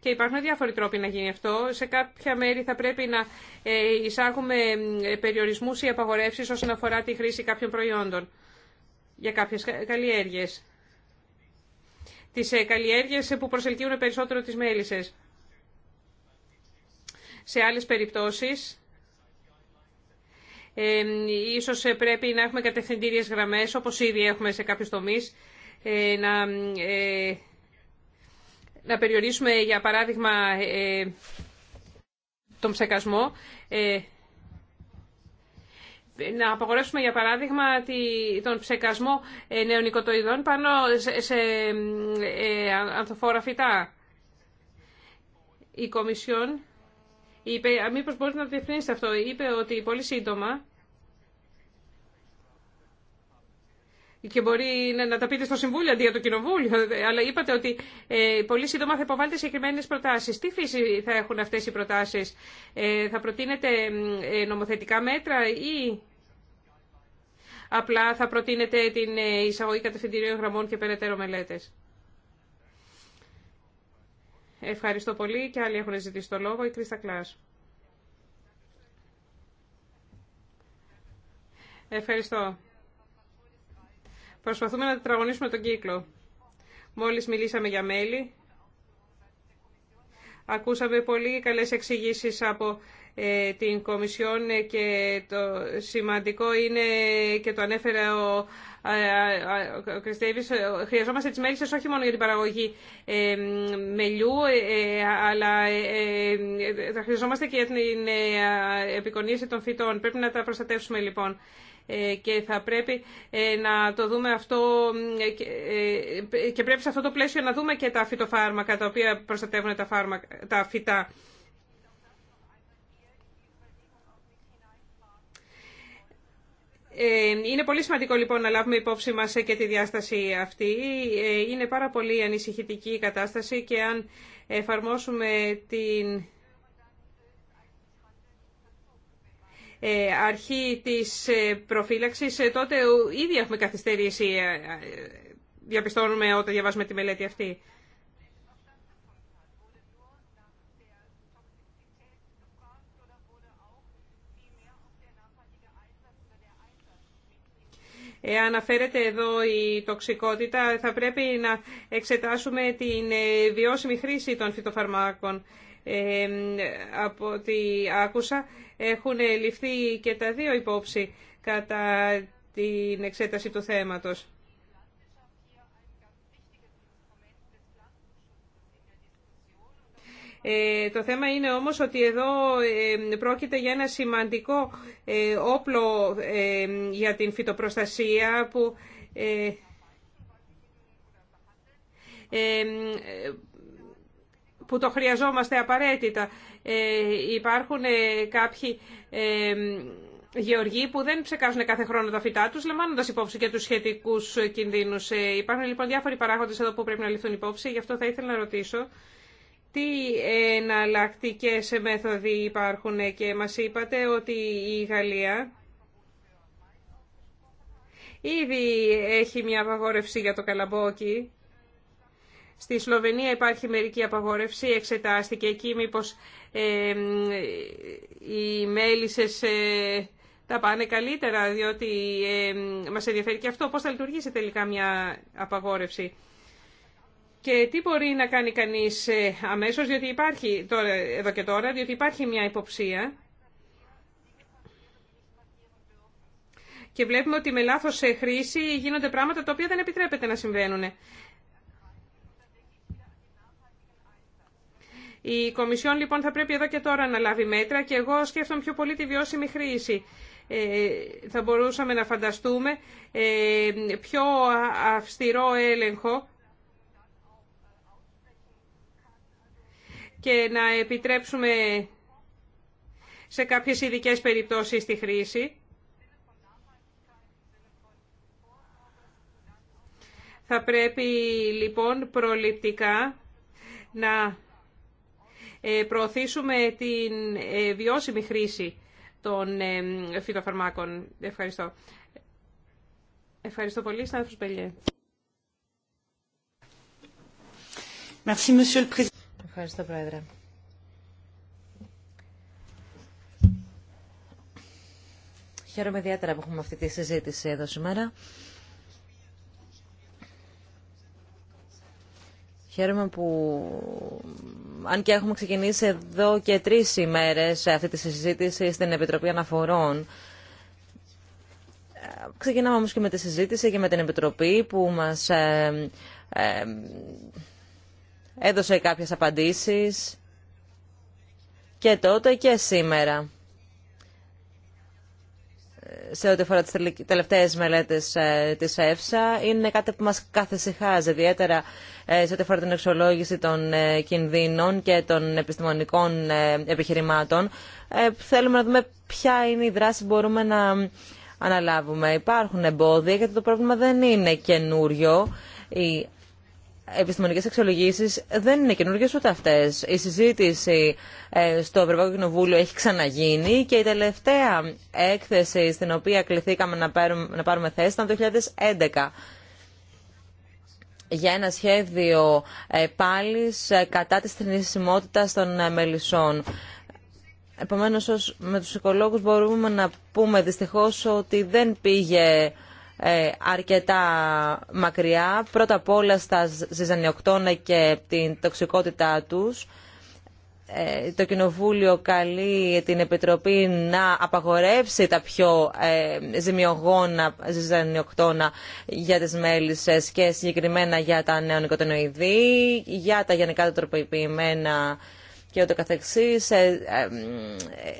Και υπάρχουν διάφοροι τρόποι να γίνει αυτό. Σε κάποια μέρη θα πρέπει να ε, εισάγουμε περιορισμούς ή απαγορεύσεις όσον αφορά τη χρήση κάποιων προϊόντων για κάποιες καλλιέργειες τις ε, καλλιέργειες που προσελκύουν περισσότερο τις μέλισσες. Σε άλλες περιπτώσεις, ε, ίσως πρέπει να έχουμε κατευθυντήριες γραμμές, όπως ήδη έχουμε σε κάποιους τομείς, ε, να, ε, να περιορίσουμε, για παράδειγμα, ε, τον ψεκασμό. Ε, να απαγορεύσουμε για παράδειγμα τον ψεκασμό ε, νεονικοτοειδών πάνω σε, σε ε, ανθοφόρα φυτά. Η Κομισιόν είπε, μήπως μπορείτε να το αυτό, είπε ότι πολύ σύντομα και μπορεί να τα πείτε στο Συμβούλιο αντί για το Κοινοβούλιο, αλλά είπατε ότι ε, πολύ σύντομα θα υποβάλλετε συγκεκριμένε προτάσει. Τι φύση θα έχουν αυτέ οι προτάσει, ε, θα προτείνετε ε, νομοθετικά μέτρα ή απλά θα προτείνετε την ε, εισαγωγή κατευθυντηρίων γραμμών και περαιτέρω μελέτε. Ευχαριστώ πολύ και άλλοι έχουν ζητήσει το λόγο. Η Κρίστα Κλάς. ζητησει το λογο η κριστα Κλά. ευχαριστω Προσπαθούμε να τετραγωνίσουμε τον κύκλο. Μόλις μιλήσαμε για μέλη, ακούσαμε πολύ καλές εξηγήσει από ε, την Κομισιόν και το σημαντικό είναι και το ανέφερε ο, ε, ε, ο χρειαζόμαστε τις μέλισσες όχι μόνο για την παραγωγή μελιού, αλλά χρειαζόμαστε και για την επικονίαση των φυτών. Πρέπει να τα προστατεύσουμε λοιπόν. Ε, και θα πρέπει ε, να το δούμε αυτό ε, και πρέπει σε αυτό το πλαίσιο να δούμε και τα φυτοφάρμακα τα οποία προστατεύουν τα, φάρμακα, τα φυτά. Είναι πολύ σημαντικό λοιπόν να λάβουμε υπόψη μας και τη διάσταση αυτή. Είναι πάρα πολύ ανησυχητική η κατάσταση και αν εφαρμόσουμε την Ε, αρχή της ε, προφύλαξης, ε, τότε ήδη έχουμε καθυστερήσει, διαπιστώνουμε όταν διαβάζουμε τη μελέτη αυτή. Εάν αναφέρεται εδώ η τοξικότητα. Θα πρέπει να εξετάσουμε την βιώσιμη χρήση των φυτοφαρμάκων από ό,τι άκουσα έχουν ληφθεί και τα δύο υπόψη κατά την εξέταση του θέματος. Ε, το θέμα είναι όμως ότι εδώ πρόκειται για ένα σημαντικό ε, όπλο για την φυτοπροστασία που ε, που το χρειαζόμαστε απαραίτητα. Ε, υπάρχουν ε, κάποιοι ε, γεωργοί που δεν ψεκάζουν κάθε χρόνο τα φυτά τους, λαμβάνοντας υπόψη και τους σχετικούς κινδύνους. Υπάρχουν λοιπόν διάφοροι παράγοντες εδώ που πρέπει να ληφθούν υπόψη, γι' αυτό θα ήθελα να ρωτήσω. Τι εναλλακτικέ μέθοδοι υπάρχουν και μας είπατε ότι η Γαλλία ήδη έχει μια απαγόρευση για το καλαμπόκι. Στη Σλοβενία υπάρχει μερική απαγόρευση, εξετάστηκε εκεί μήπως ε, οι μέλισσες ε, τα πάνε καλύτερα, διότι ε, μας ενδιαφέρει και αυτό πώς θα λειτουργήσει τελικά μια απαγόρευση. Και τι μπορεί να κάνει κανείς ε, αμέσως, διότι υπάρχει τώρα, εδώ και τώρα, διότι υπάρχει μια υποψία. Και βλέπουμε ότι με λάθος ε, χρήση γίνονται πράγματα τα οποία δεν επιτρέπεται να συμβαίνουν. Η Κομισιόν λοιπόν θα πρέπει εδώ και τώρα να λάβει μέτρα και εγώ σκέφτομαι πιο πολύ τη βιώσιμη χρήση. Ε, θα μπορούσαμε να φανταστούμε ε, πιο αυστηρό έλεγχο και να επιτρέψουμε σε κάποιες ειδικέ περιπτώσεις τη χρήση. Θα πρέπει λοιπόν προληπτικά να ε, προωθήσουμε την ε, βιώσιμη χρήση των ε, φυτοφαρμάκων. Ευχαριστώ. Ευχαριστώ πολύ, Στάνθος Πελιέ. Ευχαριστώ, Πρόεδρε. Χαίρομαι ιδιαίτερα που έχουμε αυτή τη συζήτηση εδώ σήμερα. Χαίρομαι που, αν και έχουμε ξεκινήσει εδώ και τρεις ημέρες αυτή τη συζήτηση στην Επιτροπή Αναφορών, ξεκινάμε όμως και με τη συζήτηση και με την Επιτροπή που μας ε, ε, έδωσε κάποιες απαντήσεις και τότε και σήμερα σε ό,τι αφορά τις τελευταίες μελέτες ε, της ΕΦΣΑ είναι κάτι που μας καθησυχάζει ιδιαίτερα ε, σε ό,τι αφορά την εξολόγηση των ε, κινδύνων και των επιστημονικών επιχειρημάτων. Θέλουμε να δούμε ποια είναι η δράση που μπορούμε να αναλάβουμε. Υπάρχουν εμπόδια γιατί το πρόβλημα δεν είναι καινούριο. Η Επιστημονικέ αξιολογήσεις δεν είναι καινούργιε ούτε αυτές. Η συζήτηση ε, στο Ευρωπαϊκό Κοινοβούλιο έχει ξαναγίνει και η τελευταία έκθεση στην οποία κληθήκαμε να πάρουμε, να πάρουμε θέση ήταν το 2011 για ένα σχέδιο ε, πάλης ε, κατά της θρησιμότητας των μελισσών. Επομένως, ως με τους οικολόγους μπορούμε να πούμε δυστυχώς ότι δεν πήγε ε, αρκετά μακριά. Πρώτα απ' όλα στα ζυζανιοκτώνα και την τοξικότητά τους. Ε, το Κοινοβούλιο καλεί την Επιτροπή να απαγορεύσει τα πιο ε, ζημιογόνα ζυζανιοκτώνα για τις μέλισσες και συγκεκριμένα για τα νεονικοτενοειδή, για τα γενικά τροποποιημένα και ούτω καθεξής. Ε, ε,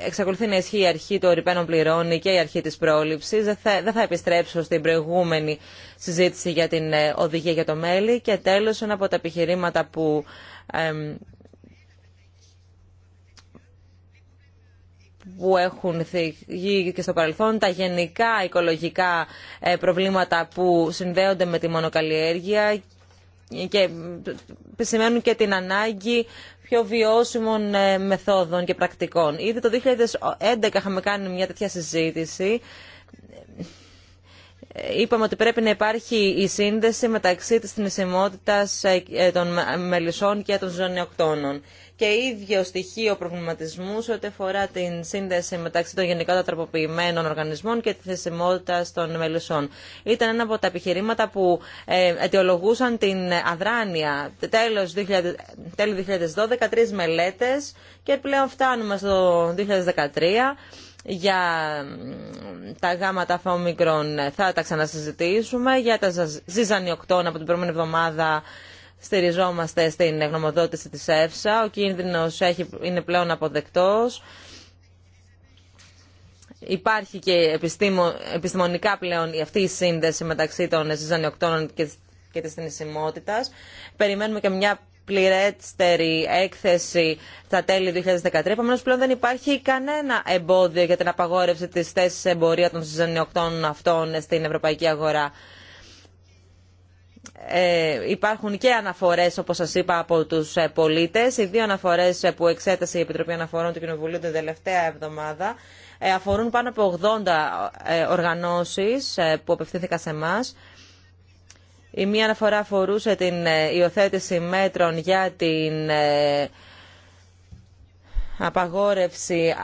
εξακολουθεί να ισχύει η αρχή του ορυπαίνων πληρώνει και η αρχή της πρόληψης. Δεν θα, θα επιστρέψω στην προηγούμενη συζήτηση για την ε, οδηγία για το μέλι. Και τέλος, ένα από τα επιχειρήματα που... που έχουν θυγεί και στο παρελθόν, τα γενικά οικολογικά προβλήματα που συνδέονται με τη μονοκαλλιέργεια και σημαίνουν και την ανάγκη πιο βιώσιμων ε, μεθόδων και πρακτικών. Ήδη το 2011 είχαμε κάνει μια τέτοια συζήτηση. Ε, είπαμε ότι πρέπει να υπάρχει η σύνδεση μεταξύ της θνησιμότητας ε, των μελισσών και των ζωνιοκτώνων και ίδιο στοιχείο προβληματισμού σε ό,τι αφορά την σύνδεση μεταξύ των γενικά τροποποιημένων οργανισμών και τη θεσιμότητα των μελισσών. Ήταν ένα από τα επιχειρήματα που ε, αιτιολογούσαν την αδράνεια. Τέλος, 2012, τρει μελέτες και πλέον φτάνουμε στο 2013 για τα γάματα φαομικρών θα τα ξανασυζητήσουμε, για τα ζυζανιοκτώνα από την προηγούμενη εβδομάδα στηριζόμαστε στην γνωμοδότηση της ΕΦΣΑ. Ο κίνδυνος έχει, είναι πλέον αποδεκτός. Υπάρχει και επιστημονικά πλέον αυτή η σύνδεση μεταξύ των ζυζανιοκτώνων και, και της θνησιμότητας. Περιμένουμε και μια πληρέστερη έκθεση στα τέλη 2013. Επομένω, πλέον δεν υπάρχει κανένα εμπόδιο για την απαγόρευση τη θέση εμπορία των συζανιοκτών αυτών στην ευρωπαϊκή αγορά. Ε, υπάρχουν και αναφορές όπως σας είπα από τους ε, πολίτε, Οι δύο αναφορές ε, που εξέτασε η Επιτροπή Αναφορών του Κοινοβουλίου την τελευταία εβδομάδα αφορούν πάνω από 80 οργανώσει οργανώσεις που απευθύνθηκαν σε εμά. Η μία αναφορά αφορούσε την υιοθέτηση μέτρων για την απαγόρευση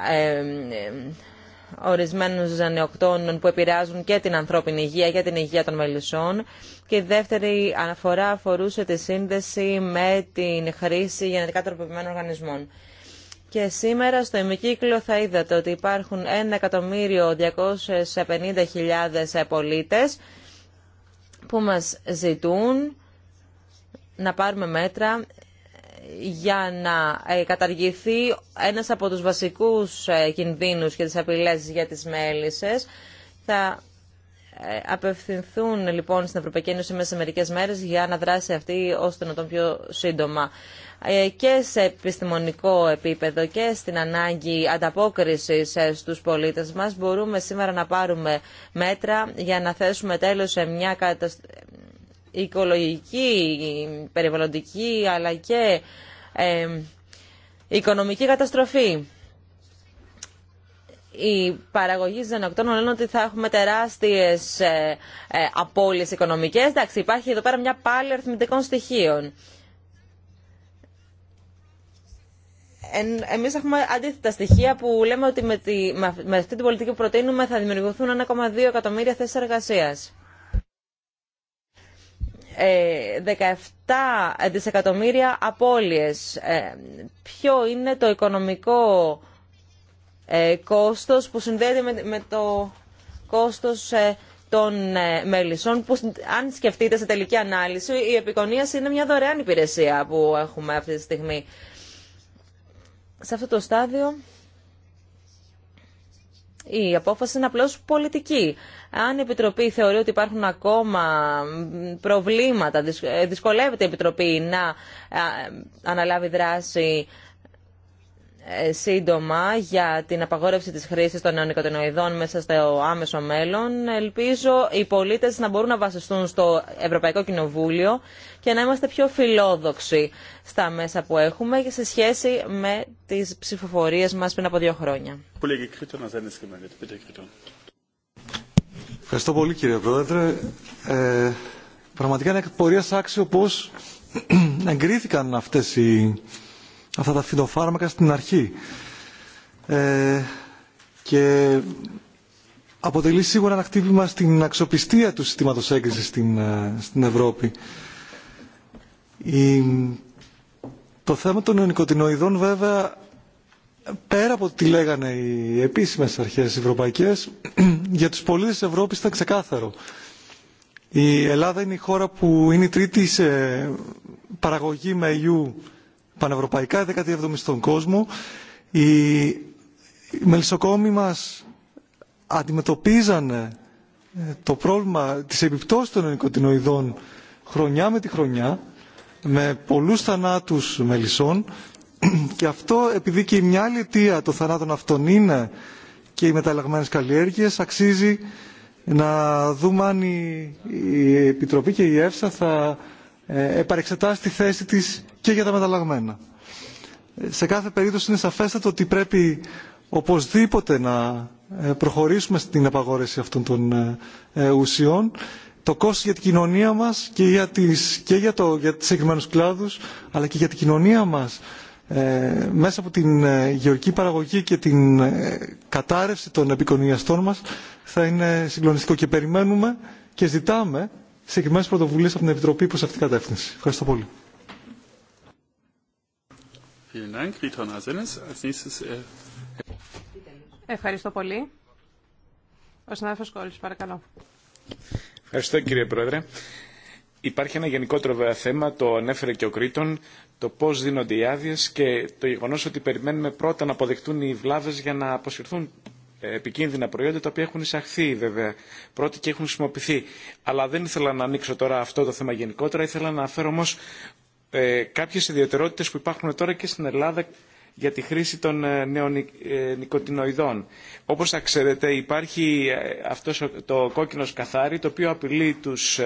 ορισμένους ζανεοκτώνων που επηρεάζουν και την ανθρώπινη υγεία και την υγεία των μελισσών. Και η δεύτερη αναφορά αφορούσε τη σύνδεση με την χρήση γενετικά τροποποιημένων οργανισμών. Και σήμερα στο ημικύκλο θα είδατε ότι υπάρχουν 1.250.000 πολίτες που μας ζητούν να πάρουμε μέτρα για να ε, καταργηθεί ένας από τους βασικούς ε, κινδύνους και τις απειλές για τις μέλησες Θα ε, απευθυνθούν λοιπόν στην Ευρωπαϊκή Ένωση μέσα σε μερικές μέρες για να δράσει αυτή να τον πιο σύντομα. Και σε επιστημονικό επίπεδο και στην ανάγκη ανταπόκρισης στους πολίτες μας μπορούμε σήμερα να πάρουμε μέτρα για να θέσουμε τέλος σε μια οικολογική, περιβαλλοντική αλλά και οικονομική καταστροφή. Οι παραγωγοί ζενοκτώνων λένε ότι θα έχουμε τεράστιε ε, ε, απώλειες οικονομικές. Εντάξει, υπάρχει εδώ πέρα μια πάλι αριθμητικών στοιχείων. Εμεί έχουμε αντίθετα στοιχεία που λέμε ότι με, τη, με αυτή την πολιτική που προτείνουμε θα δημιουργηθούν 1,2 εκατομμύρια θέσει εργασία. 17 δισεκατομμύρια απώλειες. Ε, ποιο είναι το οικονομικό ε, κόστος που συνδέεται με το κόστος ε, των μέλισσών που αν σκεφτείτε σε τελική ανάλυση η επικονίαση είναι μια δωρεάν υπηρεσία που έχουμε αυτή τη στιγμή. Σε αυτό το στάδιο η απόφαση είναι απλώς πολιτική. Αν η Επιτροπή θεωρεί ότι υπάρχουν ακόμα προβλήματα, ε, δυσκολεύεται η Επιτροπή να ε, αναλάβει δράση ε, σύντομα για την απαγόρευση της χρήσης των νεονικοτενοειδών μέσα στο άμεσο μέλλον. Ελπίζω οι πολίτες να μπορούν να βασιστούν στο Ευρωπαϊκό Κοινοβούλιο και να είμαστε πιο φιλόδοξοι στα μέσα που έχουμε σε σχέση με τις ψηφοφορίες μας πριν από δύο χρόνια. Ευχαριστώ πολύ κύριε Πρόεδρε. Ε, πραγματικά είναι πορεία άξιο πώς εγκρίθηκαν αυτές οι αυτά τα φυτοφάρμακα στην αρχή. Ε, και αποτελεί σίγουρα ένα χτύπημα στην αξιοπιστία του συστήματος έγκρισης στην, ε, στην Ευρώπη. Η, το θέμα των νοικοτινοειδών βέβαια πέρα από τι λέγανε οι επίσημες αρχές ευρωπαϊκές για τους πολίτες της Ευρώπης ήταν ξεκάθαρο. Η Ελλάδα είναι η χώρα που είναι η τρίτη σε παραγωγή με πανευρωπαϊκά, 17η στον κόσμο. Οι, μελισσοκόμοι μας αντιμετωπίζανε ε, το πρόβλημα της επιπτώσης των νοικοτινοειδών χρονιά με τη χρονιά, με πολλούς θανάτους μελισσών και αυτό επειδή και η μια άλλη αιτία των θανάτων αυτών είναι και οι μεταλλαγμένες καλλιέργειες αξίζει να δούμε αν η Επιτροπή και η ΕΦΣΑ θα ε, επαρεξετάσει τη θέση της και για τα μεταλλαγμένα. Ε, σε κάθε περίπτωση είναι σαφέστατο ότι πρέπει οπωσδήποτε να ε, προχωρήσουμε στην απαγόρευση αυτών των ουσιών. Το κόστος για την κοινωνία μας και για, τις, και για, το, για τις κλάδους αλλά και για την κοινωνία μας μέσα από την γεωργική παραγωγή και την κατάρρευση των επικονιαστών μας θα είναι συγκλονιστικό και περιμένουμε και ζητάμε συγκεκριμένε πρωτοβουλίε από την Επιτροπή προ αυτήν την κατεύθυνση. Ευχαριστώ πολύ. Äh, Ευχαριστώ πολύ. Ο συνάδελφο Κόλλη, παρακαλώ. Ευχαριστώ κύριε Πρόεδρε. Υπάρχει ένα γενικότερο θέμα, το ανέφερε και ο Κρήτον, το πώ δίνονται οι άδειε και το γεγονό ότι περιμένουμε πρώτα να αποδεχτούν οι βλάβε για να αποσυρθούν ε, επικίνδυνα προϊόντα τα οποία έχουν εισαχθεί βέβαια πρώτοι και έχουν χρησιμοποιηθεί. Αλλά δεν ήθελα να ανοίξω τώρα αυτό το θέμα γενικότερα, ήθελα να αναφέρω όμω ε, κάποιες ιδιαιτερότητες που υπάρχουν τώρα και στην Ελλάδα για τη χρήση των ε, νεονικοτινοειδών. Όπω θα ξέρετε υπάρχει ε, αυτό το κόκκινο καθάρι, το οποίο απειλεί τους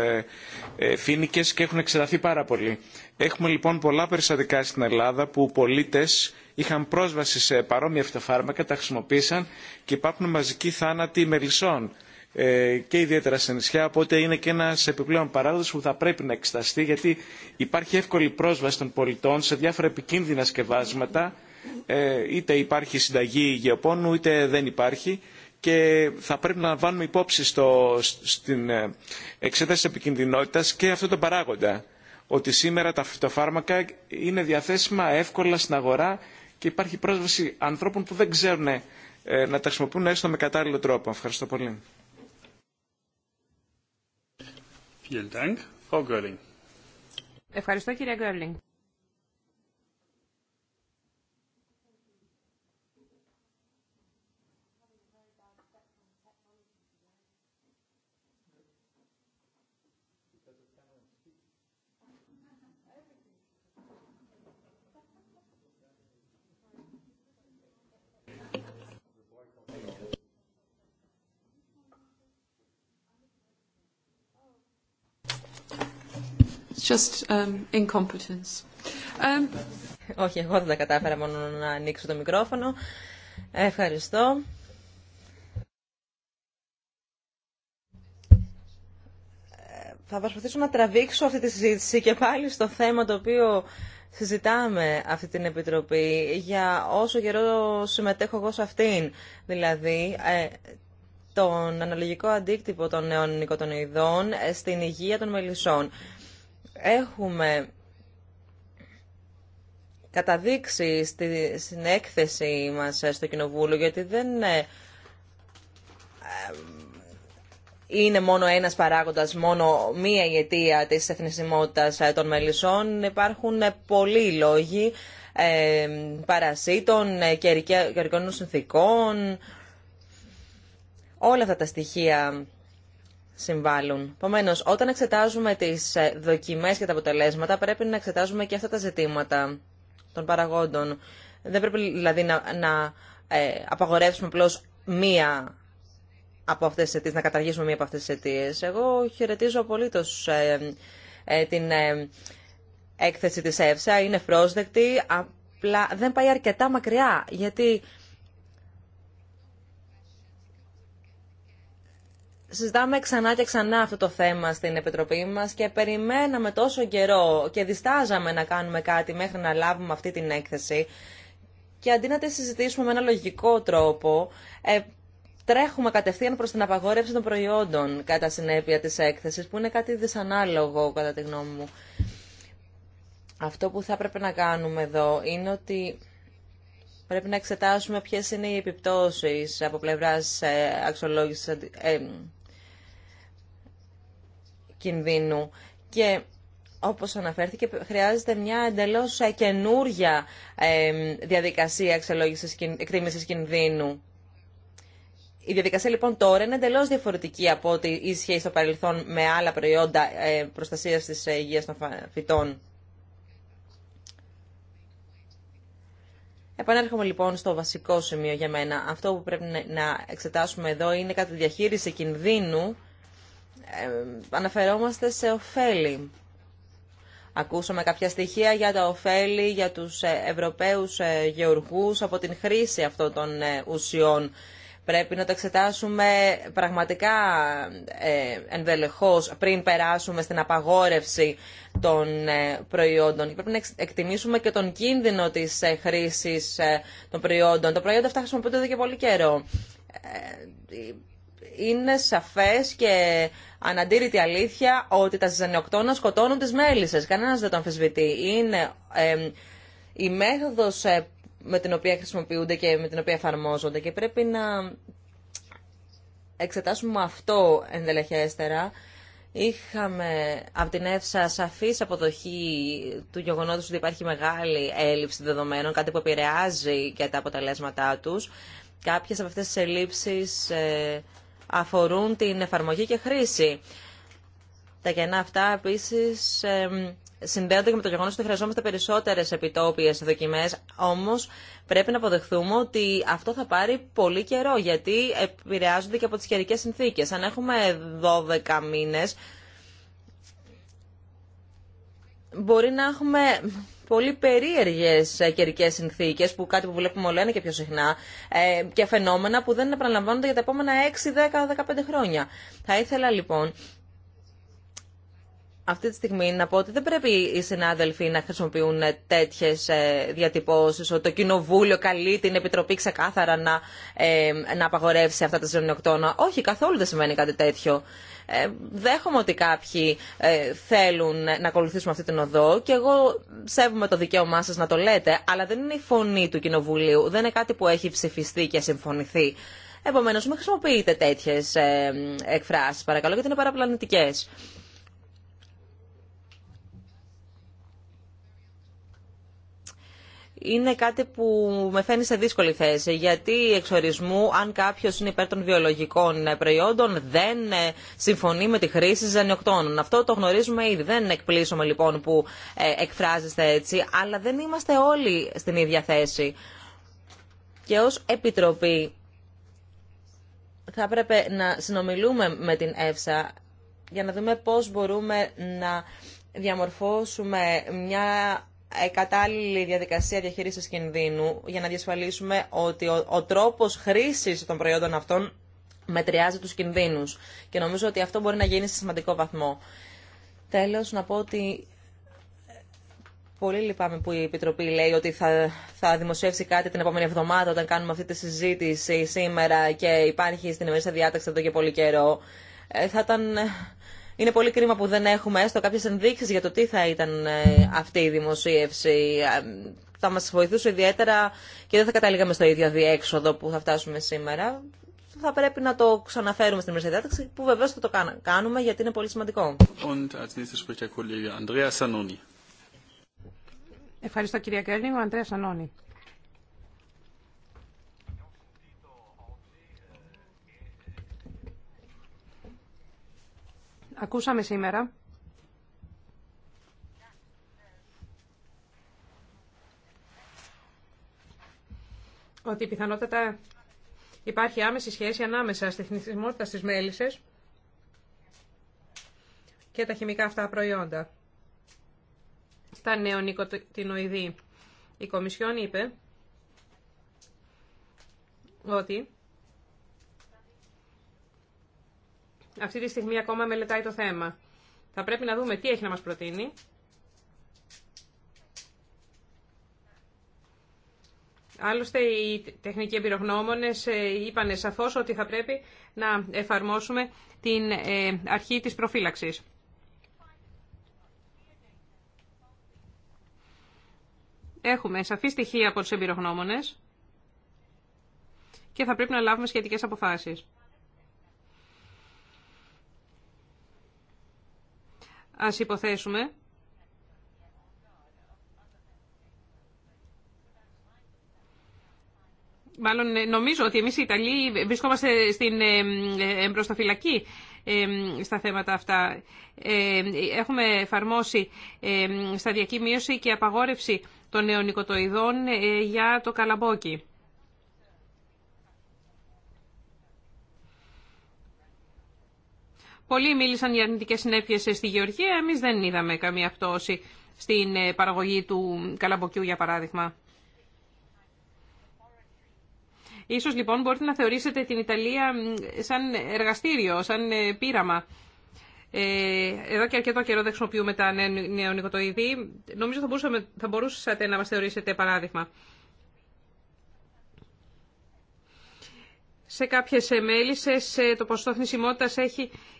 φίνικες και έχουν εξεταθεί πάρα πολύ. Έχουμε λοιπόν πολλά περιστατικά στην Ελλάδα που πολίτες είχαν πρόσβαση σε παρόμοια φυτοφάρμακα, τα χρησιμοποίησαν και υπάρχουν μαζικοί θάνατοι μελισσών ε, και ιδιαίτερα σε νησιά, οπότε είναι και ένα επιπλέον παράδοση που θα πρέπει να εξεταστεί, γιατί υπάρχει εύκολη πρόσβαση των πολιτών σε διάφορα επικίνδυνα σκευάσματα, ε, είτε υπάρχει συνταγή γεωπόνου, είτε δεν υπάρχει και θα πρέπει να λαμβάνουμε υπόψη στην ε, εξέταση επικινδυνότητας και αυτό το παράγοντα ότι σήμερα τα φυτοφάρμακα είναι διαθέσιμα εύκολα στην αγορά και υπάρχει πρόσβαση ανθρώπων που δεν ξέρουν ε, να τα χρησιμοποιούν έστω με κατάλληλο τρόπο. Ευχαριστώ πολύ. Ευχαριστώ κυρία Γκέρλινγκ. just um, incompetence. Um, Όχι, εγώ δεν τα κατάφερα μόνο να ανοίξω το μικρόφωνο. Ευχαριστώ. Ε, θα προσπαθήσω να τραβήξω αυτή τη συζήτηση και πάλι στο θέμα το οποίο συζητάμε αυτή την Επιτροπή για όσο καιρό συμμετέχω εγώ σε αυτήν. Δηλαδή, ε, τον αναλογικό αντίκτυπο των νέων νοικοτονοειδών ε, στην υγεία των μελισσών. Έχουμε καταδείξει στη, στην έκθεση μας ε, στο Κοινοβούλιο, γιατί δεν ε, ε, είναι μόνο ένας παράγοντας, μόνο μία η αιτία της εθνισμότητας των μελισσών. Υπάρχουν πολλοί λόγοι ε, παρασίτων, καιρικών συνθήκων. Όλα αυτά τα στοιχεία συμβάλλουν. Επομένω, όταν εξετάζουμε τις ε, δοκιμέ και τα αποτελέσματα, πρέπει να εξετάζουμε και αυτά τα ζητήματα των παραγόντων. Δεν πρέπει δηλαδή να, να ε, απαγορεύσουμε απλώ μία από αυτέ, τις να καταργήσουμε μία από αυτέ τι αιτίε. Εγώ χαιρετίζω απολύτω ε, ε, την έκθεση τη ΕΦΣΑ, είναι πρόσδεκτη, απλά δεν πάει αρκετά μακριά, γιατί συζητάμε ξανά και ξανά αυτό το θέμα στην Επιτροπή μας και περιμέναμε τόσο καιρό και διστάζαμε να κάνουμε κάτι μέχρι να λάβουμε αυτή την έκθεση και αντί να τη συζητήσουμε με ένα λογικό τρόπο, ε, τρέχουμε κατευθείαν προς την απαγόρευση των προϊόντων κατά συνέπεια της έκθεσης, που είναι κάτι δυσανάλογο κατά τη γνώμη μου. Αυτό που θα πρέπει να κάνουμε εδώ είναι ότι πρέπει να εξετάσουμε ποιες είναι οι επιπτώσεις από πλευράς ε, αξιολόγησης ε, κινδύνου και όπως αναφέρθηκε, χρειάζεται μια εντελώς ε, καινούρια ε, διαδικασία εξελόγησης εκτίμησης κινδύνου. Η διαδικασία λοιπόν τώρα είναι εντελώ διαφορετική από ό,τι ίσχυε στο παρελθόν με άλλα προϊόντα ε, προστασία τη υγεία των φυτών. Επανέρχομαι λοιπόν στο βασικό σημείο για μένα. Αυτό που πρέπει να εξετάσουμε εδώ είναι κατά τη διαχείριση κινδύνου ε, αναφερόμαστε σε ωφέλη. Ακούσαμε κάποια στοιχεία για τα ωφέλη για τους ε, Ευρωπαίους ε, γεωργούς από την χρήση αυτών των ουσιών. Πρέπει να τα εξετάσουμε πραγματικά ενδελεχώς πριν περάσουμε στην απαγόρευση των προϊόντων. Πρέπει να εκτιμήσουμε και τον κίνδυνο της χρήσης των προϊόντων. Τα προϊόντα αυτά χρησιμοποιούνται εδώ και πολύ καιρό είναι σαφές και αναντήρητη αλήθεια ότι τα ζυζανιοκτώνα σκοτώνουν τις μέλισσες. Κανένας δεν το αμφισβητεί. Είναι η μέθοδος ε, με την οποία χρησιμοποιούνται και με την οποία εφαρμόζονται και πρέπει να εξετάσουμε αυτό ενδελεχέστερα. Είχαμε από την ΕΦΣΑ σαφή αποδοχή του γεγονότος ότι υπάρχει μεγάλη έλλειψη δεδομένων, κάτι που επηρεάζει και τα αποτελέσματά του Κάποιες από αυτές τις ελλείψεις ε, αφορούν την εφαρμογή και χρήση. Τα κενά αυτά επίσης συνδέονται και με το γεγονό ότι χρειαζόμαστε περισσότερε επιτόπιε δοκιμέ. Όμω πρέπει να αποδεχθούμε ότι αυτό θα πάρει πολύ καιρό, γιατί επηρεάζονται και από τι καιρικέ συνθήκε. Αν έχουμε 12 μήνε, μπορεί να έχουμε πολύ περίεργε καιρικέ συνθήκε που κάτι που βλέπουμε όλο ένα και πιο συχνά, ε, και φαινόμενα που δεν επαναλαμβάνονται για τα επόμενα 6, 10, 15 χρόνια. Θα ήθελα λοιπόν αυτή τη στιγμή να πω ότι δεν πρέπει οι συνάδελφοι να χρησιμοποιούν τέτοιε διατυπώσει ότι το Κοινοβούλιο καλεί την Επιτροπή ξεκάθαρα να, ε, να απαγορεύσει αυτά τα ζωνιοκτώνα. Όχι, καθόλου δεν σημαίνει κάτι τέτοιο. Ε, δέχομαι ότι κάποιοι ε, θέλουν να ακολουθήσουμε αυτή την οδό και εγώ σέβομαι το δικαίωμά σα να το λέτε, αλλά δεν είναι η φωνή του Κοινοβουλίου, δεν είναι κάτι που έχει ψηφιστεί και συμφωνηθεί. Επομένω, μην χρησιμοποιείτε τέτοιε εκφράσει, παρακαλώ, γιατί είναι παραπλανητικέ. είναι κάτι που με φαίνει σε δύσκολη θέση. Γιατί εξορισμού, αν κάποιο είναι υπέρ των βιολογικών προϊόντων, δεν ε, συμφωνεί με τη χρήση ζανιοκτώνων. Αυτό το γνωρίζουμε ήδη. Δεν εκπλήσουμε λοιπόν που ε, εκφράζεστε έτσι, αλλά δεν είμαστε όλοι στην ίδια θέση. Και ως Επιτροπή θα έπρεπε να συνομιλούμε με την ΕΦΣΑ για να δούμε πώς μπορούμε να διαμορφώσουμε μια ε, κατάλληλη διαδικασία διαχείρισης κινδύνου για να διασφαλίσουμε ότι ο, ο τρόπος χρήσης των προϊόντων αυτών μετριάζει του κινδύνου. Και νομίζω ότι αυτό μπορεί να γίνει σε σημαντικό βαθμό. Τέλος, να πω ότι ε, πολύ λυπάμαι που η Επιτροπή λέει ότι θα, θα δημοσιεύσει κάτι την επόμενη εβδομάδα όταν κάνουμε αυτή τη συζήτηση σήμερα και υπάρχει στην ημερήσια διάταξη εδώ και πολύ καιρό. Ε, θα ήταν είναι πολύ κρίμα που δεν έχουμε έστω κάποιες ενδείξει για το τι θα ήταν ε, αυτή η δημοσίευση. Ε, θα μας βοηθούσε ιδιαίτερα και δεν θα καταλήγαμε στο ίδιο διέξοδο που θα φτάσουμε σήμερα. Θα πρέπει να το ξαναφέρουμε στην ημερήσια διάταξη που βεβαίω θα το κάνουμε γιατί είναι πολύ σημαντικό. Ευχαριστώ κυρία Κέρνιγκ. Ο Αντρέα Ακούσαμε σήμερα ότι πιθανότατα υπάρχει άμεση σχέση ανάμεσα στη θνησιμότητα στις μέλισσες και τα χημικά αυτά προϊόντα. Στα νεονικοτινοειδή. Η Κομισιόν είπε ότι αυτή τη στιγμή ακόμα μελετάει το θέμα. Θα πρέπει να δούμε τι έχει να μας προτείνει. Άλλωστε, οι τεχνικοί εμπειρογνώμονες ε, είπαν σαφώς ότι θα πρέπει να εφαρμόσουμε την ε, αρχή της προφύλαξης. Έχουμε σαφή στοιχεία από τους εμπειρογνώμονες και θα πρέπει να λάβουμε σχετικές αποφάσεις. Ας υποθέσουμε μάλλον ε, νομίζω ότι εμείς οι Ιταλοί βρισκόμαστε στην ε, ε, εμπροστοφυλακή στα θέματα αυτά. Έχουμε εφαρμόσει σταδιακή μείωση και απαγόρευση των νεονικοτοειδών για το καλαμπόκι. Πολλοί μίλησαν για αρνητικές συνέπειες ε, στη γεωργία, εμείς δεν είδαμε καμία πτώση στην ε, παραγωγή του καλαμποκιού, για παράδειγμα. Ίσως λοιπόν μπορείτε να θεωρήσετε την Ιταλία σαν εργαστήριο, σαν ε, πείραμα. Εδώ και αρκετό καιρό δεν χρησιμοποιούμε τα νεονικοτοειδή. Νομίζω θα, θα μπορούσατε να μας θεωρήσετε παράδειγμα. σε κάποιες μέλισσες ε, το ποσοστό θνησιμότητας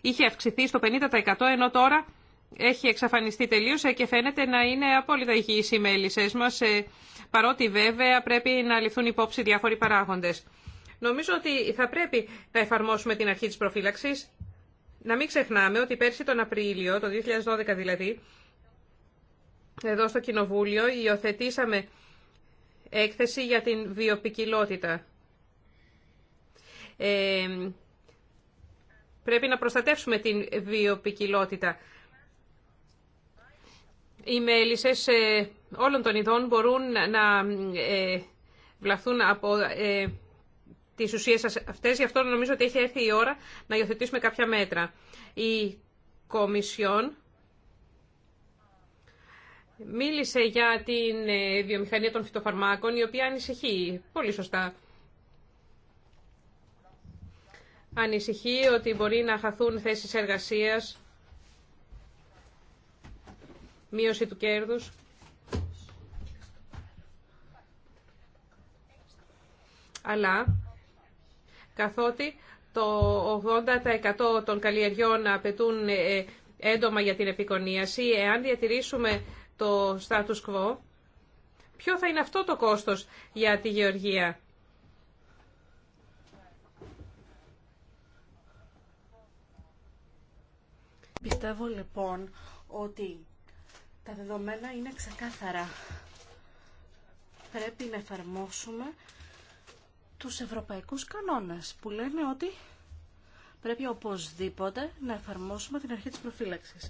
είχε αυξηθεί στο 50% ενώ τώρα έχει εξαφανιστεί τελείως ε, και φαίνεται να είναι απόλυτα υγιεί οι μέλισσες μας ε, παρότι βέβαια πρέπει να ληφθούν υπόψη διάφοροι παράγοντες. Νομίζω ότι θα πρέπει να εφαρμόσουμε την αρχή της προφύλαξη Να μην ξεχνάμε ότι πέρσι τον Απρίλιο, το 2012 δηλαδή, εδώ στο Κοινοβούλιο υιοθετήσαμε έκθεση για την βιοπικιλότητα πρέπει να προστατεύσουμε την βιοπικιλότητα. Οι μέλισσες ε, όλων των ειδών μπορούν να ε, βλαφθούν από ε, τις ουσίες αυτές. Γι' αυτό νομίζω ότι έχει έρθει η ώρα να υιοθετήσουμε κάποια μέτρα. Η Κομισιόν μίλησε για την βιομηχανία των φυτοφαρμάκων, η οποία ανησυχεί πολύ σωστά. ανησυχεί ότι μπορεί να χαθούν θέσεις εργασίας, μείωση του κέρδους. Αλλά, καθότι το 80% των καλλιεργιών απαιτούν ε, έντομα για την επικονίαση, εάν διατηρήσουμε το status quo, ποιο θα είναι αυτό το κόστος για τη γεωργία. Πιστεύω λοιπόν ότι τα δεδομένα είναι ξεκάθαρα. Πρέπει να εφαρμόσουμε τους ευρωπαϊκούς κανόνες που λένε ότι πρέπει οπωσδήποτε να εφαρμόσουμε την αρχή της προφύλαξης.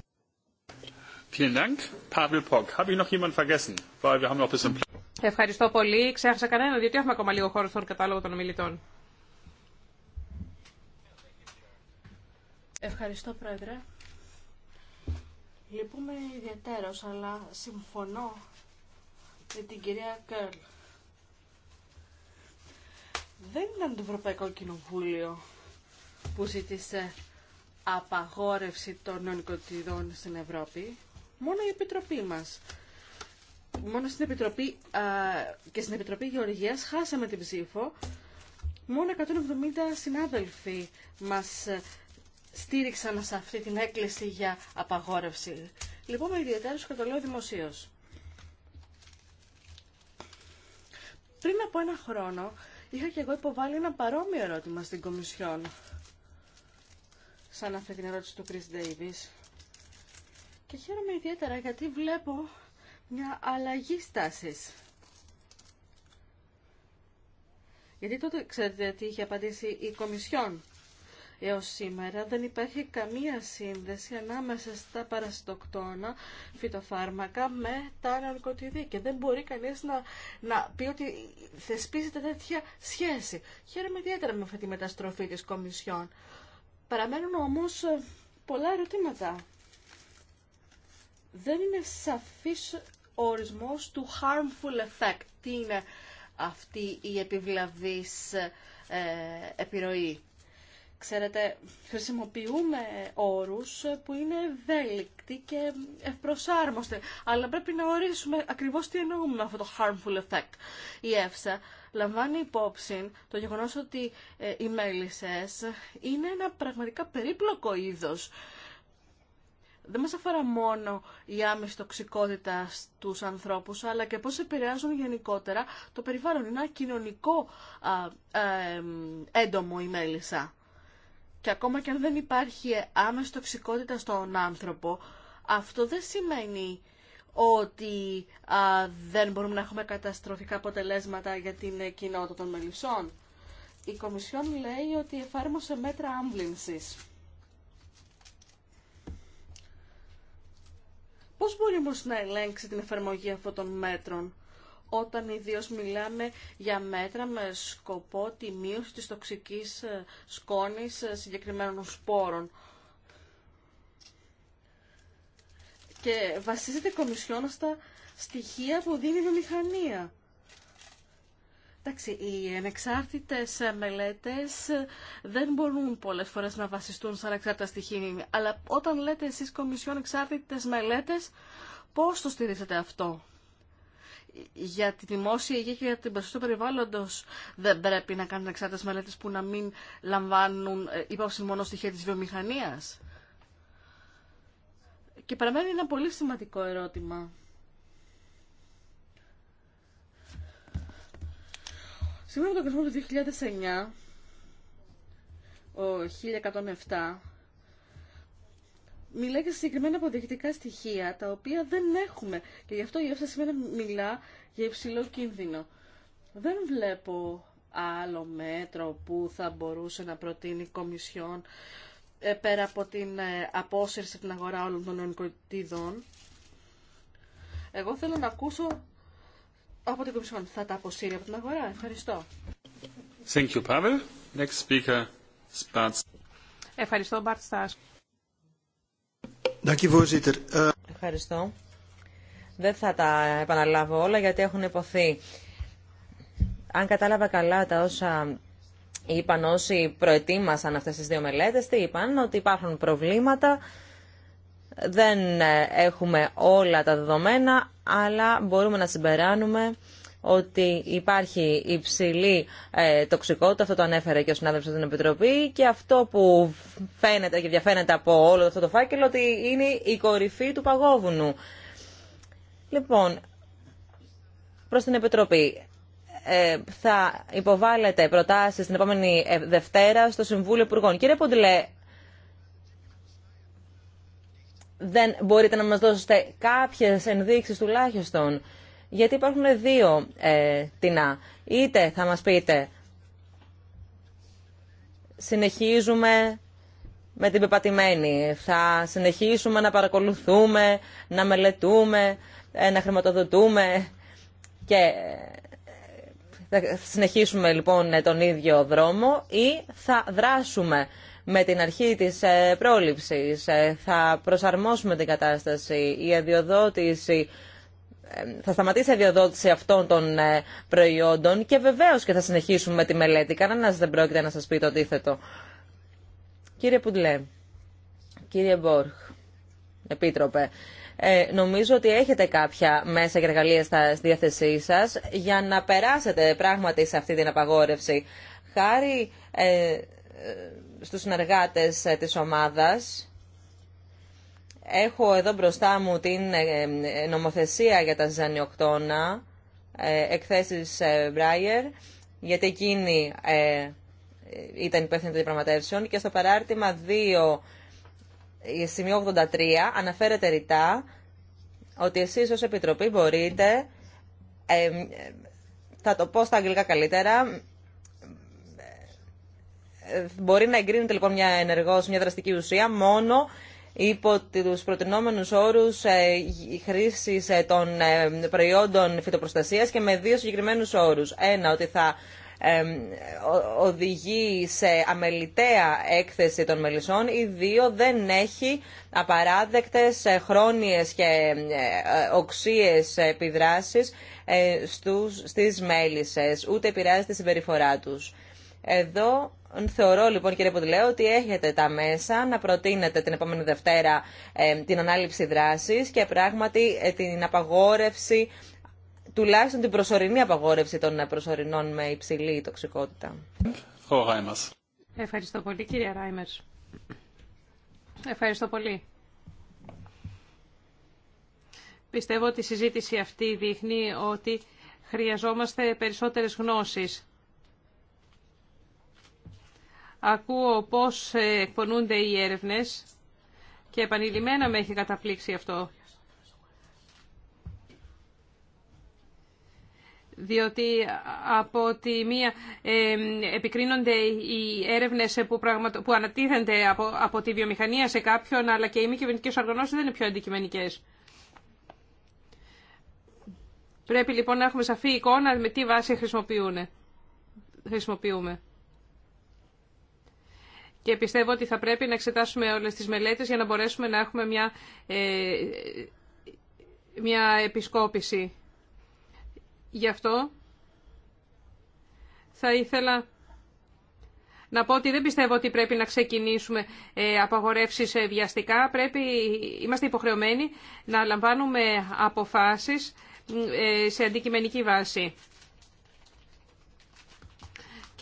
Ευχαριστώ πολύ. Ξέχασα κανένα, διότι έχουμε ακόμα λίγο χώρο στον κατάλογο των ομιλητών. Ευχαριστώ, Πρόεδρε. Λυπούμε ιδιαίτερο αλλά συμφωνώ με την κυρία Κέρλ. Δεν ήταν το Ευρωπαϊκό Κοινοβούλιο που ζήτησε απαγόρευση των νοικοτηδών στην Ευρώπη. Μόνο η Επιτροπή μας. Μόνο στην Επιτροπή α, και στην Επιτροπή Γεωργίας χάσαμε την ψήφο. Μόνο 170 συνάδελφοι μας στήριξαν σε αυτή την έκκληση για απαγόρευση. Λοιπόν, με ιδιαίτερο και το λέω δημοσίω. Πριν από ένα χρόνο είχα και εγώ υποβάλει ένα παρόμοιο ερώτημα στην Κομισιόν. Σαν αυτή την ερώτηση του Chris Davis. Και χαίρομαι ιδιαίτερα γιατί βλέπω μια αλλαγή στάσης. Γιατί τότε ξέρετε τι είχε απαντήσει η Κομισιόν έως σήμερα δεν υπάρχει καμία σύνδεση ανάμεσα στα παραστοκτόνα φυτοφάρμακα με τα ναρκωτιδή και δεν μπορεί κανείς να, να πει ότι θεσπίζεται τέτοια σχέση. Χαίρομαι ιδιαίτερα με αυτή τη μεταστροφή της Κομισιόν. Παραμένουν όμως ε, πολλά ερωτήματα. Δεν είναι σαφής ο ορισμός του harmful effect. Τι είναι αυτή η επιβλαβής ε, επιρροή. Ξέρετε, χρησιμοποιούμε όρους που είναι ευέλικτοι και ευπροσάρμοστε, αλλά πρέπει να ορίσουμε ακριβώς τι εννοούμε με αυτό το harmful effect. Η εύσα λαμβάνει υπόψη το γεγονός ότι ε, οι μέλισσες είναι ένα πραγματικά περίπλοκο είδος. Δεν μας αφορά μόνο η άμεση τοξικότητα στους ανθρώπους, αλλά και πώς επηρεάζουν γενικότερα το περιβάλλον. Είναι ένα κοινωνικό ε, έντομο η μέλισσα. Και ακόμα και αν δεν υπάρχει άμεση τοξικότητα στον άνθρωπο, αυτό δεν σημαίνει ότι δεν μπορούμε να έχουμε καταστροφικά αποτελέσματα για την κοινότητα των μελισσών. Η Κομισιόν λέει ότι εφάρμοσε μέτρα άμβλυνσης. Πώς μπορεί όμως να ελέγξει την εφαρμογή αυτών των μέτρων όταν ιδίω μιλάμε για μέτρα με σκοπό τη μείωση της τοξικής ε, σκόνης ε, συγκεκριμένων σπόρων. Και βασίζεται η Κομισιόν στα στοιχεία που δίνει η βιομηχανία. Εντάξει, οι ενεξάρτητες ε, μελέτες δεν μπορούν πολλές φορές να βασιστούν σε εξάρτητα στοιχεία. Αλλά όταν λέτε εσείς Κομισιόν εξάρτητες μελέτες, πώς το στηρίζετε αυτό για τη δημόσια υγεία και για την προστασία του περιβάλλοντος δεν πρέπει να κάνουν εξάρτητε μελέτε που να μην λαμβάνουν ε, υπόψη μόνο στοιχεία τη βιομηχανία. Και παραμένει ένα πολύ σημαντικό ερώτημα. Σήμερα με τον κανονισμό του 2009, ο 1107, μιλάει για συγκεκριμένα αποδεικτικά στοιχεία τα οποία δεν έχουμε και γι' αυτό η έφταση σήμερα μιλά για υψηλό κίνδυνο. Δεν βλέπω άλλο μέτρο που θα μπορούσε να προτείνει η Κομισιόν ε, πέρα από την ε, απόσυρση την αγορά όλων των νοικοτήτων. Εγώ θέλω να ακούσω από την Κομισιόν. Θα τα αποσύρει από την αγορά. Ευχαριστώ. Thank you, Pavel. Next speaker, Ευχαριστώ, Μπάρτ Eh, Ευχαριστώ. Δεν θα τα επαναλάβω όλα γιατί έχουν υποθεί. Αν κατάλαβα καλά τα όσα είπαν όσοι προετοίμασαν αυτές τις δύο μελέτες, τι είπαν, ότι υπάρχουν προβλήματα, δεν έχουμε όλα τα δεδομένα, αλλά μπορούμε να συμπεράνουμε ότι υπάρχει υψηλή ε, τοξικότητα, αυτό το ανέφερε και ο συνάδελφος στην Επιτροπή και αυτό που φαίνεται και διαφαίνεται από όλο αυτό το φάκελο ότι είναι η κορυφή του παγόβουνου. Λοιπόν, προς την Επιτροπή ε, θα υποβάλλετε προτάσεις την επόμενη ε, Δευτέρα στο Συμβούλιο Υπουργών. Κύριε Ποντιλέ, δεν μπορείτε να μας δώσετε κάποιες ενδείξεις τουλάχιστον γιατί υπάρχουν δύο ε, τεινά. Είτε θα μας πείτε συνεχίζουμε με την πεπατημένη, θα συνεχίσουμε να παρακολουθούμε, να μελετούμε, ε, να χρηματοδοτούμε και ε, θα συνεχίσουμε λοιπόν ε, τον ίδιο δρόμο ή θα δράσουμε με την αρχή της πρόληψης, θα προσαρμόσουμε την κατάσταση, η αδειοδότηση θα σταματήσει η αδειοδότηση αυτών των ε, προϊόντων και βεβαίως και θα συνεχίσουμε με τη μελέτη. Κανένας δεν πρόκειται να σας πει το αντίθετο. Κύριε Πουντλέ, κύριε Μπόρχ, επίτροπε, ε, νομίζω ότι έχετε κάποια μέσα και εργαλεία στα, στη διάθεσή σας για να περάσετε πράγματι σε αυτή την απαγόρευση. Χάρη ε, ε στους συνεργάτες ε, της ομάδας, Έχω εδώ μπροστά μου την ε, ε, νομοθεσία για τα ζανιοκτώνα, ε, εκθέσεις Μπράιερ, γιατί εκείνη ήταν υπεύθυνη των διαπραγματεύσεων και στο παράρτημα 2, σημείο 83, αναφέρεται ρητά ότι εσείς ως Επιτροπή μπορείτε, θα το πω στα αγγλικά καλύτερα, μπορεί να εγκρίνετε λοιπόν μια ενεργός, μια δραστική ουσία μόνο υπό τους προτινόμενους όρους ε, χρήσης ε, των ε, προϊόντων φυτοπροστασίας και με δύο συγκεκριμένους όρους. Ένα, ότι θα οδηγεί σε αμεληταία έκθεση των μελισσών ή δύο, δεν έχει απαράδεκτες χρόνιες και οξύες επιδράσεις στους, στις μέλισσες, ούτε επηρεάζει τη συμπεριφορά τους. Εδώ Θεωρώ λοιπόν κύριε Ποντιλέο ότι έχετε τα μέσα να προτείνετε την επόμενη Δευτέρα ε, την ανάληψη δράσης και πράγματι ε, την απαγόρευση, τουλάχιστον την προσωρινή απαγόρευση των προσωρινών με υψηλή τοξικότητα. Ευχαριστώ πολύ κύριε Ράιμερς. Ευχαριστώ πολύ. Πιστεύω ότι η συζήτηση αυτή δείχνει ότι χρειαζόμαστε περισσότερες γνώσεις ακούω πώς εκπονούνται οι έρευνες και επανειλημμένα με έχει καταπλήξει αυτό. διότι από τη μία επικρίνονται οι έρευνες που, που ανατίθενται από, από τη βιομηχανία σε κάποιον, αλλά και οι μη κυβερνητικέ οργανώσεις δεν είναι πιο αντικειμενικές. Πρέπει λοιπόν να έχουμε σαφή εικόνα με τι βάση χρησιμοποιούμε και πιστεύω ότι θα πρέπει να εξετάσουμε όλες τις μελέτες για να μπορέσουμε να έχουμε μια, ε, μια επισκόπηση. Γι' αυτό θα ήθελα να πω ότι δεν πιστεύω ότι πρέπει να ξεκινήσουμε ε, απαγορεύσεις ε, βιαστικά. Πρέπει, είμαστε υποχρεωμένοι να λαμβάνουμε αποφάσεις ε, σε αντικειμενική βάση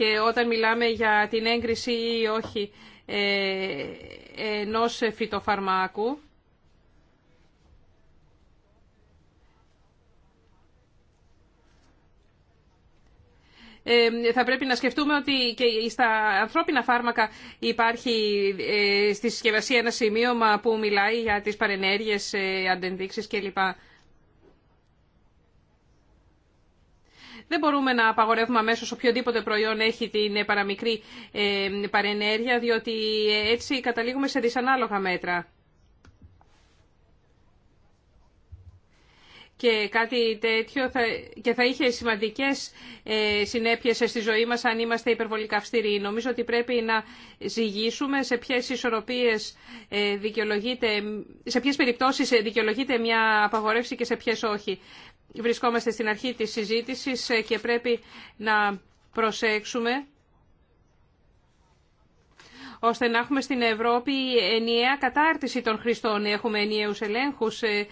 και όταν μιλάμε για την έγκριση ή όχι ε, ενός φυτοφαρμάκου, ε, θα πρέπει να σκεφτούμε ότι και στα ανθρώπινα φάρμακα υπάρχει ε, στη συσκευασία ένα σημείωμα που μιλάει για τις παρενέργειες, αντενδείξεις κλπ. Δεν μπορούμε να απαγορεύουμε αμέσω οποιοδήποτε προϊόν έχει την ε, παραμικρή ε, παρενέργεια, διότι ε, έτσι καταλήγουμε σε δυσανάλογα μέτρα. και κάτι τέτοιο θα, και θα είχε σημαντικές ε, συνέπειες στη ζωή μας αν είμαστε υπερβολικά αυστηροί. Νομίζω ότι πρέπει να ζυγίσουμε σε ποιες ισορροπίες δικαιολογείται, σε ποιες περιπτώσεις δικαιολογείται μια απαγορεύση και σε ποιες όχι βρισκόμαστε στην αρχή της συζήτησης ε, και πρέπει να προσέξουμε ώστε να έχουμε στην Ευρώπη ενιαία κατάρτιση των χρηστών. Έχουμε ενιαίους ελέγχους. Ε,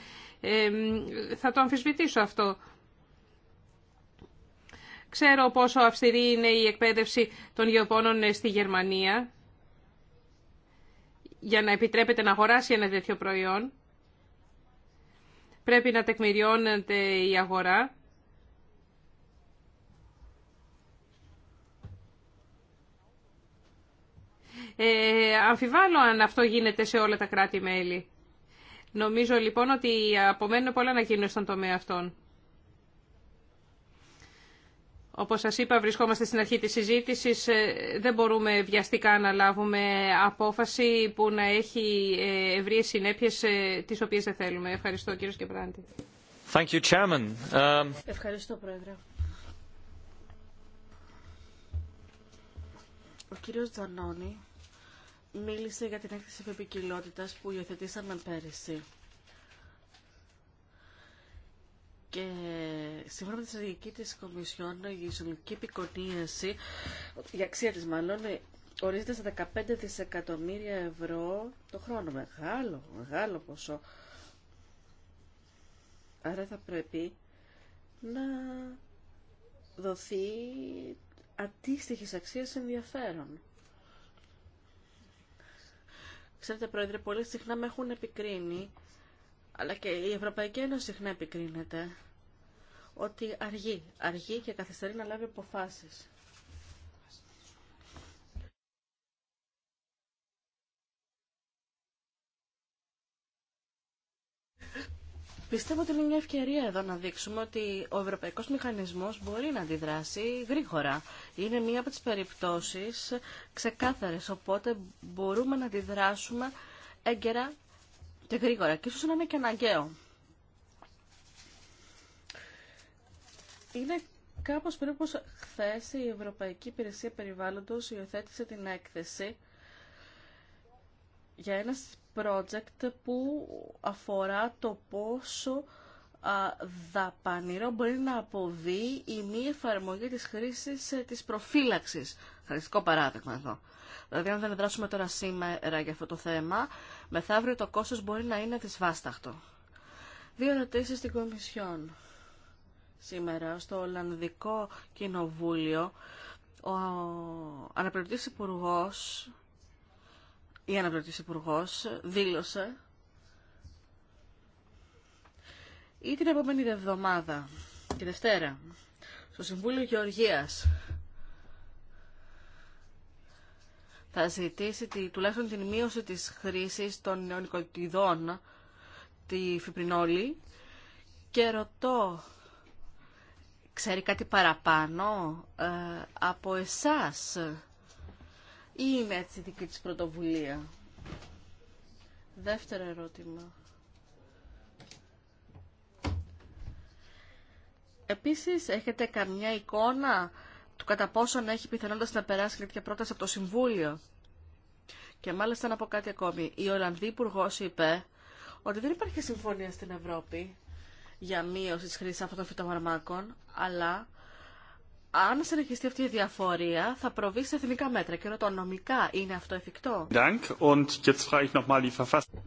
θα το αμφισβητήσω αυτό. Ξέρω πόσο αυστηρή είναι η εκπαίδευση των γεωπόνων ε, στη Γερμανία για να επιτρέπεται να αγοράσει ένα τέτοιο προϊόν πρέπει να τεκμηριώνεται η αγορά. Ε, αμφιβάλλω αν αυτό γίνεται σε όλα τα κράτη-μέλη. Νομίζω λοιπόν ότι απομένουν πολλά να γίνουν στον τομέα αυτών. Όπως σας είπα, βρισκόμαστε στην αρχή της συζήτησης. Ε, δεν μπορούμε βιαστικά να λάβουμε απόφαση που να έχει ε, ευρείες συνέπειες ε, τις οποίες δεν θέλουμε. Ευχαριστώ, κύριος Κεπράντη. Um, Ευχαριστώ, Πρόεδρε. Ο κύριος Τζανόνι μίλησε για την έκθεση επικοινότητας που υιοθετήσαμε πέρυσι. και σύμφωνα με τη στρατηγική της Κομισιόν η ισολογική επικονίαση, η αξία της μάλλον, ορίζεται σε 15 δισεκατομμύρια ευρώ το χρόνο. Μεγάλο, μεγάλο ποσό. Άρα θα πρέπει να δοθεί αντίστοιχη αξία ενδιαφέρον. Ξέρετε, Πρόεδρε, πολύ συχνά με έχουν επικρίνει αλλά και η Ευρωπαϊκή Ένωση συχνά επικρίνεται ότι αργεί, αργεί και καθυστερεί να λάβει αποφάσεις. Πιστεύω ότι είναι μια ευκαιρία εδώ να δείξουμε ότι ο ευρωπαϊκός μηχανισμός μπορεί να αντιδράσει γρήγορα. Είναι μια από τις περιπτώσεις ξεκάθαρες, οπότε μπορούμε να αντιδράσουμε έγκαιρα και γρήγορα και ίσως να είναι και αναγκαίο. Είναι κάπως περίπου χθε η Ευρωπαϊκή Υπηρεσία Περιβάλλοντος υιοθέτησε την έκθεση για ένα project που αφορά το πόσο α, δαπανηρό μπορεί να αποβεί η μη εφαρμογή της χρήσης ε, της προφύλαξης. Χαριστικό παράδειγμα εδώ. Δηλαδή, αν δεν δράσουμε τώρα σήμερα για αυτό το θέμα, μεθαύριο το κόστος μπορεί να είναι δυσβάσταχτο. Δύο ερωτήσει στην Κομισιόν. Σήμερα στο Ολλανδικό Κοινοβούλιο ο αναπληρωτής υπουργό η αναπληρωτή υπουργό δήλωσε ή την επόμενη εβδομάδα, τη Δευτέρα, στο Συμβούλιο Γεωργίας θα ζητήσει τη, τουλάχιστον την μείωση της χρήσης των νεονικοτιδών τη φιπρινόλη και ρωτώ, ξέρει κάτι παραπάνω ε, από εσάς ή είναι έτσι δική της πρωτοβουλία. Δεύτερο ερώτημα. Επίσης, έχετε καμιά εικόνα κατά πόσον έχει πιθανότητα να περάσει κάποια πρόταση από το Συμβούλιο. Και μάλιστα να πω κάτι ακόμη. Η Ολλανδή Υπουργό είπε ότι δεν υπάρχει συμφωνία στην Ευρώπη για μείωση τη χρήση αυτών των φυτοφαρμάκων, αλλά αν συνεχιστεί αυτή η διαφορία, θα προβεί σε εθνικά μέτρα και ρωτώ νομικά είναι αυτό εφικτό.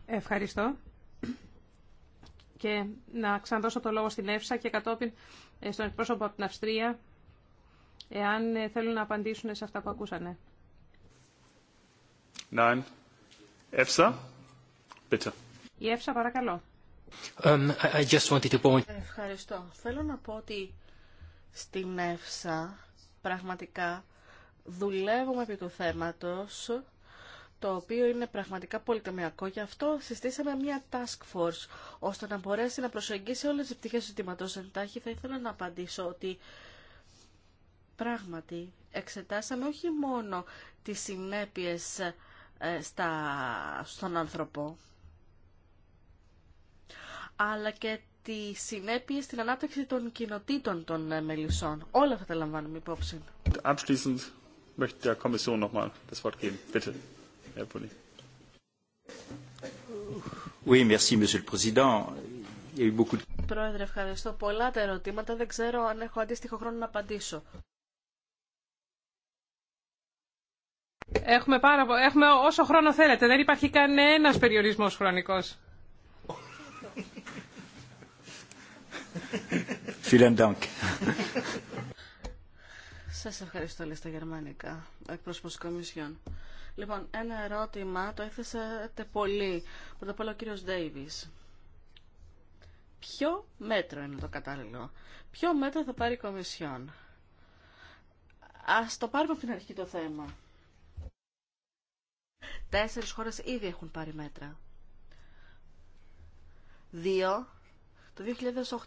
Ευχαριστώ. Και να ξαναδώσω το λόγο στην Εύσα και κατόπιν στον εκπρόσωπο από την Αυστρία εάν ε, θέλουν να απαντήσουν σε αυτά που ακούσανε. Nein. Εύσα, bitte. Η Εύσα, παρακαλώ. Um, I just wanted to point... Ευχαριστώ. Θέλω να πω ότι στην Εύσα πραγματικά δουλεύουμε επί του θέματος το οποίο είναι πραγματικά πολυτομιακό. Γι' αυτό συστήσαμε μια task force, ώστε να μπορέσει να προσεγγίσει όλες τις πτυχές του ζητήματος. Εντάχει θα ήθελα να απαντήσω ότι Πράγματι, εξετάσαμε όχι μόνο τις συνέπειες ε, στα, στον άνθρωπο, αλλά και τις συνέπειες στην ανάπτυξη των κοινοτήτων των ε, μελισσών. Όλα θα τα λαμβάνουμε υπόψη. Abschließend möchte der Kommission das Wort geben. Bitte, Herr Oui, merci, Monsieur le Président. Πρόεδρε, ευχαριστώ. Πολλά τα ερωτήματα. Δεν ξέρω αν έχω αντίστοιχο χρόνο να απαντήσω. Έχουμε, πάρα, έχουμε όσο χρόνο θέλετε. Δεν υπάρχει κανένας περιορισμός χρονικός. Σας ευχαριστώ, Λίστα στα γερμανικά, εκπρόσωπος Κομισιόν. Λοιπόν, ένα ερώτημα το έθεσατε πολύ. Πρώτα απ' όλα ο κύριο Ντέιβις. Ποιο μέτρο είναι το κατάλληλο. Ποιο μέτρο θα πάρει η Κομισιόν. Α το πάρουμε από την αρχή το θέμα. Τέσσερις χώρες ήδη έχουν πάρει μέτρα. Δύο, το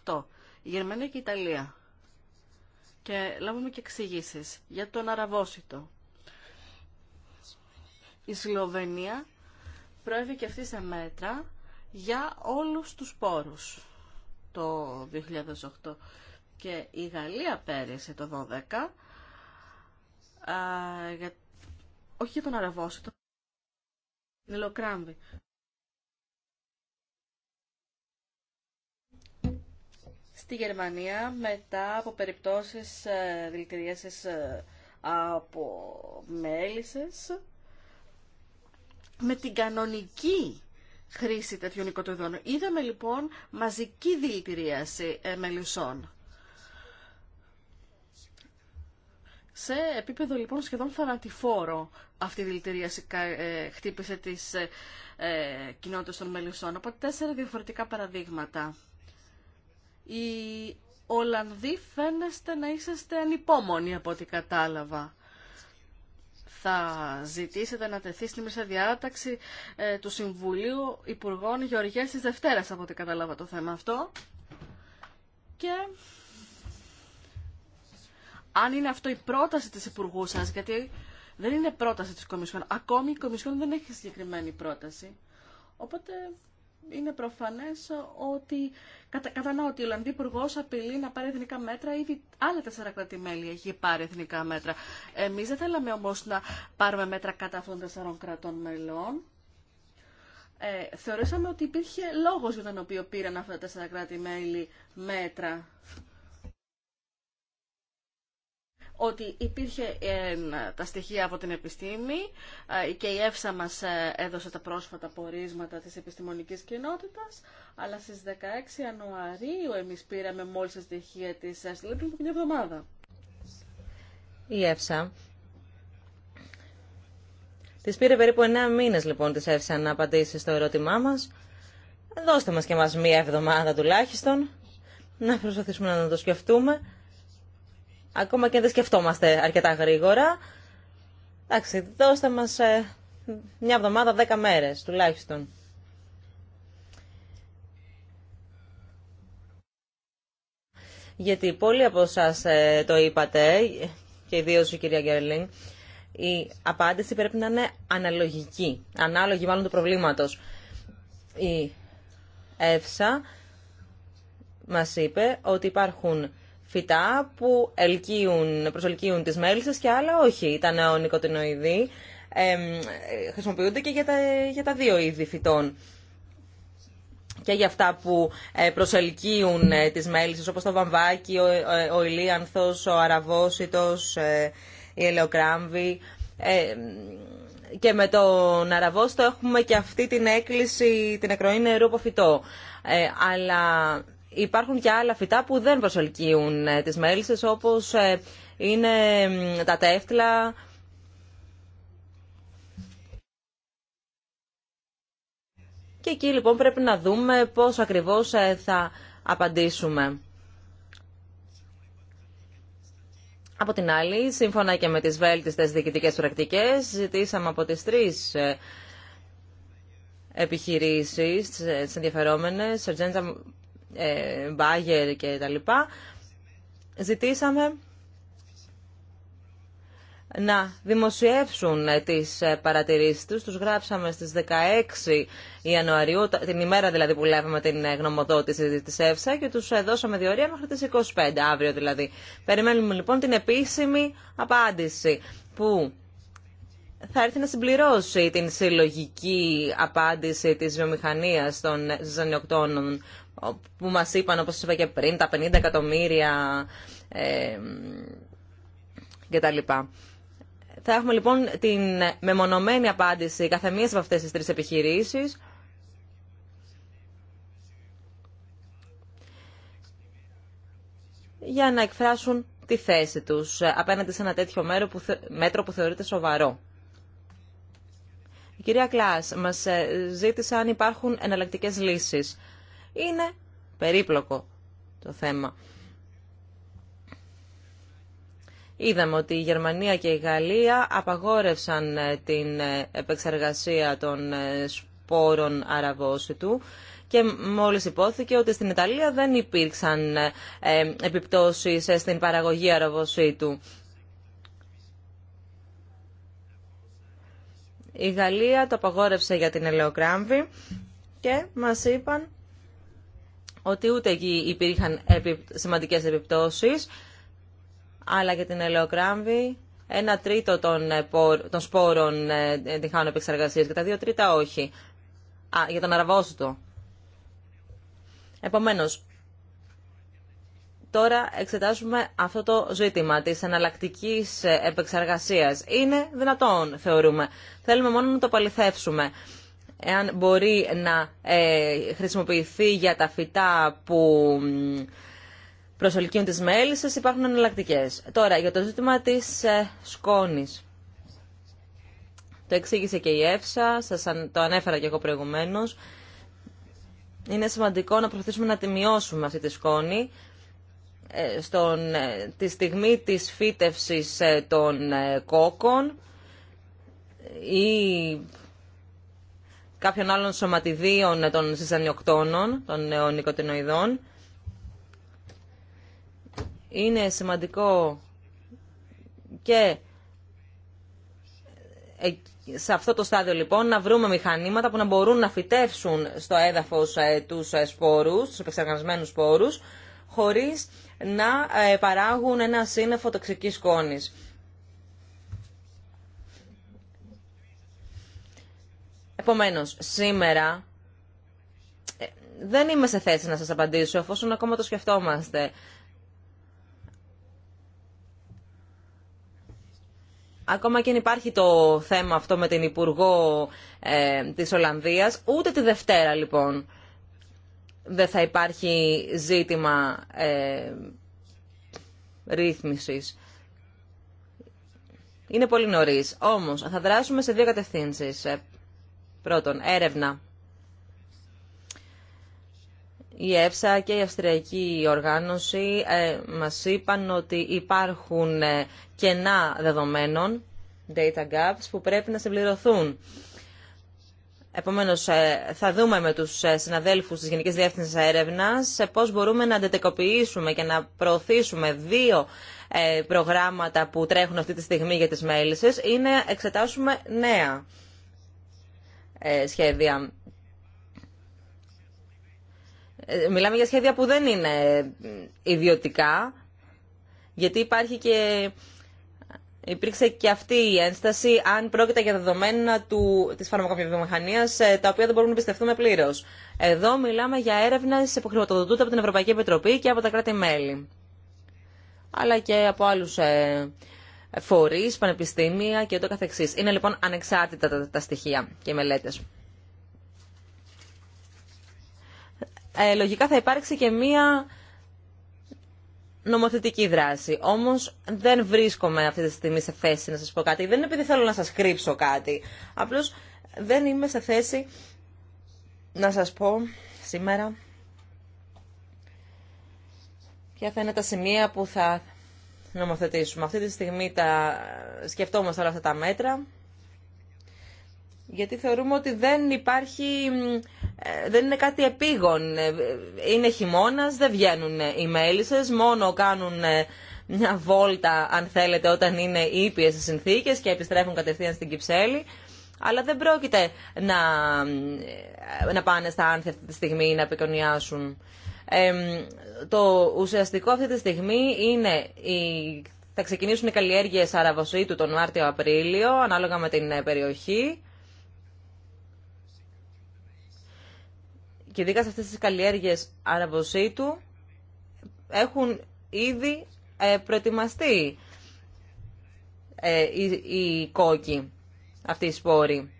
2008, η Γερμανία και η Ιταλία. Και λάβουμε και εξηγήσει για τον Αραβόσιτο. Η Σλοβενία προέβη και αυτή σε μέτρα για όλους τους πόρους το 2008 και η Γαλλία πέρυσι το 2012 όχι για τον Αραβόσιτο Στη Γερμανία, μετά από περιπτώσεις ε, δηλητηρίασης ε, από μέλισσες, με την κανονική χρήση τέτοιων οικοτοδών. Είδαμε λοιπόν μαζική δηλητηρίαση ε, μελισσών. σε επίπεδο λοιπόν σχεδόν θανατηφόρο αυτή η δηλητηρία ε, χτύπησε τις ε, ε, κοινότητες των Μελισσών από τέσσερα διαφορετικά παραδείγματα. Οι Ολλανδοί φαίνεστε να είσαστε ανυπόμονοι από ό,τι κατάλαβα. Θα ζητήσετε να τεθεί στη μισή διάταξη ε, του Συμβουλίου Υπουργών Γεωργίας της Δευτέρας από ό,τι κατάλαβα το θέμα αυτό. Και αν είναι αυτό η πρόταση της Υπουργού σα, γιατί δεν είναι πρόταση της Κομισιόν. Ακόμη η Κομισιόν δεν έχει συγκεκριμένη πρόταση. Οπότε είναι προφανές ότι κατα, κατανοώ ότι ο Ολλανδή Υπουργό απειλεί να πάρει εθνικά μέτρα. Ήδη άλλα τέσσερα κρατημέλη έχει πάρει εθνικά μέτρα. Εμείς δεν θέλαμε όμως να πάρουμε μέτρα κατά αυτών των τεσσάρων κρατών μελών. Ε, θεωρήσαμε ότι υπήρχε λόγος για τον οποίο πήραν αυτά τα τέσσερα κράτη-μέλη μέτρα ότι υπήρχε ε, τα στοιχεία από την επιστήμη ε, και η ΕΦΣΑ μας ε, έδωσε τα πρόσφατα πορίσματα της επιστημονικής κοινότητας, αλλά στις 16 Ιανουαρίου εμείς πήραμε μόλις τα στοιχεία της δηλαδή πριν από μια εβδομάδα. Η ΕΦΣΑ. Τη πήρε περίπου 9 μήνες λοιπόν της ΕΦΣΑ να απαντήσει στο ερώτημά μας. Δώστε μας και μας μία εβδομάδα τουλάχιστον, να προσπαθήσουμε να το σκεφτούμε ακόμα και αν δεν σκεφτόμαστε αρκετά γρήγορα. Εντάξει, δώστε μας ε, μια εβδομάδα, δέκα μέρες τουλάχιστον. Γιατί πολλοί από εσά ε, το είπατε, και ιδίω η κυρία Γκέρλινγκ, η απάντηση πρέπει να είναι αναλογική, ανάλογη μάλλον του προβλήματο. Η ΕΦΣΑ μας είπε ότι υπάρχουν φυτά που ελκύουν, προσελκύουν τις μέλισσες και άλλα όχι. Τα νεονικοτινοειδή ε, χρησιμοποιούνται και για τα, δύο είδη φυτών. Και για αυτά που ε, προσελκύουν ε, τις μέλισσες όπως το βαμβάκι, ο, ο, ε, ο ηλίανθος, αραβόσιτος, η ελαιοκράμβη. και με τον αραβόστο έχουμε και αυτή την έκκληση, την ακροή νερού από φυτό. αλλά υπάρχουν και άλλα φυτά που δεν προσελκύουν ε, τις μέλισσες όπως ε, είναι τα τέφτλα. Και εκεί λοιπόν πρέπει να δούμε πώς ακριβώς ε, θα απαντήσουμε. Από την άλλη, σύμφωνα και με τις βέλτιστες διοικητικές πρακτικές, ζητήσαμε από τις τρεις επιχειρήσεις, τις ενδιαφερόμενες, ε, μπάγερ και τα λοιπά, ζητήσαμε να δημοσιεύσουν ε, τις ε, παρατηρήσεις τους. Τους γράψαμε στις 16 Ιανουαρίου, την ημέρα δηλαδή που λάβαμε την γνωμοδότηση της ΕΦΣΑ και τους δώσαμε διορία μέχρι τις 25, αύριο δηλαδή. Περιμένουμε λοιπόν την επίσημη απάντηση που θα έρθει να συμπληρώσει την συλλογική απάντηση της βιομηχανίας των ζανιοκτώνων που μας είπαν, όπως είπα και πριν, τα 50 εκατομμύρια ε, λοιπά. Θα έχουμε λοιπόν την μεμονωμένη απάντηση μία από αυτές τις τρεις επιχειρήσεις. για να εκφράσουν τη θέση τους απέναντι σε ένα τέτοιο μέρο που, μέτρο που θεωρείται σοβαρό. Η κυρία Κλάς μας ε, ζήτησε αν υπάρχουν εναλλακτικές λύσεις. Είναι περίπλοκο το θέμα. Είδαμε ότι η Γερμανία και η Γαλλία απαγόρευσαν ε, την ε, επεξεργασία των ε, σπόρων αραβόσιτου και μόλις υπόθηκε ότι στην Ιταλία δεν υπήρξαν επιπτώσεις στην παραγωγή αραβόσιτου. Η Γαλλία το απαγόρευσε για την ελαιοκράμβη και μας είπαν ότι ούτε εκεί υπήρχαν σημαντικές επιπτώσεις, αλλά για την ελαιοκράμβη ένα τρίτο των, ε, των σπόρων ε, την χάνουν επεξεργασίες και τα δύο τρίτα όχι. Α, για τον αραβόστο. Επομένως, τώρα εξετάζουμε αυτό το ζήτημα της εναλλακτική ε, επεξεργασίας. Είναι δυνατόν, θεωρούμε. Θέλουμε μόνο να το παληθεύσουμε εάν μπορεί να ε, χρησιμοποιηθεί για τα φυτά που προσελκύουν τις μέλισσες, υπάρχουν εναλλακτικέ. Τώρα, για το ζήτημα της ε, σκόνης. Το εξήγησε και η ΕΦΣΑ, σας το ανέφερα και εγώ προηγουμένως. Είναι σημαντικό να προσπαθήσουμε να τη μειώσουμε αυτή τη σκόνη. Ε, στον, τη στιγμή της φύτευσης των κόκκων ή κάποιων άλλων σωματιδίων των συζανιοκτώνων, των νεονικοτινοειδών. Είναι σημαντικό και ε, σε αυτό το στάδιο λοιπόν να βρούμε μηχανήματα που να μπορούν να φυτεύσουν στο έδαφος ε, τους ε, σπόρους, τους επεξεργασμένους σπόρους, χωρίς να παράγουν ένα σύννεφο τοξικής σκόνης. Επομένω, σήμερα ε, δεν είμαι σε θέση να σας απαντήσω, εφόσον ακόμα το σκεφτόμαστε. Ακόμα και αν υπάρχει το θέμα αυτό με την Υπουργό ε, της Ολλανδίας, ούτε τη Δευτέρα λοιπόν δεν θα υπάρχει ζήτημα ε, ρύθμισης. Είναι πολύ νωρίς. Όμως θα δράσουμε σε δύο κατευθύνσεις. Ε, Πρώτον, έρευνα. Η ΕΦΣΑ και η Αυστριακή Οργάνωση ε, μας είπαν ότι υπάρχουν ε, κενά δεδομένων, data gaps, που πρέπει να συμπληρωθούν. Επομένως, ε, θα δούμε με τους συναδέλφους της Γενικής Διεύθυνσης Έρευνας πώς μπορούμε να αντετεκοποιήσουμε και να προωθήσουμε δύο προγράμματα που τρέχουν αυτή τη στιγμή για τις μέλησες ή να εξετάσουμε νέα ε, σχέδια. Ε, μιλάμε για σχέδια που δεν είναι ιδιωτικά, γιατί υπάρχει και... Υπήρξε και αυτή η ένσταση αν πρόκειται για δεδομένα του, της φαρμακοβιομηχανίας ε, τα οποία δεν μπορούμε να πιστευτούμε πλήρως. Εδώ μιλάμε για έρευνες που χρηματοδοτούνται από την Ευρωπαϊκή Επιτροπή και από τα κράτη-μέλη αλλά και από άλλους Φορεί, πανεπιστήμια και ούτω καθεξής. Είναι λοιπόν ανεξάρτητα τα, τα στοιχεία και οι μελέτες. Ε, λογικά θα υπάρξει και μία νομοθετική δράση. Όμως δεν βρίσκομαι αυτή τη στιγμή σε θέση να σας πω κάτι. Δεν είναι επειδή θέλω να σας κρύψω κάτι. Απλώς δεν είμαι σε θέση να σας πω σήμερα ποια θα είναι τα σημεία που θα νομοθετήσουμε. Αυτή τη στιγμή τα σκεφτόμαστε όλα αυτά τα μέτρα, γιατί θεωρούμε ότι δεν υπάρχει, ε, δεν είναι κάτι επίγον. Ε, είναι χειμώνα, δεν βγαίνουν οι μέλισσε, μόνο κάνουν ε, μια βόλτα, αν θέλετε, όταν είναι ήπίε οι συνθήκες και επιστρέφουν κατευθείαν στην Κυψέλη. Αλλά δεν πρόκειται να, να πάνε στα άνθη αυτή τη στιγμή να επικοινωνιάσουν το ουσιαστικό αυτή τη στιγμή είναι η... θα ξεκινήσουν οι καλλιέργειες αραβοσίτου τον Μάρτιο-Απρίλιο, ανάλογα με την ε, περιοχή. Και δίκα σε αυτές τις καλλιέργειες αραβοσίτου έχουν ήδη ε, προετοιμαστεί ε, οι κόκκι αυτοί οι σπόροι.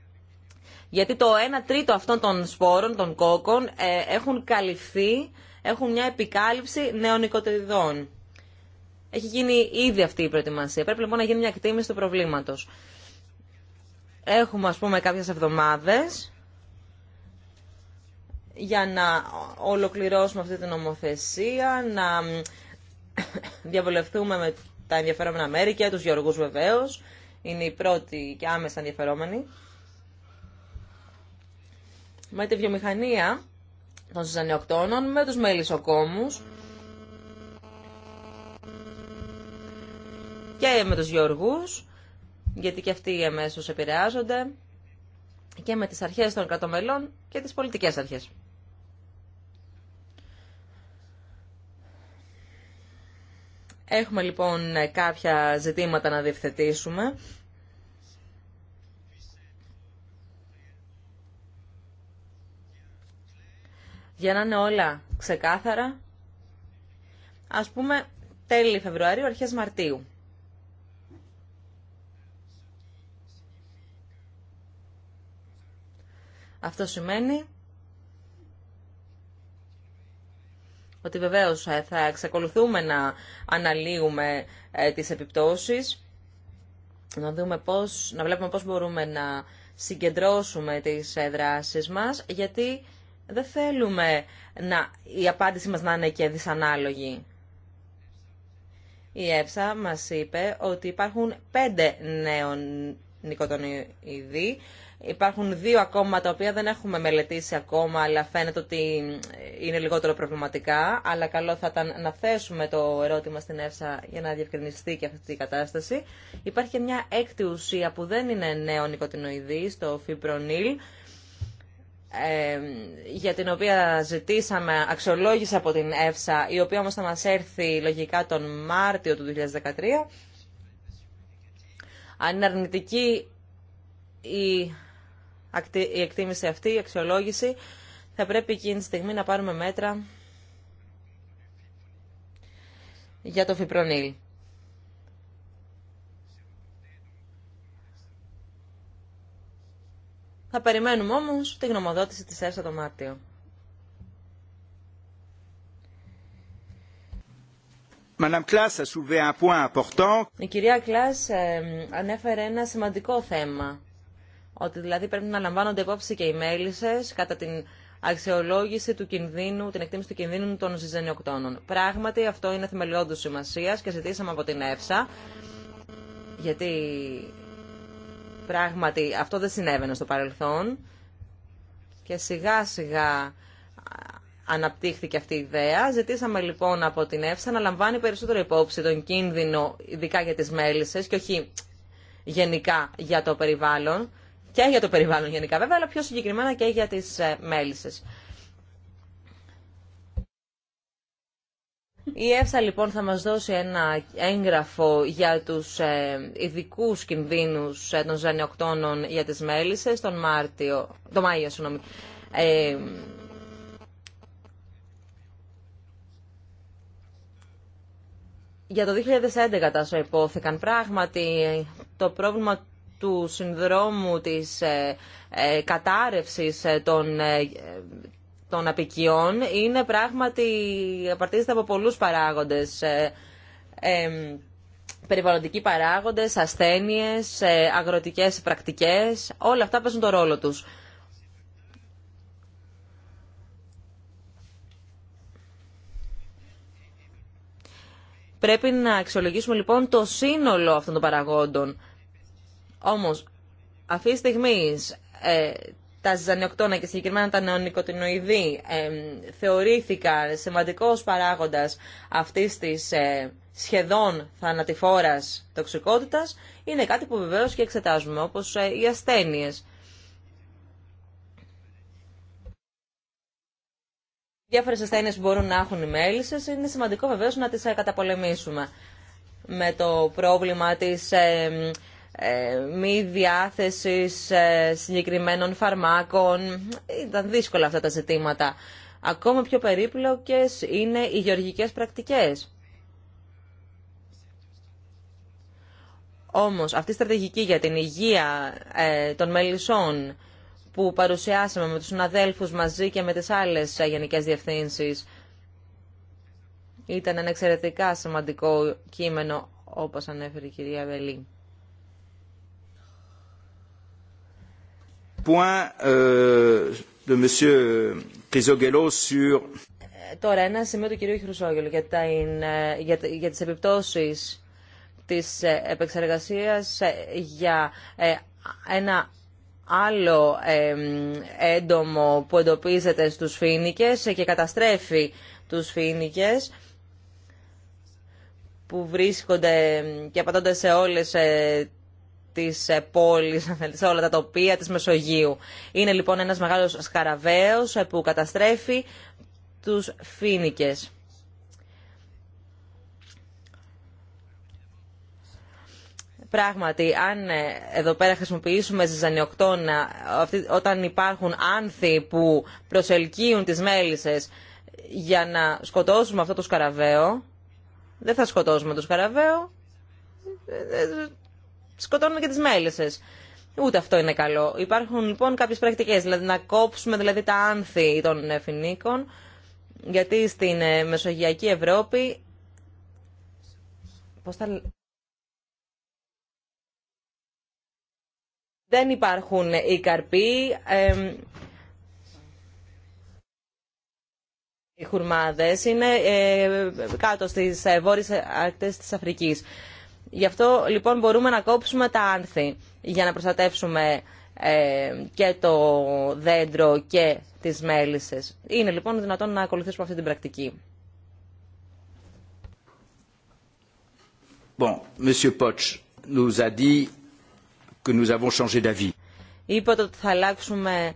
Γιατί το 1 τρίτο αυτών των σπόρων, των κόκκων, έχουν καλυφθεί έχουν μια επικάλυψη οικοτεδιδών. Έχει γίνει ήδη αυτή η προετοιμασία. Πρέπει λοιπόν να γίνει μια εκτίμηση του προβλήματος. Έχουμε ας πούμε κάποιες εβδομάδες για να ολοκληρώσουμε αυτή την νομοθεσία, να διαβολευτούμε με τα ενδιαφερόμενα μέρη και τους γεωργούς βεβαίως. Είναι οι πρώτοι και άμεσα ενδιαφερόμενοι. Με τη βιομηχανία των Συζανιοκτώνων με τους μελισσοκόμους και με τους Γιωργούς γιατί και αυτοί εμέσως επηρεάζονται, και με τις αρχές των κρατομελών και τις πολιτικές αρχές. Έχουμε λοιπόν κάποια ζητήματα να διευθετήσουμε. για να είναι όλα ξεκάθαρα, ας πούμε τέλη Φεβρουαρίου, αρχές Μαρτίου. Αυτό σημαίνει ότι βεβαίως ε, θα εξακολουθούμε να αναλύουμε ε, τις επιπτώσεις, να, δούμε πώς, να βλέπουμε πώς μπορούμε να συγκεντρώσουμε τις ε, δράσεις μας, γιατί δεν θέλουμε να, η απάντηση μας να είναι και δυσανάλογη. Η ΕΨΑ μας είπε ότι υπάρχουν πέντε νέων νοικοτονοειδή. Υπάρχουν δύο ακόμα τα οποία δεν έχουμε μελετήσει ακόμα, αλλά φαίνεται ότι είναι λιγότερο προβληματικά. Αλλά καλό θα ήταν να θέσουμε το ερώτημα στην ΕΦΣΑ για να διευκρινιστεί και αυτή η κατάσταση. Υπάρχει μια έκτη ουσία που δεν είναι νέο νοικοτινοειδή, το φιπρονίλ, για την οποία ζητήσαμε αξιολόγηση από την ΕΦΣΑ, η οποία όμως θα μας έρθει λογικά τον Μάρτιο του 2013. Αν είναι αρνητική η, η εκτίμηση αυτή, η αξιολόγηση, θα πρέπει εκείνη τη στιγμή να πάρουμε μέτρα για το φιπρονίλ. Θα περιμένουμε όμως τη γνωμοδότηση της ΕΡΣΑ το Μάρτιο. Η κυρία Κλάς ε, ανέφερε ένα σημαντικό θέμα, ότι δηλαδή πρέπει να λαμβάνονται υπόψη και οι μέλισσες κατά την αξιολόγηση του κινδύνου, την εκτίμηση του κινδύνου των ζυζανιοκτώνων. Πράγματι αυτό είναι θεμελιώδους σημασία και ζητήσαμε από την ΕΦΣΑ, γιατί Πράγματι, αυτό δεν συνέβαινε στο παρελθόν και σιγά σιγά αναπτύχθηκε αυτή η ιδέα. Ζητήσαμε λοιπόν από την ΕΦΣΑ να λαμβάνει περισσότερο υπόψη τον κίνδυνο, ειδικά για τις μέλισσες και όχι γενικά για το περιβάλλον και για το περιβάλλον γενικά βέβαια, αλλά πιο συγκεκριμένα και για τις ε, μέλισσες. Η ΕΦΣΑ λοιπόν θα μας δώσει ένα έγγραφο για τους ε, ειδικού κινδύνους ε, των ζανιοκτώνων για τις μέλισσες τον Μάρτιο, το Μάιο, ε, για το 2011 τα υπόθηκαν πράγματι το πρόβλημα του συνδρόμου της ε, κατάρρευσης των των απικιών είναι πράγματι απαρτίζεται από πολλούς παράγοντες. Ε, ε, περιβαλλοντικοί παράγοντες, ασθένειες, ε, αγροτικές πρακτικές, όλα αυτά παίζουν το ρόλο τους. Πρέπει να αξιολογήσουμε λοιπόν το σύνολο αυτών των παραγόντων. Όμως, αυτή τη στιγμή ε, τα ζανιοκτώνα και συγκεκριμένα τα νεονικοτινοειδή θεωρήθηκαν σημαντικός παράγοντας αυτής της ε, σχεδόν θανατηφόρας τοξικότητας, είναι κάτι που βεβαίως και εξετάζουμε, όπως ε, οι ασθένειες. Διάφορες ασθένειες που μπορούν να έχουν οι μέλισσες, είναι σημαντικό βεβαίως να τις καταπολεμήσουμε με το πρόβλημα της ε, μη διάθεσης ε, συγκεκριμένων φαρμάκων. Ήταν δύσκολα αυτά τα ζητήματα. Ακόμα πιο περίπλοκες είναι οι γεωργικές πρακτικές. Όμως αυτή η στρατηγική για την υγεία ε, των μελισσών που παρουσιάσαμε με τους συναδέλφους μαζί και με τις άλλες γενικές διευθύνσεις ήταν ένα εξαιρετικά σημαντικό κείμενο όπως ανέφερε η κυρία Βελή. point euh, de M. sur... Τώρα ένα σημείο του κυρίου Χρυσόγελου για, τα, ε, για, για τις επιπτώσεις της ε, επεξεργασίας ε, για ένα άλλο έντομο που εντοπίζεται στους Φινικές και καταστρέφει τους φοίνικες που βρίσκονται και απαντώνται σε όλες Τη ε, πόλη σε όλα τα τοπία της Μεσογείου. Είναι λοιπόν ένας μεγάλος σκαραβαίο ε, που καταστρέφει τους φίνικες. Πράγματι, αν ε, εδώ πέρα χρησιμοποιήσουμε ζυζανιοκτώνα, όταν υπάρχουν άνθη που προσελκύουν τις μέλισσες για να σκοτώσουμε αυτό το σκαραβαίο, δεν θα σκοτώσουμε το σκαραβαίο, σκοτώνουμε και τι μέλισσες. Ούτε αυτό είναι καλό. Υπάρχουν λοιπόν κάποιε πρακτικές, δηλαδή να κόψουμε δηλαδή, τα άνθη των ε, φινίκων, γιατί στην ε, Μεσογειακή Ευρώπη... Πώς θα... Δεν υπάρχουν ε, οι καρποί, ε, οι χουρμάδες είναι ε, κάτω στις ε, βόρειες ακτές της Αφρικής. Γι' αυτό λοιπόν μπορούμε να κόψουμε τα άνθη για να προστατεύσουμε ε, και το δέντρο και τις μέλισσες. Είναι λοιπόν δυνατόν να ακολουθήσουμε αυτή την πρακτική. Bon, Monsieur Poch nous a dit que nous avons changé d'avis. Είπατε ότι θα αλλάξουμε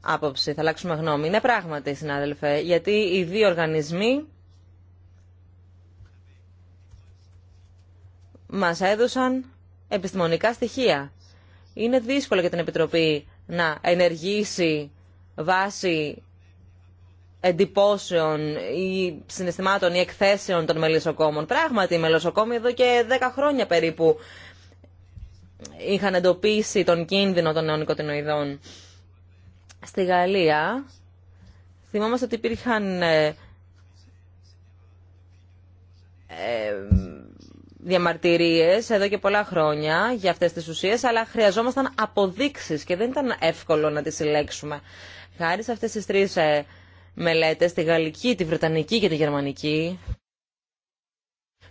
άποψη, θα αλλάξουμε γνώμη. Είναι πράγματι, συνάδελφε, γιατί οι δύο οργανισμοί μας έδωσαν επιστημονικά στοιχεία. Είναι δύσκολο για την Επιτροπή να ενεργήσει βάσει εντυπώσεων ή συναισθημάτων ή εκθέσεων των μελισσοκόμων. Πράγματι, οι μελισσοκόμοι εδώ και δέκα χρόνια περίπου είχαν εντοπίσει τον κίνδυνο των νεονικοτινοειδών. Στη Γαλλία, θυμόμαστε ότι υπήρχαν ε, ε, διαμαρτυρίες εδώ και πολλά χρόνια για αυτές τις ουσίες, αλλά χρειαζόμασταν αποδείξει και δεν ήταν εύκολο να τις συλλέξουμε. Χάρη σε αυτές τις τρεις ε, μελέτες, τη γαλλική, τη βρετανική και τη γερμανική,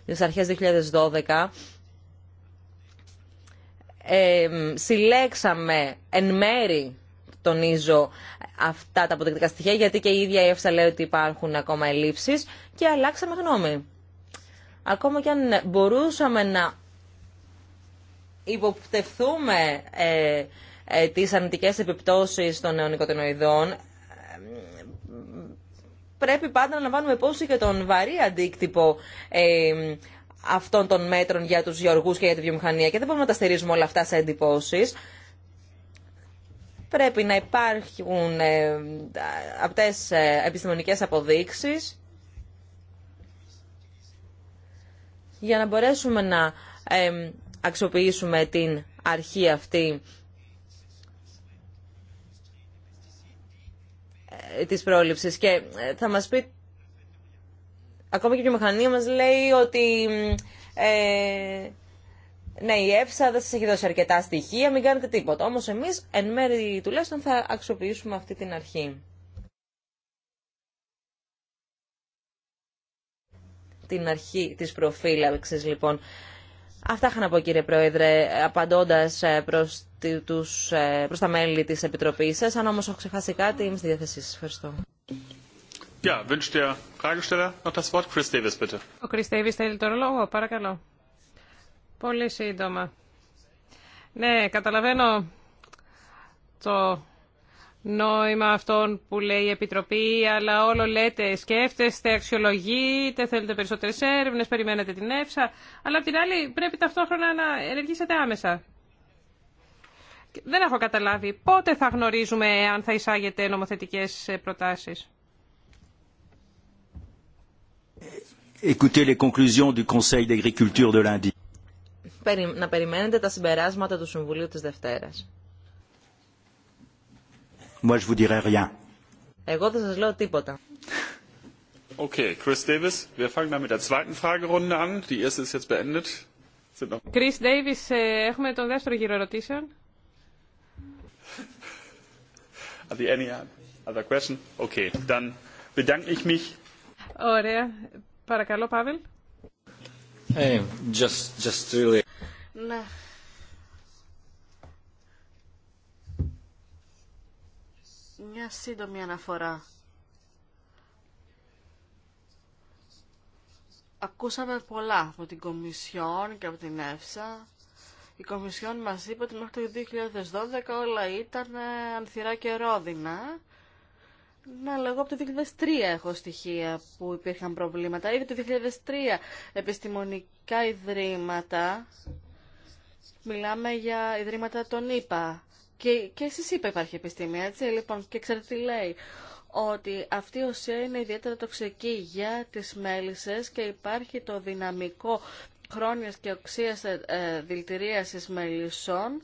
στις αρχέ 2012, ε, συλλέξαμε εν μέρη τονίζω αυτά τα αποδεικτικά στοιχεία γιατί και η ίδια η ΕΦΣΑ λέει ότι υπάρχουν ακόμα ελλείψεις και αλλάξαμε γνώμη ακόμα και αν μπορούσαμε να υποπτευθούμε ε, ε, τις αρνητικές επιπτώσεις των νεονικοτενοειδών, ε, πρέπει πάντα να βάλουμε υπόψη και τον βαρύ αντίκτυπο ε, αυτών των μέτρων για τους γεωργούς και για τη βιομηχανία και δεν μπορούμε να τα στηρίζουμε όλα αυτά σε εντυπώσεις. Πρέπει να υπάρχουν ε, αυτές ε, επιστημονικές αποδείξεις για να μπορέσουμε να αξιοποιήσουμε την αρχή αυτή ε, της πρόληψης. Και ε, θα μας πει, ακόμα και η μηχανία μας λέει ότι ε, ναι, η ΕΦΣΑ δεν σας έχει δώσει αρκετά στοιχεία, μην κάνετε τίποτα. Όμως εμείς, εν μέρη τουλάχιστον, θα αξιοποιήσουμε αυτή την αρχή. την αρχή της προφύλαξης λοιπόν. Αυτά είχα να πω κύριε Πρόεδρε, απαντώντας ε, προς, τους, ε, προς τα μέλη της Επιτροπής σας. Αν όμως έχω ξεχάσει κάτι, είμαι στη διάθεσή σας. Ευχαριστώ. Ja, wünscht der Fragesteller noch das Wort? Chris Davis, bitte. Ο Chris Davis θέλει το λόγο, παρακαλώ. Πολύ σύντομα. Ναι, καταλαβαίνω το νόημα αυτών που λέει η Επιτροπή, αλλά όλο λέτε, σκέφτεστε, αξιολογείτε, θέλετε περισσότερες έρευνε, περιμένετε την ΕΦΣΑ, αλλά απ' την άλλη πρέπει ταυτόχρονα να ενεργήσετε άμεσα. Δεν έχω καταλάβει πότε θα γνωρίζουμε αν θα εισάγετε νομοθετικέ προτάσεις. Écoutez les conclusions du Conseil d'Agriculture de Να περιμένετε τα συμπεράσματα του Συμβουλίου της Δευτέρας. Moi, je vous dirai rien. Εγώ δεν σας λέω τίποτα. Okay, Chris Davis, wir fangen mal mit der zweiten Fragerunde an. Die erste ist jetzt beendet. Chris Davis, έχουμε τον δεύτερο γύρο ερωτήσεων. Are there any other question? Okay, dann bedanke ich mich. Ωραία. Παρακαλώ, Παύλ. Hey, just, just really. Να Μια σύντομη αναφορά. Ακούσαμε πολλά από την Κομισιόν και από την ΕΦΣΑ. Η Κομισιόν μας είπε ότι μέχρι το 2012 όλα ήταν ανθυρά και ρόδινα. Να λέγω από το 2003 έχω στοιχεία που υπήρχαν προβλήματα. Ήδη το 2003 επιστημονικά ιδρύματα, μιλάμε για ιδρύματα των ΙΠΑ, και, και εσείς είπα υπάρχει επιστήμη, έτσι, λοιπόν, και ξέρετε τι λέει ότι αυτή η ουσία είναι ιδιαίτερα τοξική για τις μέλισσες και υπάρχει το δυναμικό χρόνιας και οξίας ε, ε, δηλητηρίασης μελισσών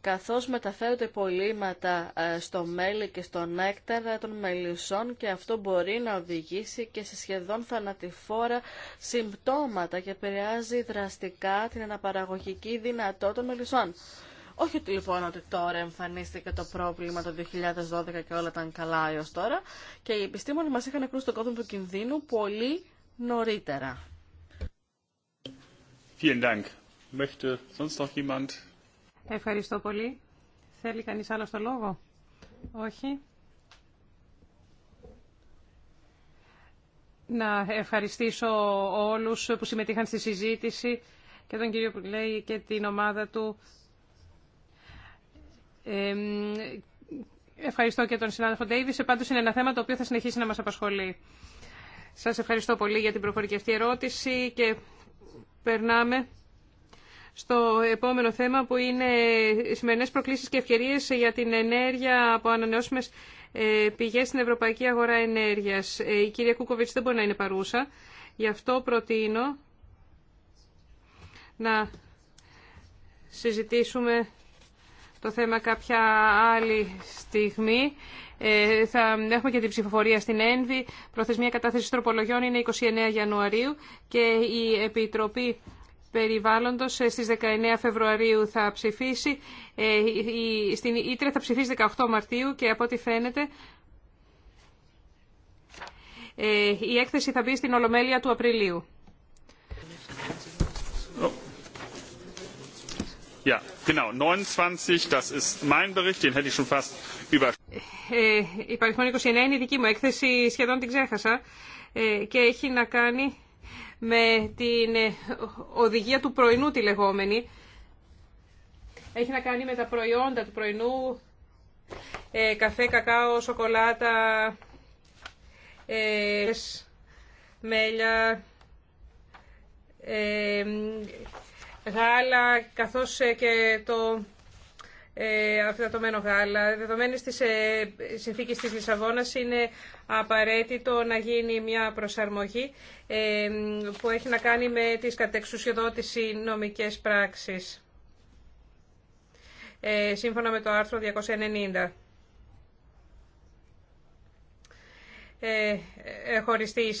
καθώς μεταφέρονται υπολείμματα ε, στο μέλι και στο νέκταρα των μελισσών και αυτό μπορεί να οδηγήσει και σε σχεδόν θανατηφόρα συμπτώματα και επηρεάζει δραστικά την αναπαραγωγική δυνατότητα των μελισσών. Όχι λοιπόν ότι τώρα εμφανίστηκε το πρόβλημα το 2012 και όλα ήταν καλά έω τώρα και οι επιστήμονε μας είχαν κρούσει τον κόδωνα του κινδύνου πολύ νωρίτερα. Ευχαριστώ πολύ. Θέλει κανείς άλλο το λόγο? Όχι. Να ευχαριστήσω όλους που συμμετείχαν στη συζήτηση και τον κύριο Πουλέη και την ομάδα του Ευχαριστώ και τον συνάδελφο Ντέιβις. Ε, πάντω είναι ένα θέμα το οποίο θα συνεχίσει να μας απασχολεί. Σας ευχαριστώ πολύ για την προφορική αυτή ερώτηση και περνάμε στο επόμενο θέμα που είναι σημερινε προκλήσεις και ευκαιρίες για την ενέργεια από ανανεώσιμες ε, πηγές στην Ευρωπαϊκή Αγορά ενέργεια. Ε, η κυρία Κούκοβιτς δεν μπορεί να είναι παρούσα, γι' αυτό προτείνω να συζητήσουμε το θέμα κάποια άλλη στιγμή. Ε, θα έχουμε και την ψηφοφορία στην ΕΝΒΗ. Προθεσμία κατάθεση τροπολογιών είναι 29 Ιανουαρίου και η Επιτροπή Περιβάλλοντος ε, στις 19 Φεβρουαρίου θα ψηφίσει. Ε, η, στην Ήτρε θα ψηφίσει 18 Μαρτίου και από ό,τι φαίνεται ε, η έκθεση θα μπει στην Ολομέλεια του Απριλίου. Oh. Yeah. Η 29, das 29 είναι η δική μου έκθεση, σχεδόν την ξέχασα ε, και έχει να κάνει με την ε, οδηγία του πρωινού τη λεγόμενη. Έχει να κάνει με τα προϊόντα του πρωινού, ε, καφέ, κακάο, σοκολάτα, ε, μέλια, γάλα καθώς ε, και το ε, γάλα. Δεδομένης της ε, συνθήκης της Λισαβόνας είναι απαραίτητο να γίνει μια προσαρμογή ε, που έχει να κάνει με τις κατεξουσιοδότηση νομικές πράξεις. Ε, σύμφωνα με το άρθρο 290. Ε, ε, χωριστή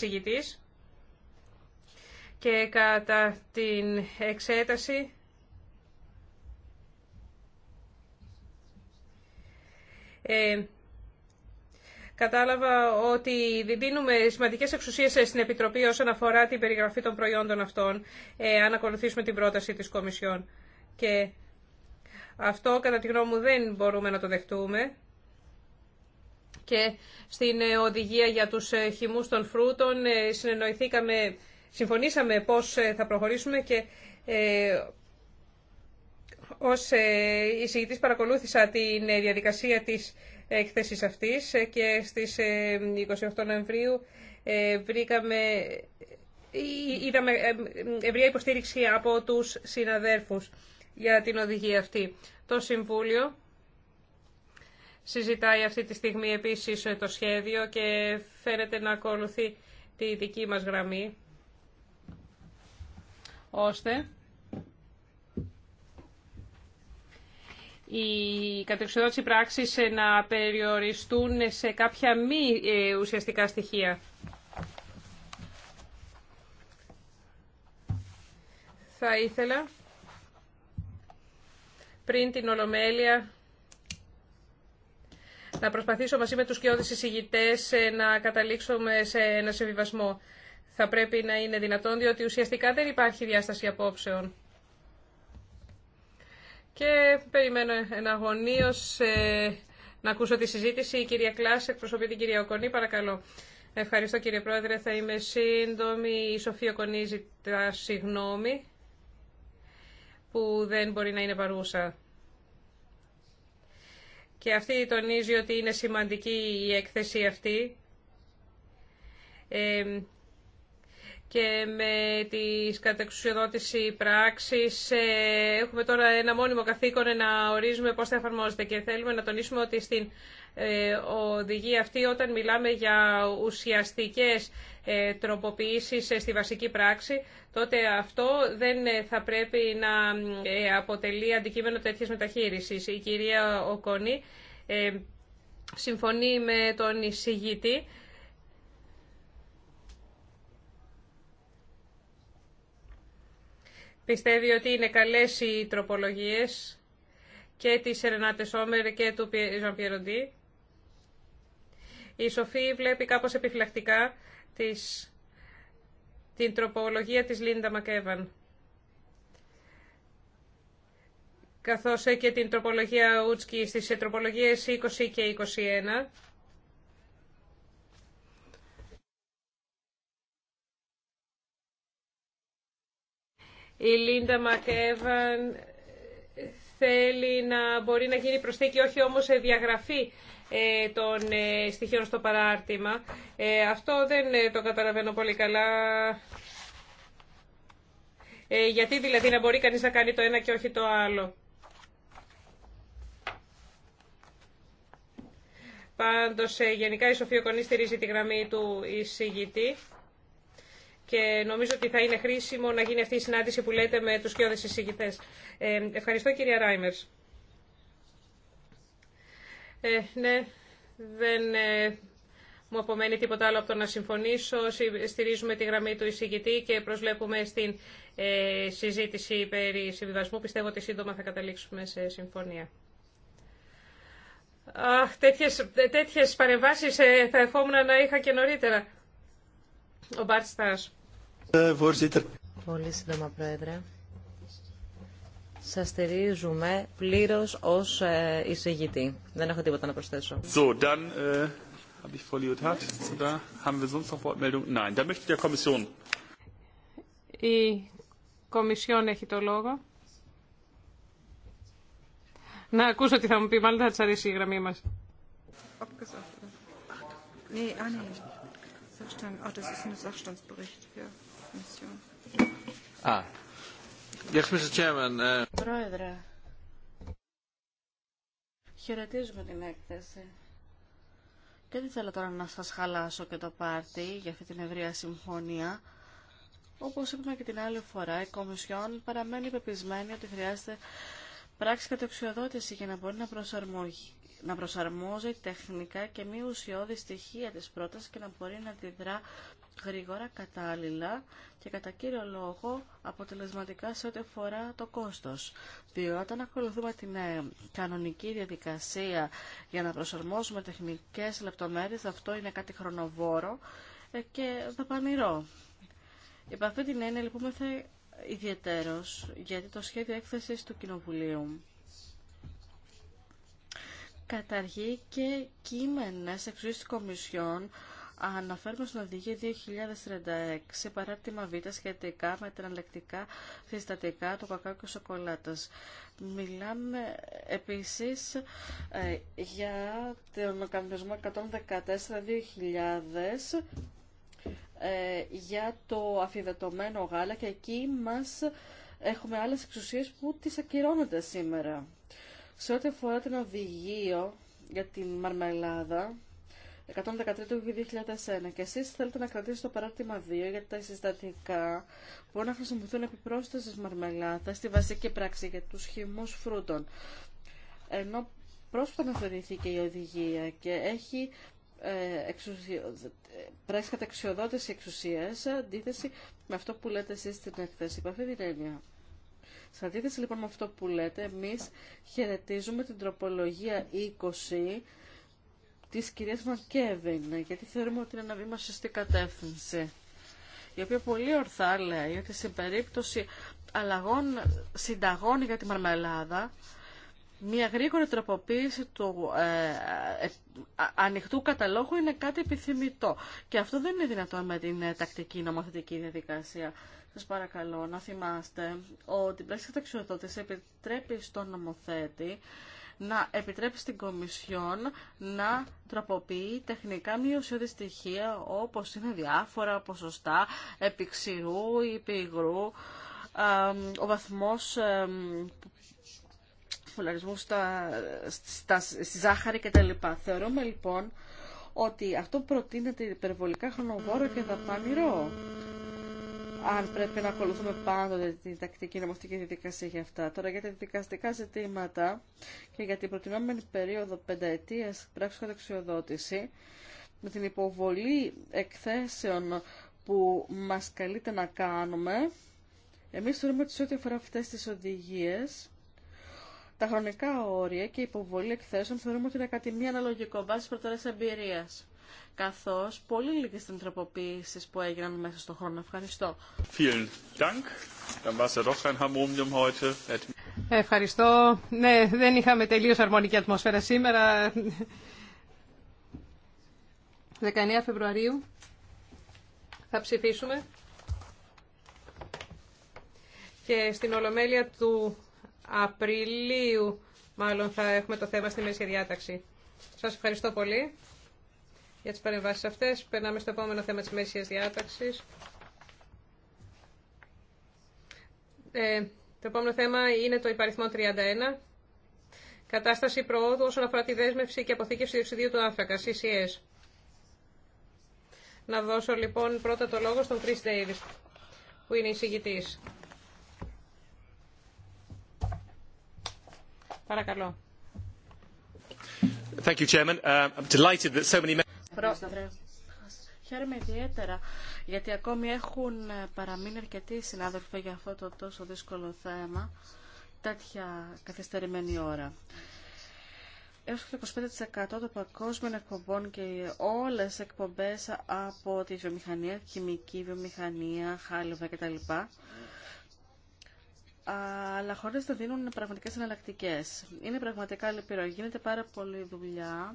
και κατά την εξέταση ε, κατάλαβα ότι δίνουμε σημαντικές εξουσίες στην Επιτροπή όσον αφορά την περιγραφή των προϊόντων αυτών, ε, αν ακολουθήσουμε την πρόταση της Κομισιόν. Και αυτό, κατά τη γνώμη μου, δεν μπορούμε να το δεχτούμε. Και στην ε, οδηγία για τους ε, χυμούς των φρούτων ε, συνεννοηθήκαμε συμφωνήσαμε πώς ε, θα προχωρήσουμε και ε, ως ε, εισηγητής παρακολούθησα τη ε, διαδικασία της έκθεσης αυτής και στις 28 Νοεμβρίου βρήκαμε είδαμε ευρία υποστήριξη από τους συναδέρφους για την οδηγία αυτή. Το Συμβούλιο συζητάει αυτή τη στιγμή επίσης το σχέδιο και φαίνεται να ακολουθεί τη δική μας γραμμή ώστε οι κατεξοδότηση πράξεις να περιοριστούν σε κάποια μη ε, ουσιαστικά στοιχεία. Θα ήθελα πριν την Ολομέλεια να προσπαθήσω μαζί με τους κοιόδης εισηγητές ε, να καταλήξουμε σε ένα συμβιβασμό θα πρέπει να είναι δυνατόν, διότι ουσιαστικά δεν υπάρχει διάσταση απόψεων. Και περιμένω εναγωνίως ε, να ακούσω τη συζήτηση. Η κυρία Κλάς εκπροσωπεί την κυρία Οκονή, παρακαλώ. Ευχαριστώ κύριε Πρόεδρε, θα είμαι σύντομη. Η Σοφία Οκονή ζητά συγγνώμη που δεν μπορεί να είναι παρούσα. Και αυτή τονίζει ότι είναι σημαντική η έκθεση αυτή. Ε, και με τις κατεξουσιοδότηση πράξης ε, έχουμε τώρα ένα μόνιμο καθήκον να ορίζουμε πώς θα εφαρμόζεται και θέλουμε να τονίσουμε ότι στην ε, οδηγία αυτή όταν μιλάμε για ουσιαστικές ε, τροποποιήσεις στη βασική πράξη τότε αυτό δεν θα πρέπει να αποτελεί αντικείμενο τέτοιες μεταχείριση. Η κυρία Οκονή συμφωνεί με τον εισηγητή Πιστεύει ότι είναι καλές οι τροπολογίες και τη Σερενάτε Σόμερ και του Ζαν Πιεροντή. Η Σοφή βλέπει κάπως επιφυλακτικά την τροπολογία της Λίντα Μακέβαν. καθώς και την τροπολογία Ούτσκι στις τροπολογίες 20 και 21 Η Λίντα Μακέβαν θέλει να μπορεί να γίνει προσθήκη, όχι όμως σε διαγραφή ε, των ε, στοιχείων στο παράρτημα. Ε, αυτό δεν το καταλαβαίνω πολύ καλά. Γιατί δηλαδή να μπορεί κανείς να κάνει το ένα και όχι το άλλο. Πάντως γενικά η Σοφία Κονή στηρίζει τη γραμμή του εισηγητή και νομίζω ότι θα είναι χρήσιμο να γίνει αυτή η συνάντηση που λέτε με τους κοιόδες εισηγητές. Ε, ευχαριστώ κυρία Ράιμερς. Ε, ναι, δεν ε, μου απομένει τίποτα άλλο από το να συμφωνήσω. Στηρίζουμε τη γραμμή του εισηγητή και προσβλέπουμε στην ε, συζήτηση περί συμβιβασμού. Πιστεύω ότι σύντομα θα καταλήξουμε σε συμφωνία. Αχ, τέτοιες, παρεμβάσεις θα ευχόμουν να είχα και νωρίτερα. Ο Μπαρτ ε, Πολύ σύντομα, Πρόεδρε. Σας στηρίζουμε πλήρως ως ε, εισηγητή. Δεν έχω τίποτα να προσθέσω. So, dann, äh, ε, habe ich Frau Liotard? Da haben wir sonst noch Wortmeldung. Nein, da möchte der Kommission. Η Κομισιόν έχει το λόγο. Να ακούσω τι θα μου πει, μάλλον θα της αρέσει η γραμμή μας. Nee, ah, nee. Sachstand. Ah, das ist ein Sachstandsbericht. Ja. Uh, Πρόεδρε, χαιρετίζουμε την έκθεση. Και δεν θέλω τώρα να σας χαλάσω και το πάρτι για αυτή την ευρεία συμφωνία. Όπως είπαμε και την άλλη φορά, η Κομισιόν παραμένει πεπισμένη ότι χρειάζεται πράξη κατεξιοδότηση για να μπορεί να, προσαρμόζει τεχνικά και μη ουσιώδη στοιχεία της πρότασης και να μπορεί να αντιδρά γρήγορα, κατάλληλα και κατά κύριο λόγο αποτελεσματικά σε ό,τι αφορά το κόστος. Διότι όταν ακολουθούμε την ε, κανονική διαδικασία για να προσαρμόσουμε τεχνικές λεπτομέρειες, αυτό είναι κάτι χρονοβόρο ε, και δαπανηρό. Υπ' αυτή την έννοια λυπούμεθα λοιπόν, ιδιαιτέρως, γιατί το σχέδιο έκθεσης του Κοινοβουλίου καταργεί και κείμενα σε της κομισιών αναφέρουμε στην Οδηγία 2036 παράρτημα Β σχετικά με τα το συστατικά του κακάου και σοκολάτας. Μιλάμε επίσης ε, για τον κανονισμό 114-2000 ε, για το αφιδετωμένο γάλα και εκεί μας έχουμε άλλες εξουσίες που τις ακυρώνονται σήμερα. Σε ό,τι αφορά την οδηγία για την μαρμελάδα, 113 του 2001 και εσείς θέλετε να κρατήσετε το παράρτημα 2 γιατί τα συστατικά μπορούν να χρησιμοποιηθούν επί πρόσθεσης μαρμελάτα στη βασική πράξη για τους χυμούς φρούτων. Ενώ πρόσφατα και η οδηγία και έχει ε, κατά πράξη καταξιοδότηση εξουσίας αντίθεση με αυτό που λέτε εσείς στην εκθέση. Υπ' αυτή Σε αντίθεση λοιπόν με αυτό που λέτε, εμείς χαιρετίζουμε την τροπολογία 20 Τη κυρία Μακέβιν, γιατί θεωρούμε ότι είναι ένα βήμα σωστή κατεύθυνση, η οποία πολύ ορθά λέει ότι σε περίπτωση αλλαγών συνταγών για τη μαρμελάδα, μια γρήγορη τροποποίηση του ε, ε, ανοιχτού καταλόγου είναι κάτι επιθυμητό. Και αυτό δεν είναι δυνατόν με την ε, τακτική νομοθετική διαδικασία. Σας παρακαλώ να θυμάστε ότι η πλαίσια επιτρέπει στον νομοθέτη να επιτρέψει στην Κομισιόν να τροποποιεί τεχνικά μειωσιώδη στοιχεία όπως είναι διάφορα ποσοστά επιξηρού ή πυγρού, ο βαθμός φουλαρισμού στα, στα, στη ζάχαρη κτλ. Θεωρούμε λοιπόν ότι αυτό προτείνεται υπερβολικά χρονοβόρο και δαπανηρό αν πρέπει να ακολουθούμε πάντοτε την τακτική νομοθετική διαδικασία για αυτά. Τώρα για τα δικαστικά ζητήματα και για την προτινόμενη περίοδο πενταετίας πράξη καταξιοδότηση, με την υποβολή εκθέσεων που μας καλείται να κάνουμε, εμείς θεωρούμε ότι σε ό,τι αφορά αυτές τις οδηγίες, τα χρονικά όρια και η υποβολή εκθέσεων θεωρούμε ότι είναι κάτι μη αναλογικό βάσει προτεραιότητα εμπειρίας καθώς πολύ λίγες ήταν που έγιναν μέσα στον χρόνο. Ευχαριστώ. Ευχαριστώ. Ναι, δεν είχαμε τελείως αρμονική ατμόσφαιρα σήμερα. 19 Φεβρουαρίου θα ψηφίσουμε και στην Ολομέλεια του Απριλίου μάλλον θα έχουμε το θέμα στη μέση διάταξη. Σας ευχαριστώ πολύ για τις παρεμβάσεις αυτές. Περνάμε στο επόμενο θέμα της μέσης διάταξης. Ε, το επόμενο θέμα είναι το υπαριθμό 31. Κατάσταση προόδου όσον αφορά τη δέσμευση και αποθήκευση διοξιδίου του άνθρακα, CCS. Να δώσω λοιπόν πρώτα το λόγο στον Chris Davis, που είναι εισηγητή. Παρακαλώ. Thank you, Chairman. Uh, delighted that Πρόεδρε. Χαίρομαι ιδιαίτερα γιατί ακόμη έχουν παραμείνει αρκετοί συνάδελφοι για αυτό το τόσο δύσκολο θέμα τέτοια καθυστερημένη ώρα. Έως το 25% των παγκόσμιων εκπομπών και όλες τις εκπομπές από τη βιομηχανία, χημική βιομηχανία, χάλιβα κτλ. Αλλά χωρίς να δίνουν πραγματικές εναλλακτικές. Είναι πραγματικά λυπηρό. Γίνεται πάρα πολλή δουλειά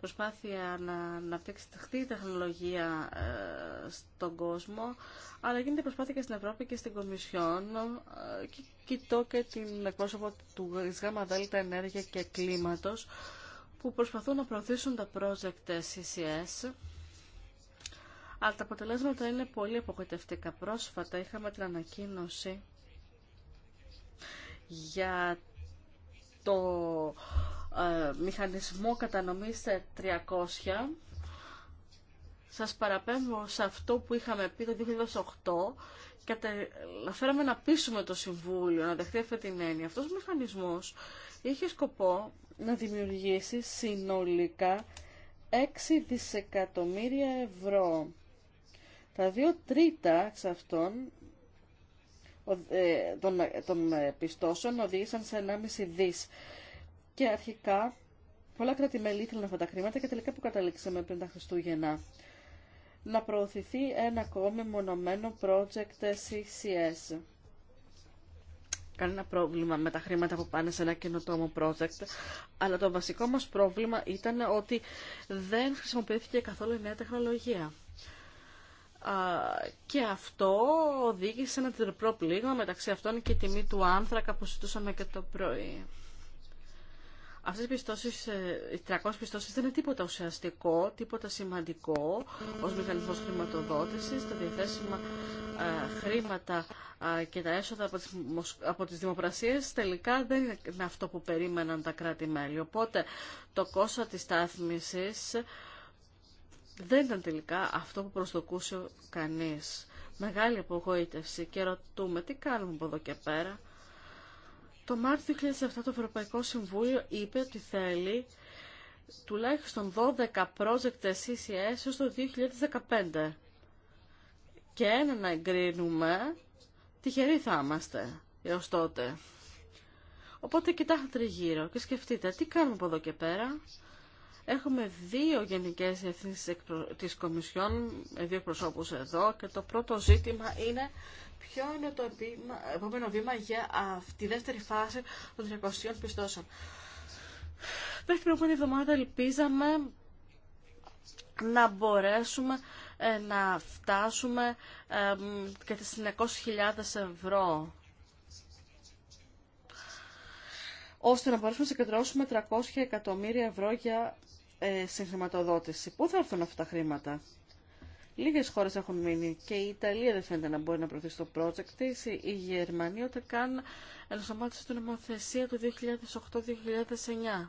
προσπάθεια να αναπτύξει τεχνολογία ε, στον κόσμο, αλλά γίνεται προσπάθεια και στην Ευρώπη και στην Κομισιόν. Ε, και κοιτώ και την εκπρόσωπο του ΔΕΛΤΑ Ενέργεια και Κλίματος, που προσπαθούν να προωθήσουν τα project CCS. Αλλά τα αποτελέσματα είναι πολύ απογοητευτικά. Πρόσφατα είχαμε την ανακοίνωση για το ε, μηχανισμό κατανομής 300. Σας παραπέμπω σε αυτό που είχαμε πει το 2008 και καταφέραμε να πείσουμε το Συμβούλιο να δεχτεί αυτή την έννοια. Αυτός ο μηχανισμός είχε σκοπό να δημιουργήσει συνολικά 6 δισεκατομμύρια ευρώ. Τα δύο τρίτα εξ αυτών ε, των πιστώσεων οδήγησαν σε 1,5 δις. Και αρχικά κρατημέλη ήθελαν αυτά τα χρήματα και τελικά που καταλήξαμε πριν τα Χριστούγεννα. Να προωθηθεί ένα ακόμη μονομένο project CCS. Κανένα πρόβλημα με τα χρήματα που πάνε σε ένα καινοτόμο project, αλλά το βασικό μας πρόβλημα ήταν ότι δεν χρησιμοποιήθηκε καθόλου η νέα τεχνολογία. Και αυτό οδήγησε σε ένα μεταξύ αυτών και η τιμή του άνθρακα που συζητούσαμε και το πρωί. Αυτές οι πιστώσει ε, οι 300 πιστώσεις δεν είναι τίποτα ουσιαστικό, τίποτα σημαντικό ως μηχανισμό χρηματοδότησης. Τα διαθέσιμα ε, χρήματα ε, και τα έσοδα από τις, από τις τελικά δεν είναι αυτό που περίμεναν τα κράτη-μέλη. Οπότε το κόστος της στάθμισης δεν ήταν τελικά αυτό που προσδοκούσε κανεί. Μεγάλη απογοήτευση και ρωτούμε τι κάνουμε από εδώ και πέρα. Το Μάρτιο 2007 το Ευρωπαϊκό Συμβούλιο είπε ότι θέλει τουλάχιστον 12 project CCS έως το 2015. Και ένα να εγκρίνουμε, τυχεροί θα είμαστε έως τότε. Οπότε κοιτάξτε τριγύρω και σκεφτείτε τι κάνουμε από εδώ και πέρα. Έχουμε δύο γενικές διευθύνσεις της Κομισιόν, δύο προσώπους εδώ και το πρώτο ζήτημα είναι ποιο είναι το επόμενο βήμα για αυτή τη δεύτερη φάση των 300 πιστώσεων. Μέχρι την προηγούμενη εβδομάδα ελπίζαμε να μπορέσουμε ε, να φτάσουμε και τις 900.000 ευρώ ώστε να μπορέσουμε να συγκεντρώσουμε 300 εκατομμύρια ευρώ για ε, συγχρηματοδότηση. Πού θα έρθουν αυτά τα χρήματα. Λίγε χώρε έχουν μείνει και η Ιταλία δεν φαίνεται να μπορεί να προωθήσει το project τη. Η Γερμανία ούτε καν ενσωμάτωσε την νομοθεσία του 2008-2009.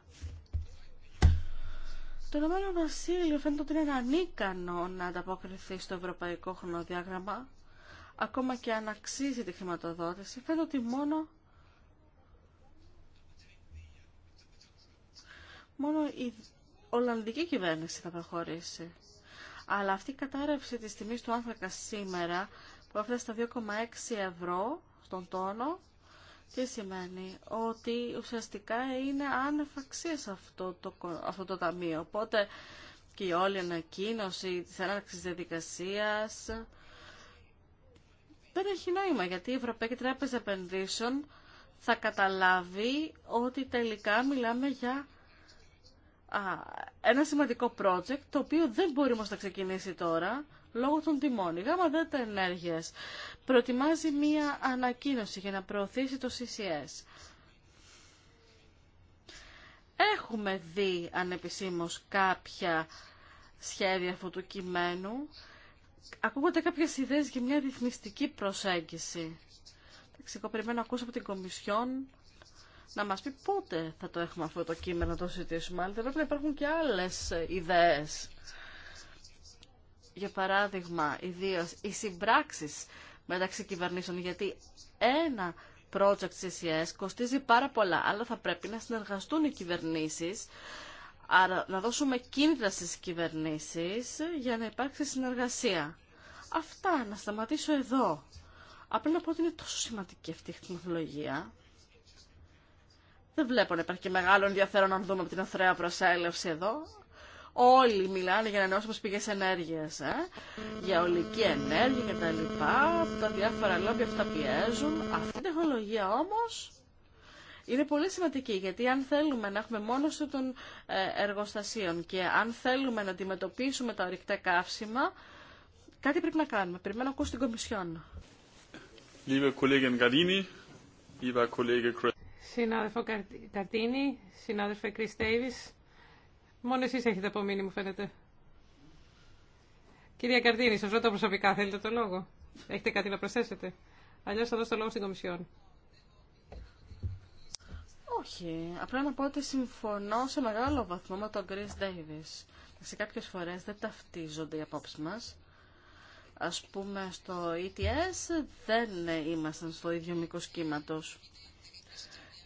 Το Ηνωμένο Βασίλειο φαίνεται ότι είναι ανίκανο να ανταποκριθεί στο ευρωπαϊκό χρονοδιάγραμμα, ακόμα και αν αξίζει τη χρηματοδότηση. Φαίνεται ότι μόνο μόνο η Ολλανδική κυβέρνηση θα προχωρήσει. Αλλά αυτή η κατάρρευση της τιμής του άνθρακα σήμερα που έφτασε στα 2,6 ευρώ στον τόνο, τι σημαίνει, ότι ουσιαστικά είναι άνευ αξίας αυτό το, αυτό το ταμείο. Οπότε και η όλη ανακοίνωση της έναρξης διαδικασίας δεν έχει νόημα, γιατί η Ευρωπαϊκή Τράπεζα Επενδύσεων θα καταλάβει ότι τελικά μιλάμε για ένα σημαντικό project το οποίο δεν μπορεί όμως να ξεκινήσει τώρα λόγω των τιμών. Η ΓΑΜΑ ΔΕΤΑ Ενέργειας προετοιμάζει μία ανακοίνωση για να προωθήσει το CCS. Έχουμε δει ανεπισήμως κάποια σχέδια αυτού του κειμένου. Ακούγονται κάποιες ιδέες για μια ρυθμιστική προσέγγιση. Εγώ να ακούσω από την Κομισιόν να μας πει πότε θα το έχουμε αυτό το κείμενο να το συζητήσουμε. Αλλά δεν πρέπει να υπάρχουν και άλλες ιδέες. Για παράδειγμα, ιδίω οι συμπράξει μεταξύ κυβερνήσεων, γιατί ένα project CCS κοστίζει πάρα πολλά, αλλά θα πρέπει να συνεργαστούν οι κυβερνήσεις, άρα να δώσουμε κίνητρα στις κυβερνήσεις για να υπάρξει συνεργασία. Αυτά, να σταματήσω εδώ. Απλά να πω ότι είναι τόσο σημαντική αυτή η τεχνολογία δεν βλέπω να υπάρχει και μεγάλο ενδιαφέρον να δούμε από την αθρέα προσέλευση εδώ. Όλοι μιλάνε για ανανεώσιμε πηγέ ενέργεια, ε? για ολική ενέργεια κτλ. Τα διάφορα λόγια αυτά πιέζουν. Αυτή η τεχνολογία όμω είναι πολύ σημαντική γιατί αν θέλουμε να έχουμε μόνο των ε, εργοστασίων και αν θέλουμε να αντιμετωπίσουμε τα ορυκτά καύσιμα, κάτι πρέπει να κάνουμε. Πρέπει να ακούσω την Κομισιόν. Kollegin Συνάδελφο Καρτίνη, συνάδελφε Τέιβις, μόνο εσείς έχετε απομείνει μου φαίνεται. Κυρία Καρτίνη, σας ρωτώ προσωπικά, θέλετε το λόγο. Έχετε κάτι να προσθέσετε. Αλλιώς θα δώσω το λόγο στην Κομισιόν. Όχι. Απλά να πω ότι συμφωνώ σε μεγάλο βαθμό με τον Κρις Davis. Σε κάποιες φορές δεν ταυτίζονται οι απόψεις μας. Ας πούμε στο ETS δεν ήμασταν στο ίδιο μήκος κύματος.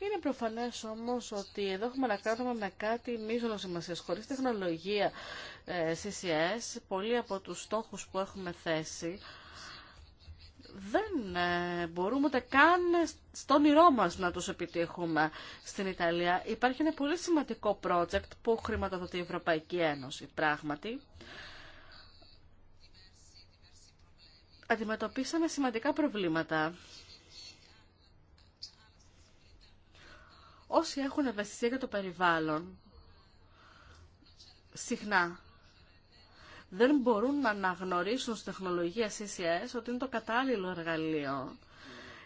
Είναι προφανές όμως ότι εδώ έχουμε να κάνουμε με κάτι μείζωνο σημασία. χωρί τεχνολογία ε, CCS, πολλοί από τους στόχου που έχουμε θέσει δεν ε, μπορούμε ούτε καν στο όνειρό μα να τους επιτύχουμε στην Ιταλία. Υπάρχει ένα πολύ σημαντικό project που χρηματοδοτεί η Ευρωπαϊκή Ένωση. Πράγματι, αντιμετωπίσαμε σημαντικά προβλήματα Όσοι έχουν ευαισθησία για το περιβάλλον, συχνά δεν μπορούν να αναγνωρίσουν στη τεχνολογία CCS ότι είναι το κατάλληλο εργαλείο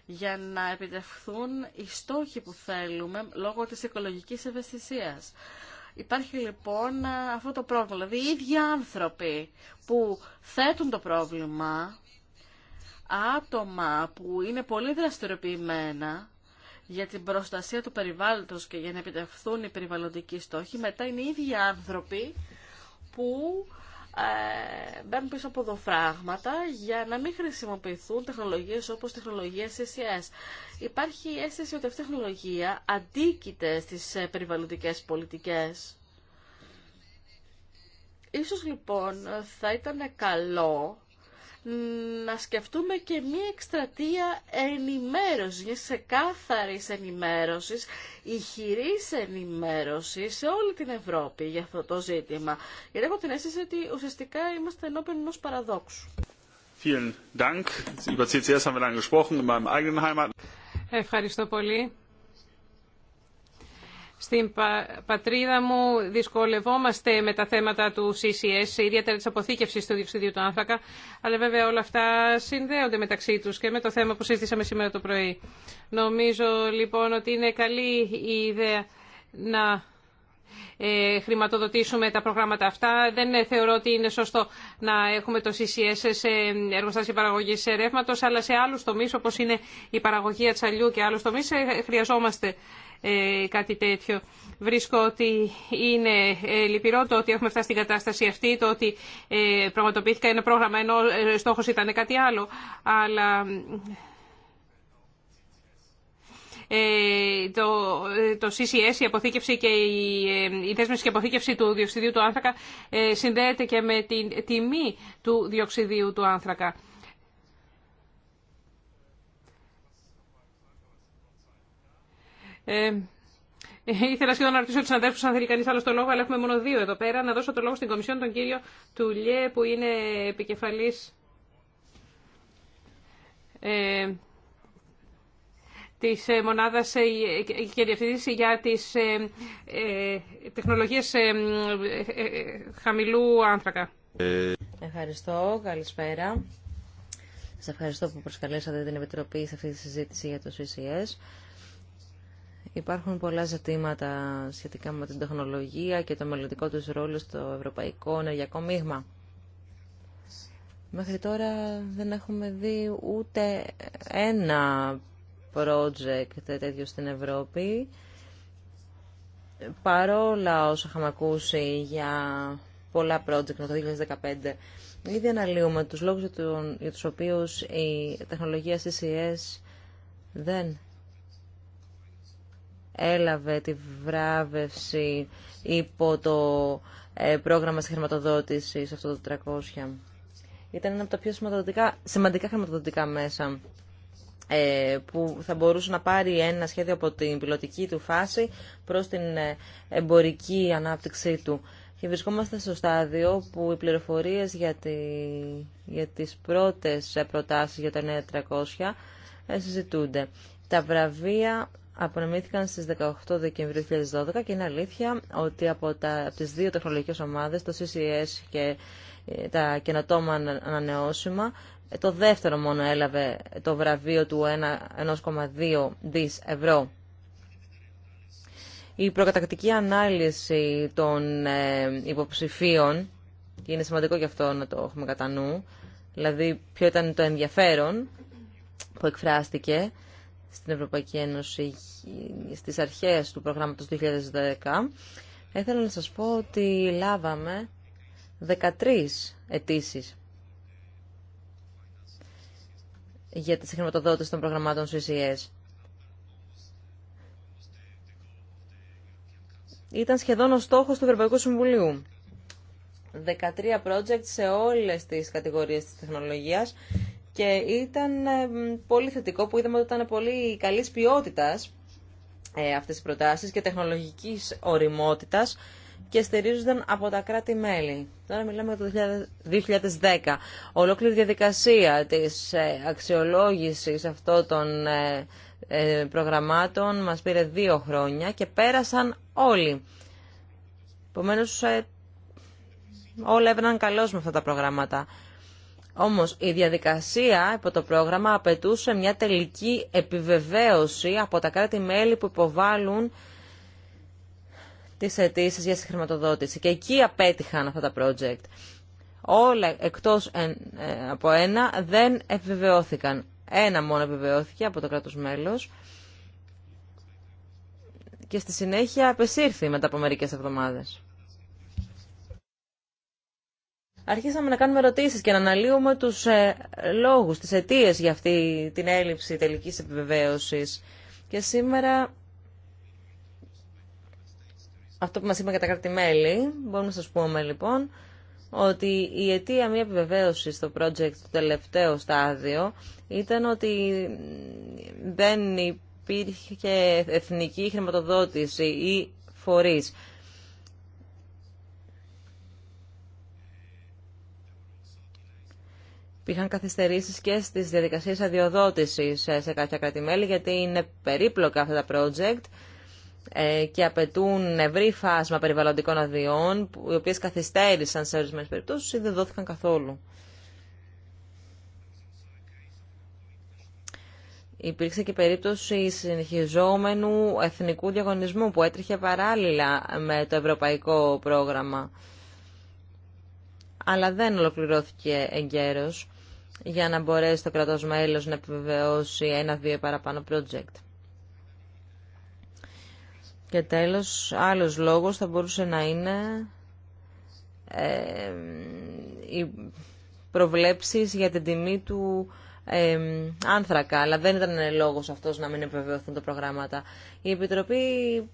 για να επιτευχθούν οι στόχοι που θέλουμε λόγω της οικολογικής ευαισθησίας. Υπάρχει λοιπόν αυτό το πρόβλημα. Δηλαδή οι ίδιοι άνθρωποι που θέτουν το πρόβλημα, άτομα που είναι πολύ δραστηριοποιημένα, για την προστασία του περιβάλλοντος και για να επιτευχθούν οι περιβαλλοντικοί στόχοι, μετά είναι οι ίδιοι άνθρωποι που ε, μπαίνουν πίσω από δοφράγματα για να μην χρησιμοποιηθούν τεχνολογίες όπως τεχνολογίες SES. Υπάρχει η αίσθηση ότι αυτή η τεχνολογία αντίκειται στις ε, περιβαλλοντικές πολιτικές. Ίσως λοιπόν θα ήταν καλό να σκεφτούμε και μία εκστρατεία ενημέρωσης, μια ξεκάθαρης μια κάθαρης ηχηρής ενημέρωσης σε όλη την Ευρώπη για αυτό το ζήτημα. Γιατί έχω την αίσθηση ότι ουσιαστικά είμαστε ενώπιον ενός παραδόξου. Ευχαριστώ πολύ. Στην πατρίδα μου δυσκολευόμαστε με τα θέματα του CCS, ιδιαίτερα της αποθήκευσης του διοξιδίου του άνθρακα, αλλά βέβαια όλα αυτά συνδέονται μεταξύ τους και με το θέμα που συζήτησαμε σήμερα το πρωί. Νομίζω λοιπόν ότι είναι καλή η ιδέα να ε, χρηματοδοτήσουμε τα προγράμματα αυτά. Δεν θεωρώ ότι είναι σωστό να έχουμε το CCS σε εργοστάσια παραγωγή ρεύματο, αλλά σε άλλου τομεί, όπω είναι η παραγωγή ατσαλιού και άλλου τομεί, ε, χρειαζόμαστε ε, κάτι τέτοιο. Βρίσκω ότι είναι ε, λυπηρό το ότι έχουμε φτάσει στην κατάσταση αυτή, το ότι ε, πραγματοποιήθηκα ένα πρόγραμμα ενώ στόχος ήταν κάτι άλλο. Αλλά το, το CCS, η αποθήκευση και η, η δέσμευση και αποθήκευση του διοξιδίου του άνθρακα συνδέεται και με την τιμή του διοξιδίου του άνθρακα. Ε, ήθελα σχεδόν να ρωτήσω του αδέρφου αν θέλει κανεί άλλο το λόγο, αλλά έχουμε μόνο δύο εδώ πέρα. Να δώσω το λόγο στην Κομισιόν τον κύριο Τουλιέ, που είναι επικεφαλή. Ε, της ε, μονάδας ε, και διευθυντή για τι ε, ε, ε, χαμηλού άνθρακα. Ευχαριστώ. Καλησπέρα. Σα ευχαριστώ που προσκαλέσατε την Επιτροπή σε αυτή τη συζήτηση για το CCS. Υπάρχουν πολλά ζητήματα σχετικά με την τεχνολογία και το μελλοντικό τους ρόλο στο ευρωπαϊκό ενεργειακό μείγμα. Μέχρι τώρα δεν έχουμε δει ούτε ένα project τέτοιο στην Ευρώπη. Παρόλα όσα είχαμε ακούσει για πολλά project το 2015, ήδη αναλύουμε τους λόγους για τους οποίους η τεχνολογία CCS δεν έλαβε τη βράβευση υπό το ε, πρόγραμμα της χρηματοδότηση αυτό το 300. Ήταν ένα από τα πιο σημαντικά, σημαντικά χρηματοδοτικά μέσα ε, που θα μπορούσε να πάρει ένα σχέδιο από την πιλωτική του φάση προς την ε, εμπορική ανάπτυξή του. Και βρισκόμαστε στο στάδιο που οι πληροφορίες για, τη, για τις πρώτες προτάσεις για το 9300 συζητούνται. Τα βραβεία απονεμήθηκαν στις 18 Δεκεμβρίου 2012 και είναι αλήθεια ότι από, τα, τις δύο τεχνολογικές ομάδες, το CCS και ε, τα καινοτόμα ανανεώσιμα, ε, το δεύτερο μόνο έλαβε το βραβείο του 1,2 δις ευρώ. Η προκατακτική ανάλυση των ε, υποψηφίων, και είναι σημαντικό και αυτό να το έχουμε κατά νου, δηλαδή ποιο ήταν το ενδιαφέρον που εκφράστηκε, στην Ευρωπαϊκή Ένωση στις αρχές του προγράμματος 2010, ήθελα να σας πω ότι λάβαμε 13 αιτήσει για τις χρηματοδότηση των προγραμμάτων CCS. Ήταν σχεδόν ο στόχος του Ευρωπαϊκού Συμβουλίου. 13 projects σε όλες τις κατηγορίες της τεχνολογίας και ήταν ε, πολύ θετικό που είδαμε ότι ήταν πολύ καλής ποιότητας ε, αυτές οι προτάσεις και τεχνολογικής οριμότητας και στηρίζονταν από τα κράτη-μέλη. Τώρα μιλάμε για το 2010. Ολόκληρη διαδικασία της ε, αξιολόγησης αυτών των προγραμμάτων μας πήρε δύο χρόνια και πέρασαν όλοι. Επομένω, όλα έβαιναν καλώς με αυτά τα προγράμματα. Όμως η διαδικασία υπό το πρόγραμμα απαιτούσε μια τελική επιβεβαίωση από τα κράτη-μέλη που υποβάλλουν τις αιτήσει για συγχρηματοδότηση. Και εκεί απέτυχαν αυτά τα project. Όλα εκτός ε, από ένα δεν επιβεβαιώθηκαν. Ένα μόνο επιβεβαιώθηκε από το κράτος μέλος και στη συνέχεια επεσήρθη μετά από μερικές εβδομάδες αρχίσαμε να κάνουμε ερωτήσεις και να αναλύουμε τους ε, λόγους, τις αιτίες για αυτή την έλλειψη τελικής επιβεβαίωσης. Και σήμερα, αυτό που μας είπαν και τα μελη μπορούμε να σας πούμε λοιπόν, ότι η αιτία μια επιβεβαίωση στο project του τελευταίο στάδιο ήταν ότι δεν υπήρχε εθνική χρηματοδότηση ή φορείς Υπήρχαν καθυστερήσεις και στις διαδικασίες αδειοδότησης ε, σε κάποια κρατημέλη γιατί είναι περίπλοκα αυτά τα project ε, και απαιτούν ευρύ φάσμα περιβαλλοντικών αδειών οι οποίες καθυστέρησαν σε ορισμένες περιπτώσεις ή δεν δόθηκαν καθόλου. Υπήρξε και περίπτωση συνεχιζόμενου εθνικού διαγωνισμού που έτρεχε παράλληλα με το ευρωπαϊκό πρόγραμμα αλλά δεν ολοκληρώθηκε εγκαίρως για να μπορέσει το κρατός μέλος να επιβεβαιώσει ένα-δύο παραπάνω project. Και τέλος, άλλος λόγος θα μπορούσε να είναι ε, οι προβλέψεις για την τιμή του άνθρακα, αλλά δεν ήταν λόγος αυτός να μην επιβεβαιωθούν τα προγράμματα. Η Επιτροπή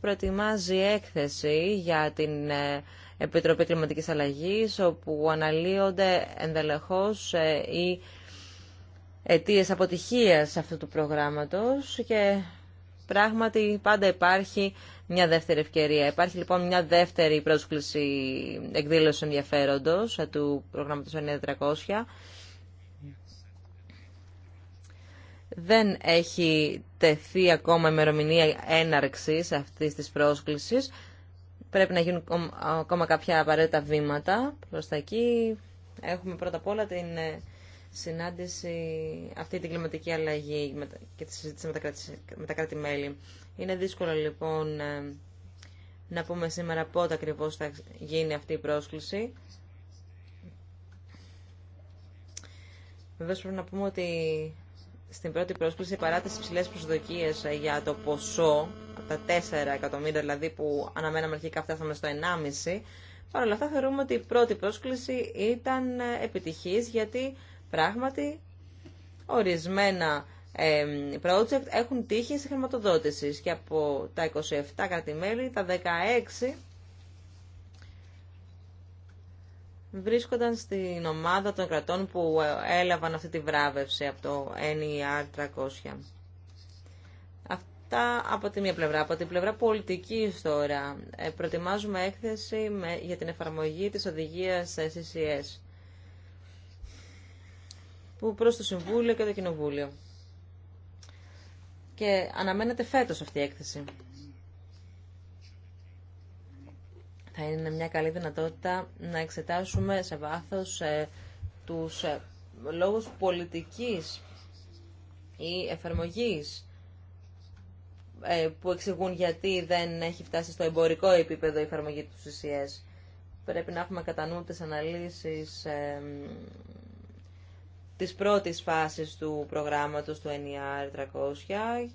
προετοιμάζει έκθεση για την ε, Επιτροπή Κλιματικής Αλλαγής, όπου αναλύονται ενδελεχώς ε, οι αιτίες αποτυχίας αυτού του προγράμματος και πράγματι πάντα υπάρχει μια δεύτερη ευκαιρία. Υπάρχει λοιπόν μια δεύτερη πρόσκληση εκδήλωση ενδιαφέροντος του προγράμματος 9300. Δεν έχει τεθεί ακόμα ημερομηνία έναρξης αυτής της πρόσκλησης. Πρέπει να γίνουν ακόμα κάποια απαραίτητα βήματα προς τα εκεί. Έχουμε πρώτα απ' όλα την ε, συνάντηση αυτή την κλιματική αλλαγή και τη συζήτηση με τα, κράτη, μελη Είναι δύσκολο λοιπόν ε, να πούμε σήμερα πότε ακριβώς θα γίνει αυτή η πρόσκληση. Βεβαίω πρέπει να πούμε ότι στην πρώτη πρόσκληση παρά τις υψηλές προσδοκίες ε, για το ποσό, από τα 4 εκατομμύρια δηλαδή που αναμέναμε αρχικά φτάσαμε στο 1,5, Παρ' όλα αυτά θεωρούμε ότι η πρώτη πρόσκληση ήταν ε, επιτυχής γιατί Πράγματι, ορισμένα project έχουν τύχει σε χρηματοδότηση και από τα 27 κρατημέλη, τα 16 βρίσκονταν στην ομάδα των κρατών που ε, έλαβαν αυτή τη βράβευση από το NER 300. Αυτά από τη μία πλευρά. Από την πλευρά πολιτική τώρα, ε, προετοιμάζουμε έκθεση για την εφαρμογή της οδηγίας ε, CCS που προς το Συμβούλιο και το Κοινοβούλιο. Και αναμένεται φέτος αυτή η έκθεση. Θα είναι μια καλή δυνατότητα να εξετάσουμε σε βάθος ε, τους ε, λόγους πολιτικής ή εφαρμογής ε, που εξηγούν γιατί δεν έχει φτάσει στο εμπορικό επίπεδο η εφαρμογή του CCS. Πρέπει να έχουμε κατά νου αναλύσεις της πρώτης φάσης του προγράμματος του NER 300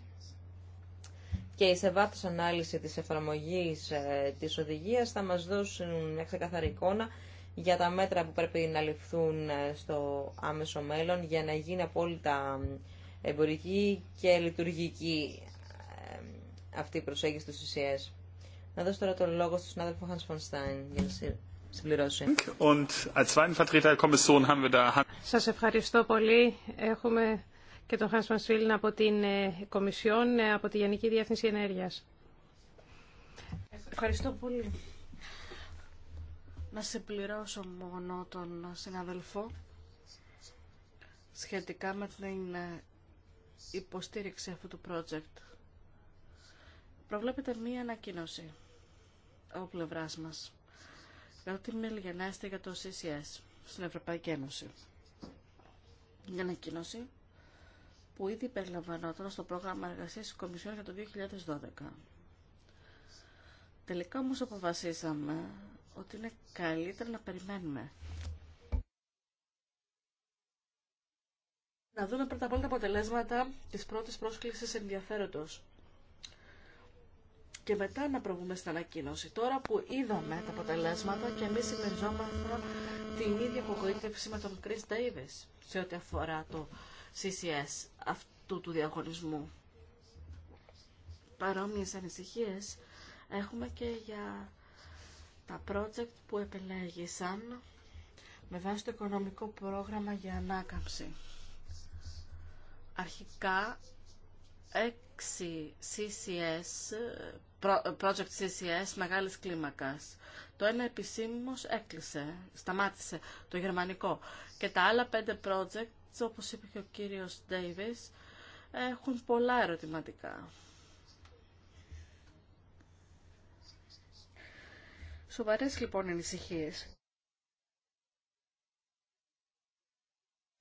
και η σε βάθος ανάλυση της εφαρμογής ε, της οδηγίας θα μας δώσουν μια ξεκαθαρή εικόνα για τα μέτρα που πρέπει να ληφθούν ε, στο άμεσο μέλλον για να γίνει απόλυτα εμπορική και λειτουργική ε, αυτή η προσέγγιση του CCS. Να δώσω τώρα τον λόγο στον συνάδελφο Hans von Stein για σας ευχαριστώ πολύ. Έχουμε και τον Hans Mansfield από την ε, Κομισιόν, ε, από τη Γενική Διεύθυνση Ενέργειας. Ευχαριστώ πολύ. Να συμπληρώσω μόνο τον συναδελφό σχετικά με την ε, υποστήριξη αυτού του project. Προβλέπετε μία ανακοίνωση από πλευράς μας. Πρότεινε λιγανάστε για το CCS στην Ευρωπαϊκή Ένωση. Μια ανακοίνωση που ήδη περιλαμβανόταν στο πρόγραμμα εργασία της Κομισιόν για το 2012. Τελικά όμω αποφασίσαμε ότι είναι καλύτερα να περιμένουμε. Να δούμε πρώτα απ' όλα τα αποτελέσματα τη πρώτη πρόσκληση ενδιαφέροντο και μετά να προβούμε στην ανακοίνωση. Τώρα που είδαμε τα αποτελέσματα και εμείς συμμεριζόμαστε την ίδια απογοήτευση με τον Chris Davis σε ό,τι αφορά το CCS αυτού του διαγωνισμού. Παρόμοιες ανησυχίες έχουμε και για τα project που επελέγησαν με βάση το οικονομικό πρόγραμμα για ανάκαμψη. Αρχικά έξι CCS project CCS μεγάλης κλίμακας. Το ένα επισήμως έκλεισε, σταμάτησε, το γερμανικό. Και τα άλλα πέντε projects, όπως είπε και ο κύριος Davis, έχουν πολλά ερωτηματικά. Σοβαρές λοιπόν ανησυχίε.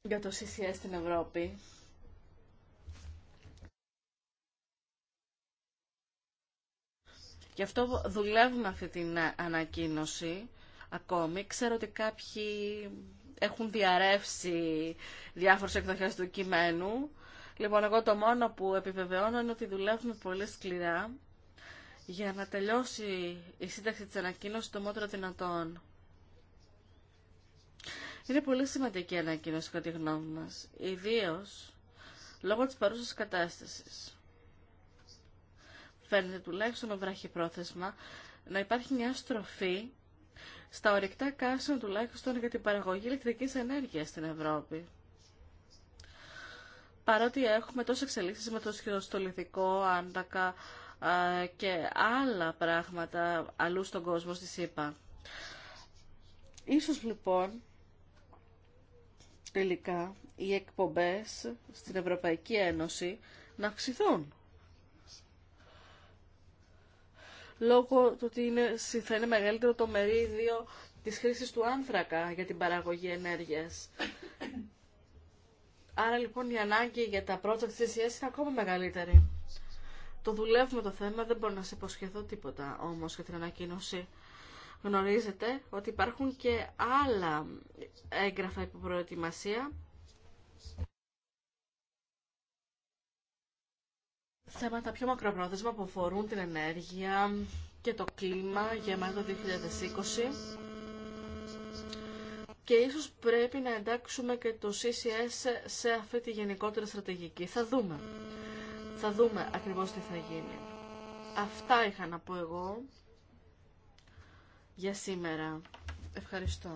για το CCS στην Ευρώπη Γι' αυτό δουλεύουμε αυτή την ε, ανακοίνωση ακόμη. Ξέρω ότι κάποιοι έχουν διαρρεύσει διάφορες εκδοχές του κειμένου. Λοιπόν, εγώ το μόνο που επιβεβαιώνω είναι ότι δουλεύουμε πολύ σκληρά για να τελειώσει η σύνταξη της ανακοίνωσης το μότερο δυνατόν. Είναι πολύ σημαντική η ανακοίνωση κατά τη γνώμη μας, ιδίως λόγω της παρούσας κατάστασης φαίνεται τουλάχιστον πρόθεσμα να υπάρχει μια στροφή στα ορυκτά καύσιμα τουλάχιστον για την παραγωγή ηλεκτρικής ενέργειας στην Ευρώπη. Παρότι έχουμε τόσες εξελίξεις με το σχεδοστολιθικό, άντακα και άλλα πράγματα αλλού στον κόσμο στη ΣΥΠΑ. Ίσως λοιπόν τελικά οι εκπομπές στην Ευρωπαϊκή Ένωση να αυξηθούν. λόγω του ότι είναι, θα είναι μεγαλύτερο το μερίδιο της χρήσης του άνθρακα για την παραγωγή ενέργειας. Άρα λοιπόν η ανάγκη για τα project CCS είναι ακόμα μεγαλύτερη. Το δουλεύουμε το θέμα, δεν μπορώ να σε υποσχεθώ τίποτα όμως για την ανακοίνωση. Γνωρίζετε ότι υπάρχουν και άλλα έγγραφα υπό θέματα πιο μακροπρόθεσμα που αφορούν την ενέργεια και το κλίμα για μετά το 2020 και ίσως πρέπει να εντάξουμε και το CCS σε αυτή τη γενικότερη στρατηγική. Θα δούμε. Θα δούμε ακριβώς τι θα γίνει. Αυτά είχα να πω εγώ για σήμερα. Ευχαριστώ.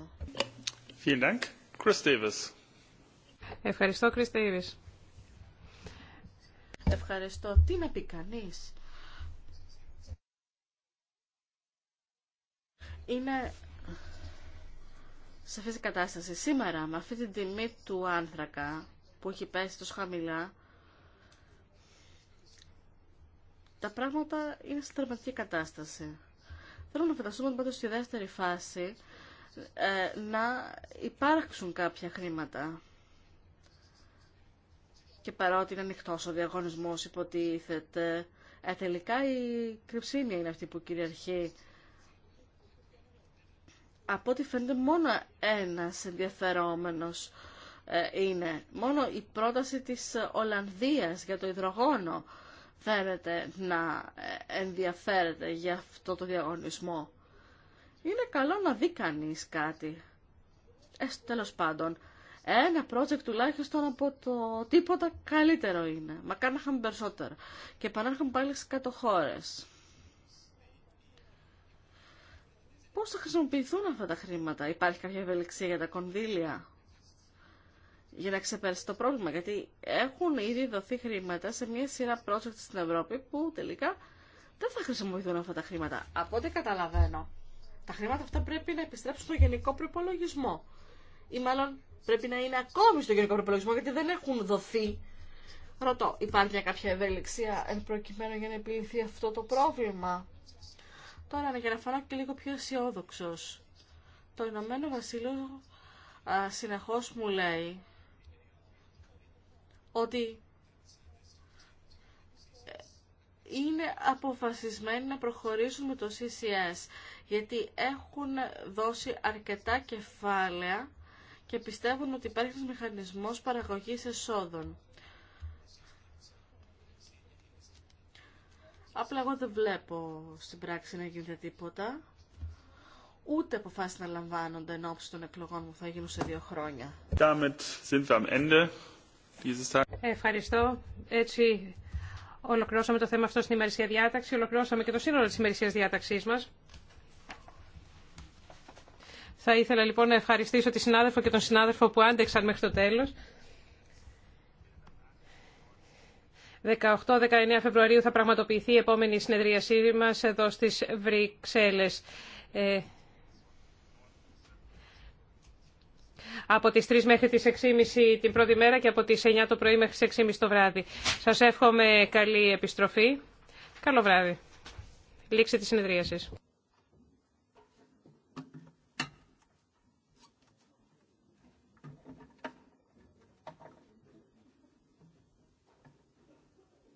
Ευχαριστώ, Chris Davis. Ευχαριστώ. Τι να πει κανεί. Είναι σε αυτή την κατάσταση. Σήμερα, με αυτή την τιμή του άνθρακα που έχει πέσει τόσο χαμηλά, τα πράγματα είναι σε τραυματική κατάσταση. Θέλω να φανταστούμε πάντως στη δεύτερη φάση ε, να υπάρξουν κάποια χρήματα και παρότι είναι ανοιχτό ο διαγωνισμό, υποτίθεται. Ε, τελικά η κρυψίνια είναι αυτή που κυριαρχεί. Από ό,τι φαίνεται μόνο ένας ενδιαφερόμενος ε, είναι. Μόνο η πρόταση της Ολλανδίας για το υδρογόνο φαίνεται να ε, ενδιαφέρεται για αυτό το διαγωνισμό. Είναι καλό να δει κανεί κάτι. Ε, τέλος πάντων, ένα project τουλάχιστον από το τίποτα καλύτερο είναι. Μακάρι να είχαμε περισσότερα. Και επανέρχομαι πάλι στις 100 χώρε. Πώς θα χρησιμοποιηθούν αυτά τα χρήματα. Υπάρχει κάποια ευελιξία για τα κονδύλια για να ξεπεράσει το πρόβλημα. Γιατί έχουν ήδη δοθεί χρήματα σε μια σειρά project στην Ευρώπη που τελικά δεν θα χρησιμοποιηθούν αυτά τα χρήματα. Από ό,τι καταλαβαίνω, τα χρήματα αυτά πρέπει να επιστρέψουν στο γενικό προπολογισμό. Ή μάλλον πρέπει να είναι ακόμη στο γενικό προπολογισμό γιατί δεν έχουν δοθεί. Ρωτώ, υπάρχει μια κάποια ευελιξία εν προκειμένου για να επιληθεί αυτό το πρόβλημα. Τώρα, για να φανώ και λίγο πιο αισιόδοξο. Το Ηνωμένο Βασίλειο συνεχώ μου λέει ότι ε, είναι αποφασισμένοι να προχωρήσουν με το CCS γιατί έχουν δώσει αρκετά κεφάλαια και πιστεύουν ότι υπάρχει ένας μηχανισμός παραγωγής εσόδων. Απλά εγώ δεν βλέπω στην πράξη να γίνεται τίποτα. Ούτε αποφάσει να λαμβάνονται εν ώψη των εκλογών που θα γίνουν σε δύο χρόνια. Ευχαριστώ. Έτσι ολοκληρώσαμε το θέμα αυτό στην ημερησία διάταξη. Ολοκληρώσαμε και το σύνολο της ημερησίας διάταξής μας. Θα ήθελα λοιπόν να ευχαριστήσω τη συνάδελφο και τον συνάδελφο που άντεξαν μέχρι το τέλος. 18-19 Φεβρουαρίου θα πραγματοποιηθεί η επόμενη συνεδρίασή μας εδώ στις Βρυξέλλες. Ε, από τις 3 μέχρι τις 6.30 την πρώτη μέρα και από τις 9 το πρωί μέχρι τις 6.30 το βράδυ. Σας εύχομαι καλή επιστροφή. Καλό βράδυ. Λήξη της συνεδρίασης.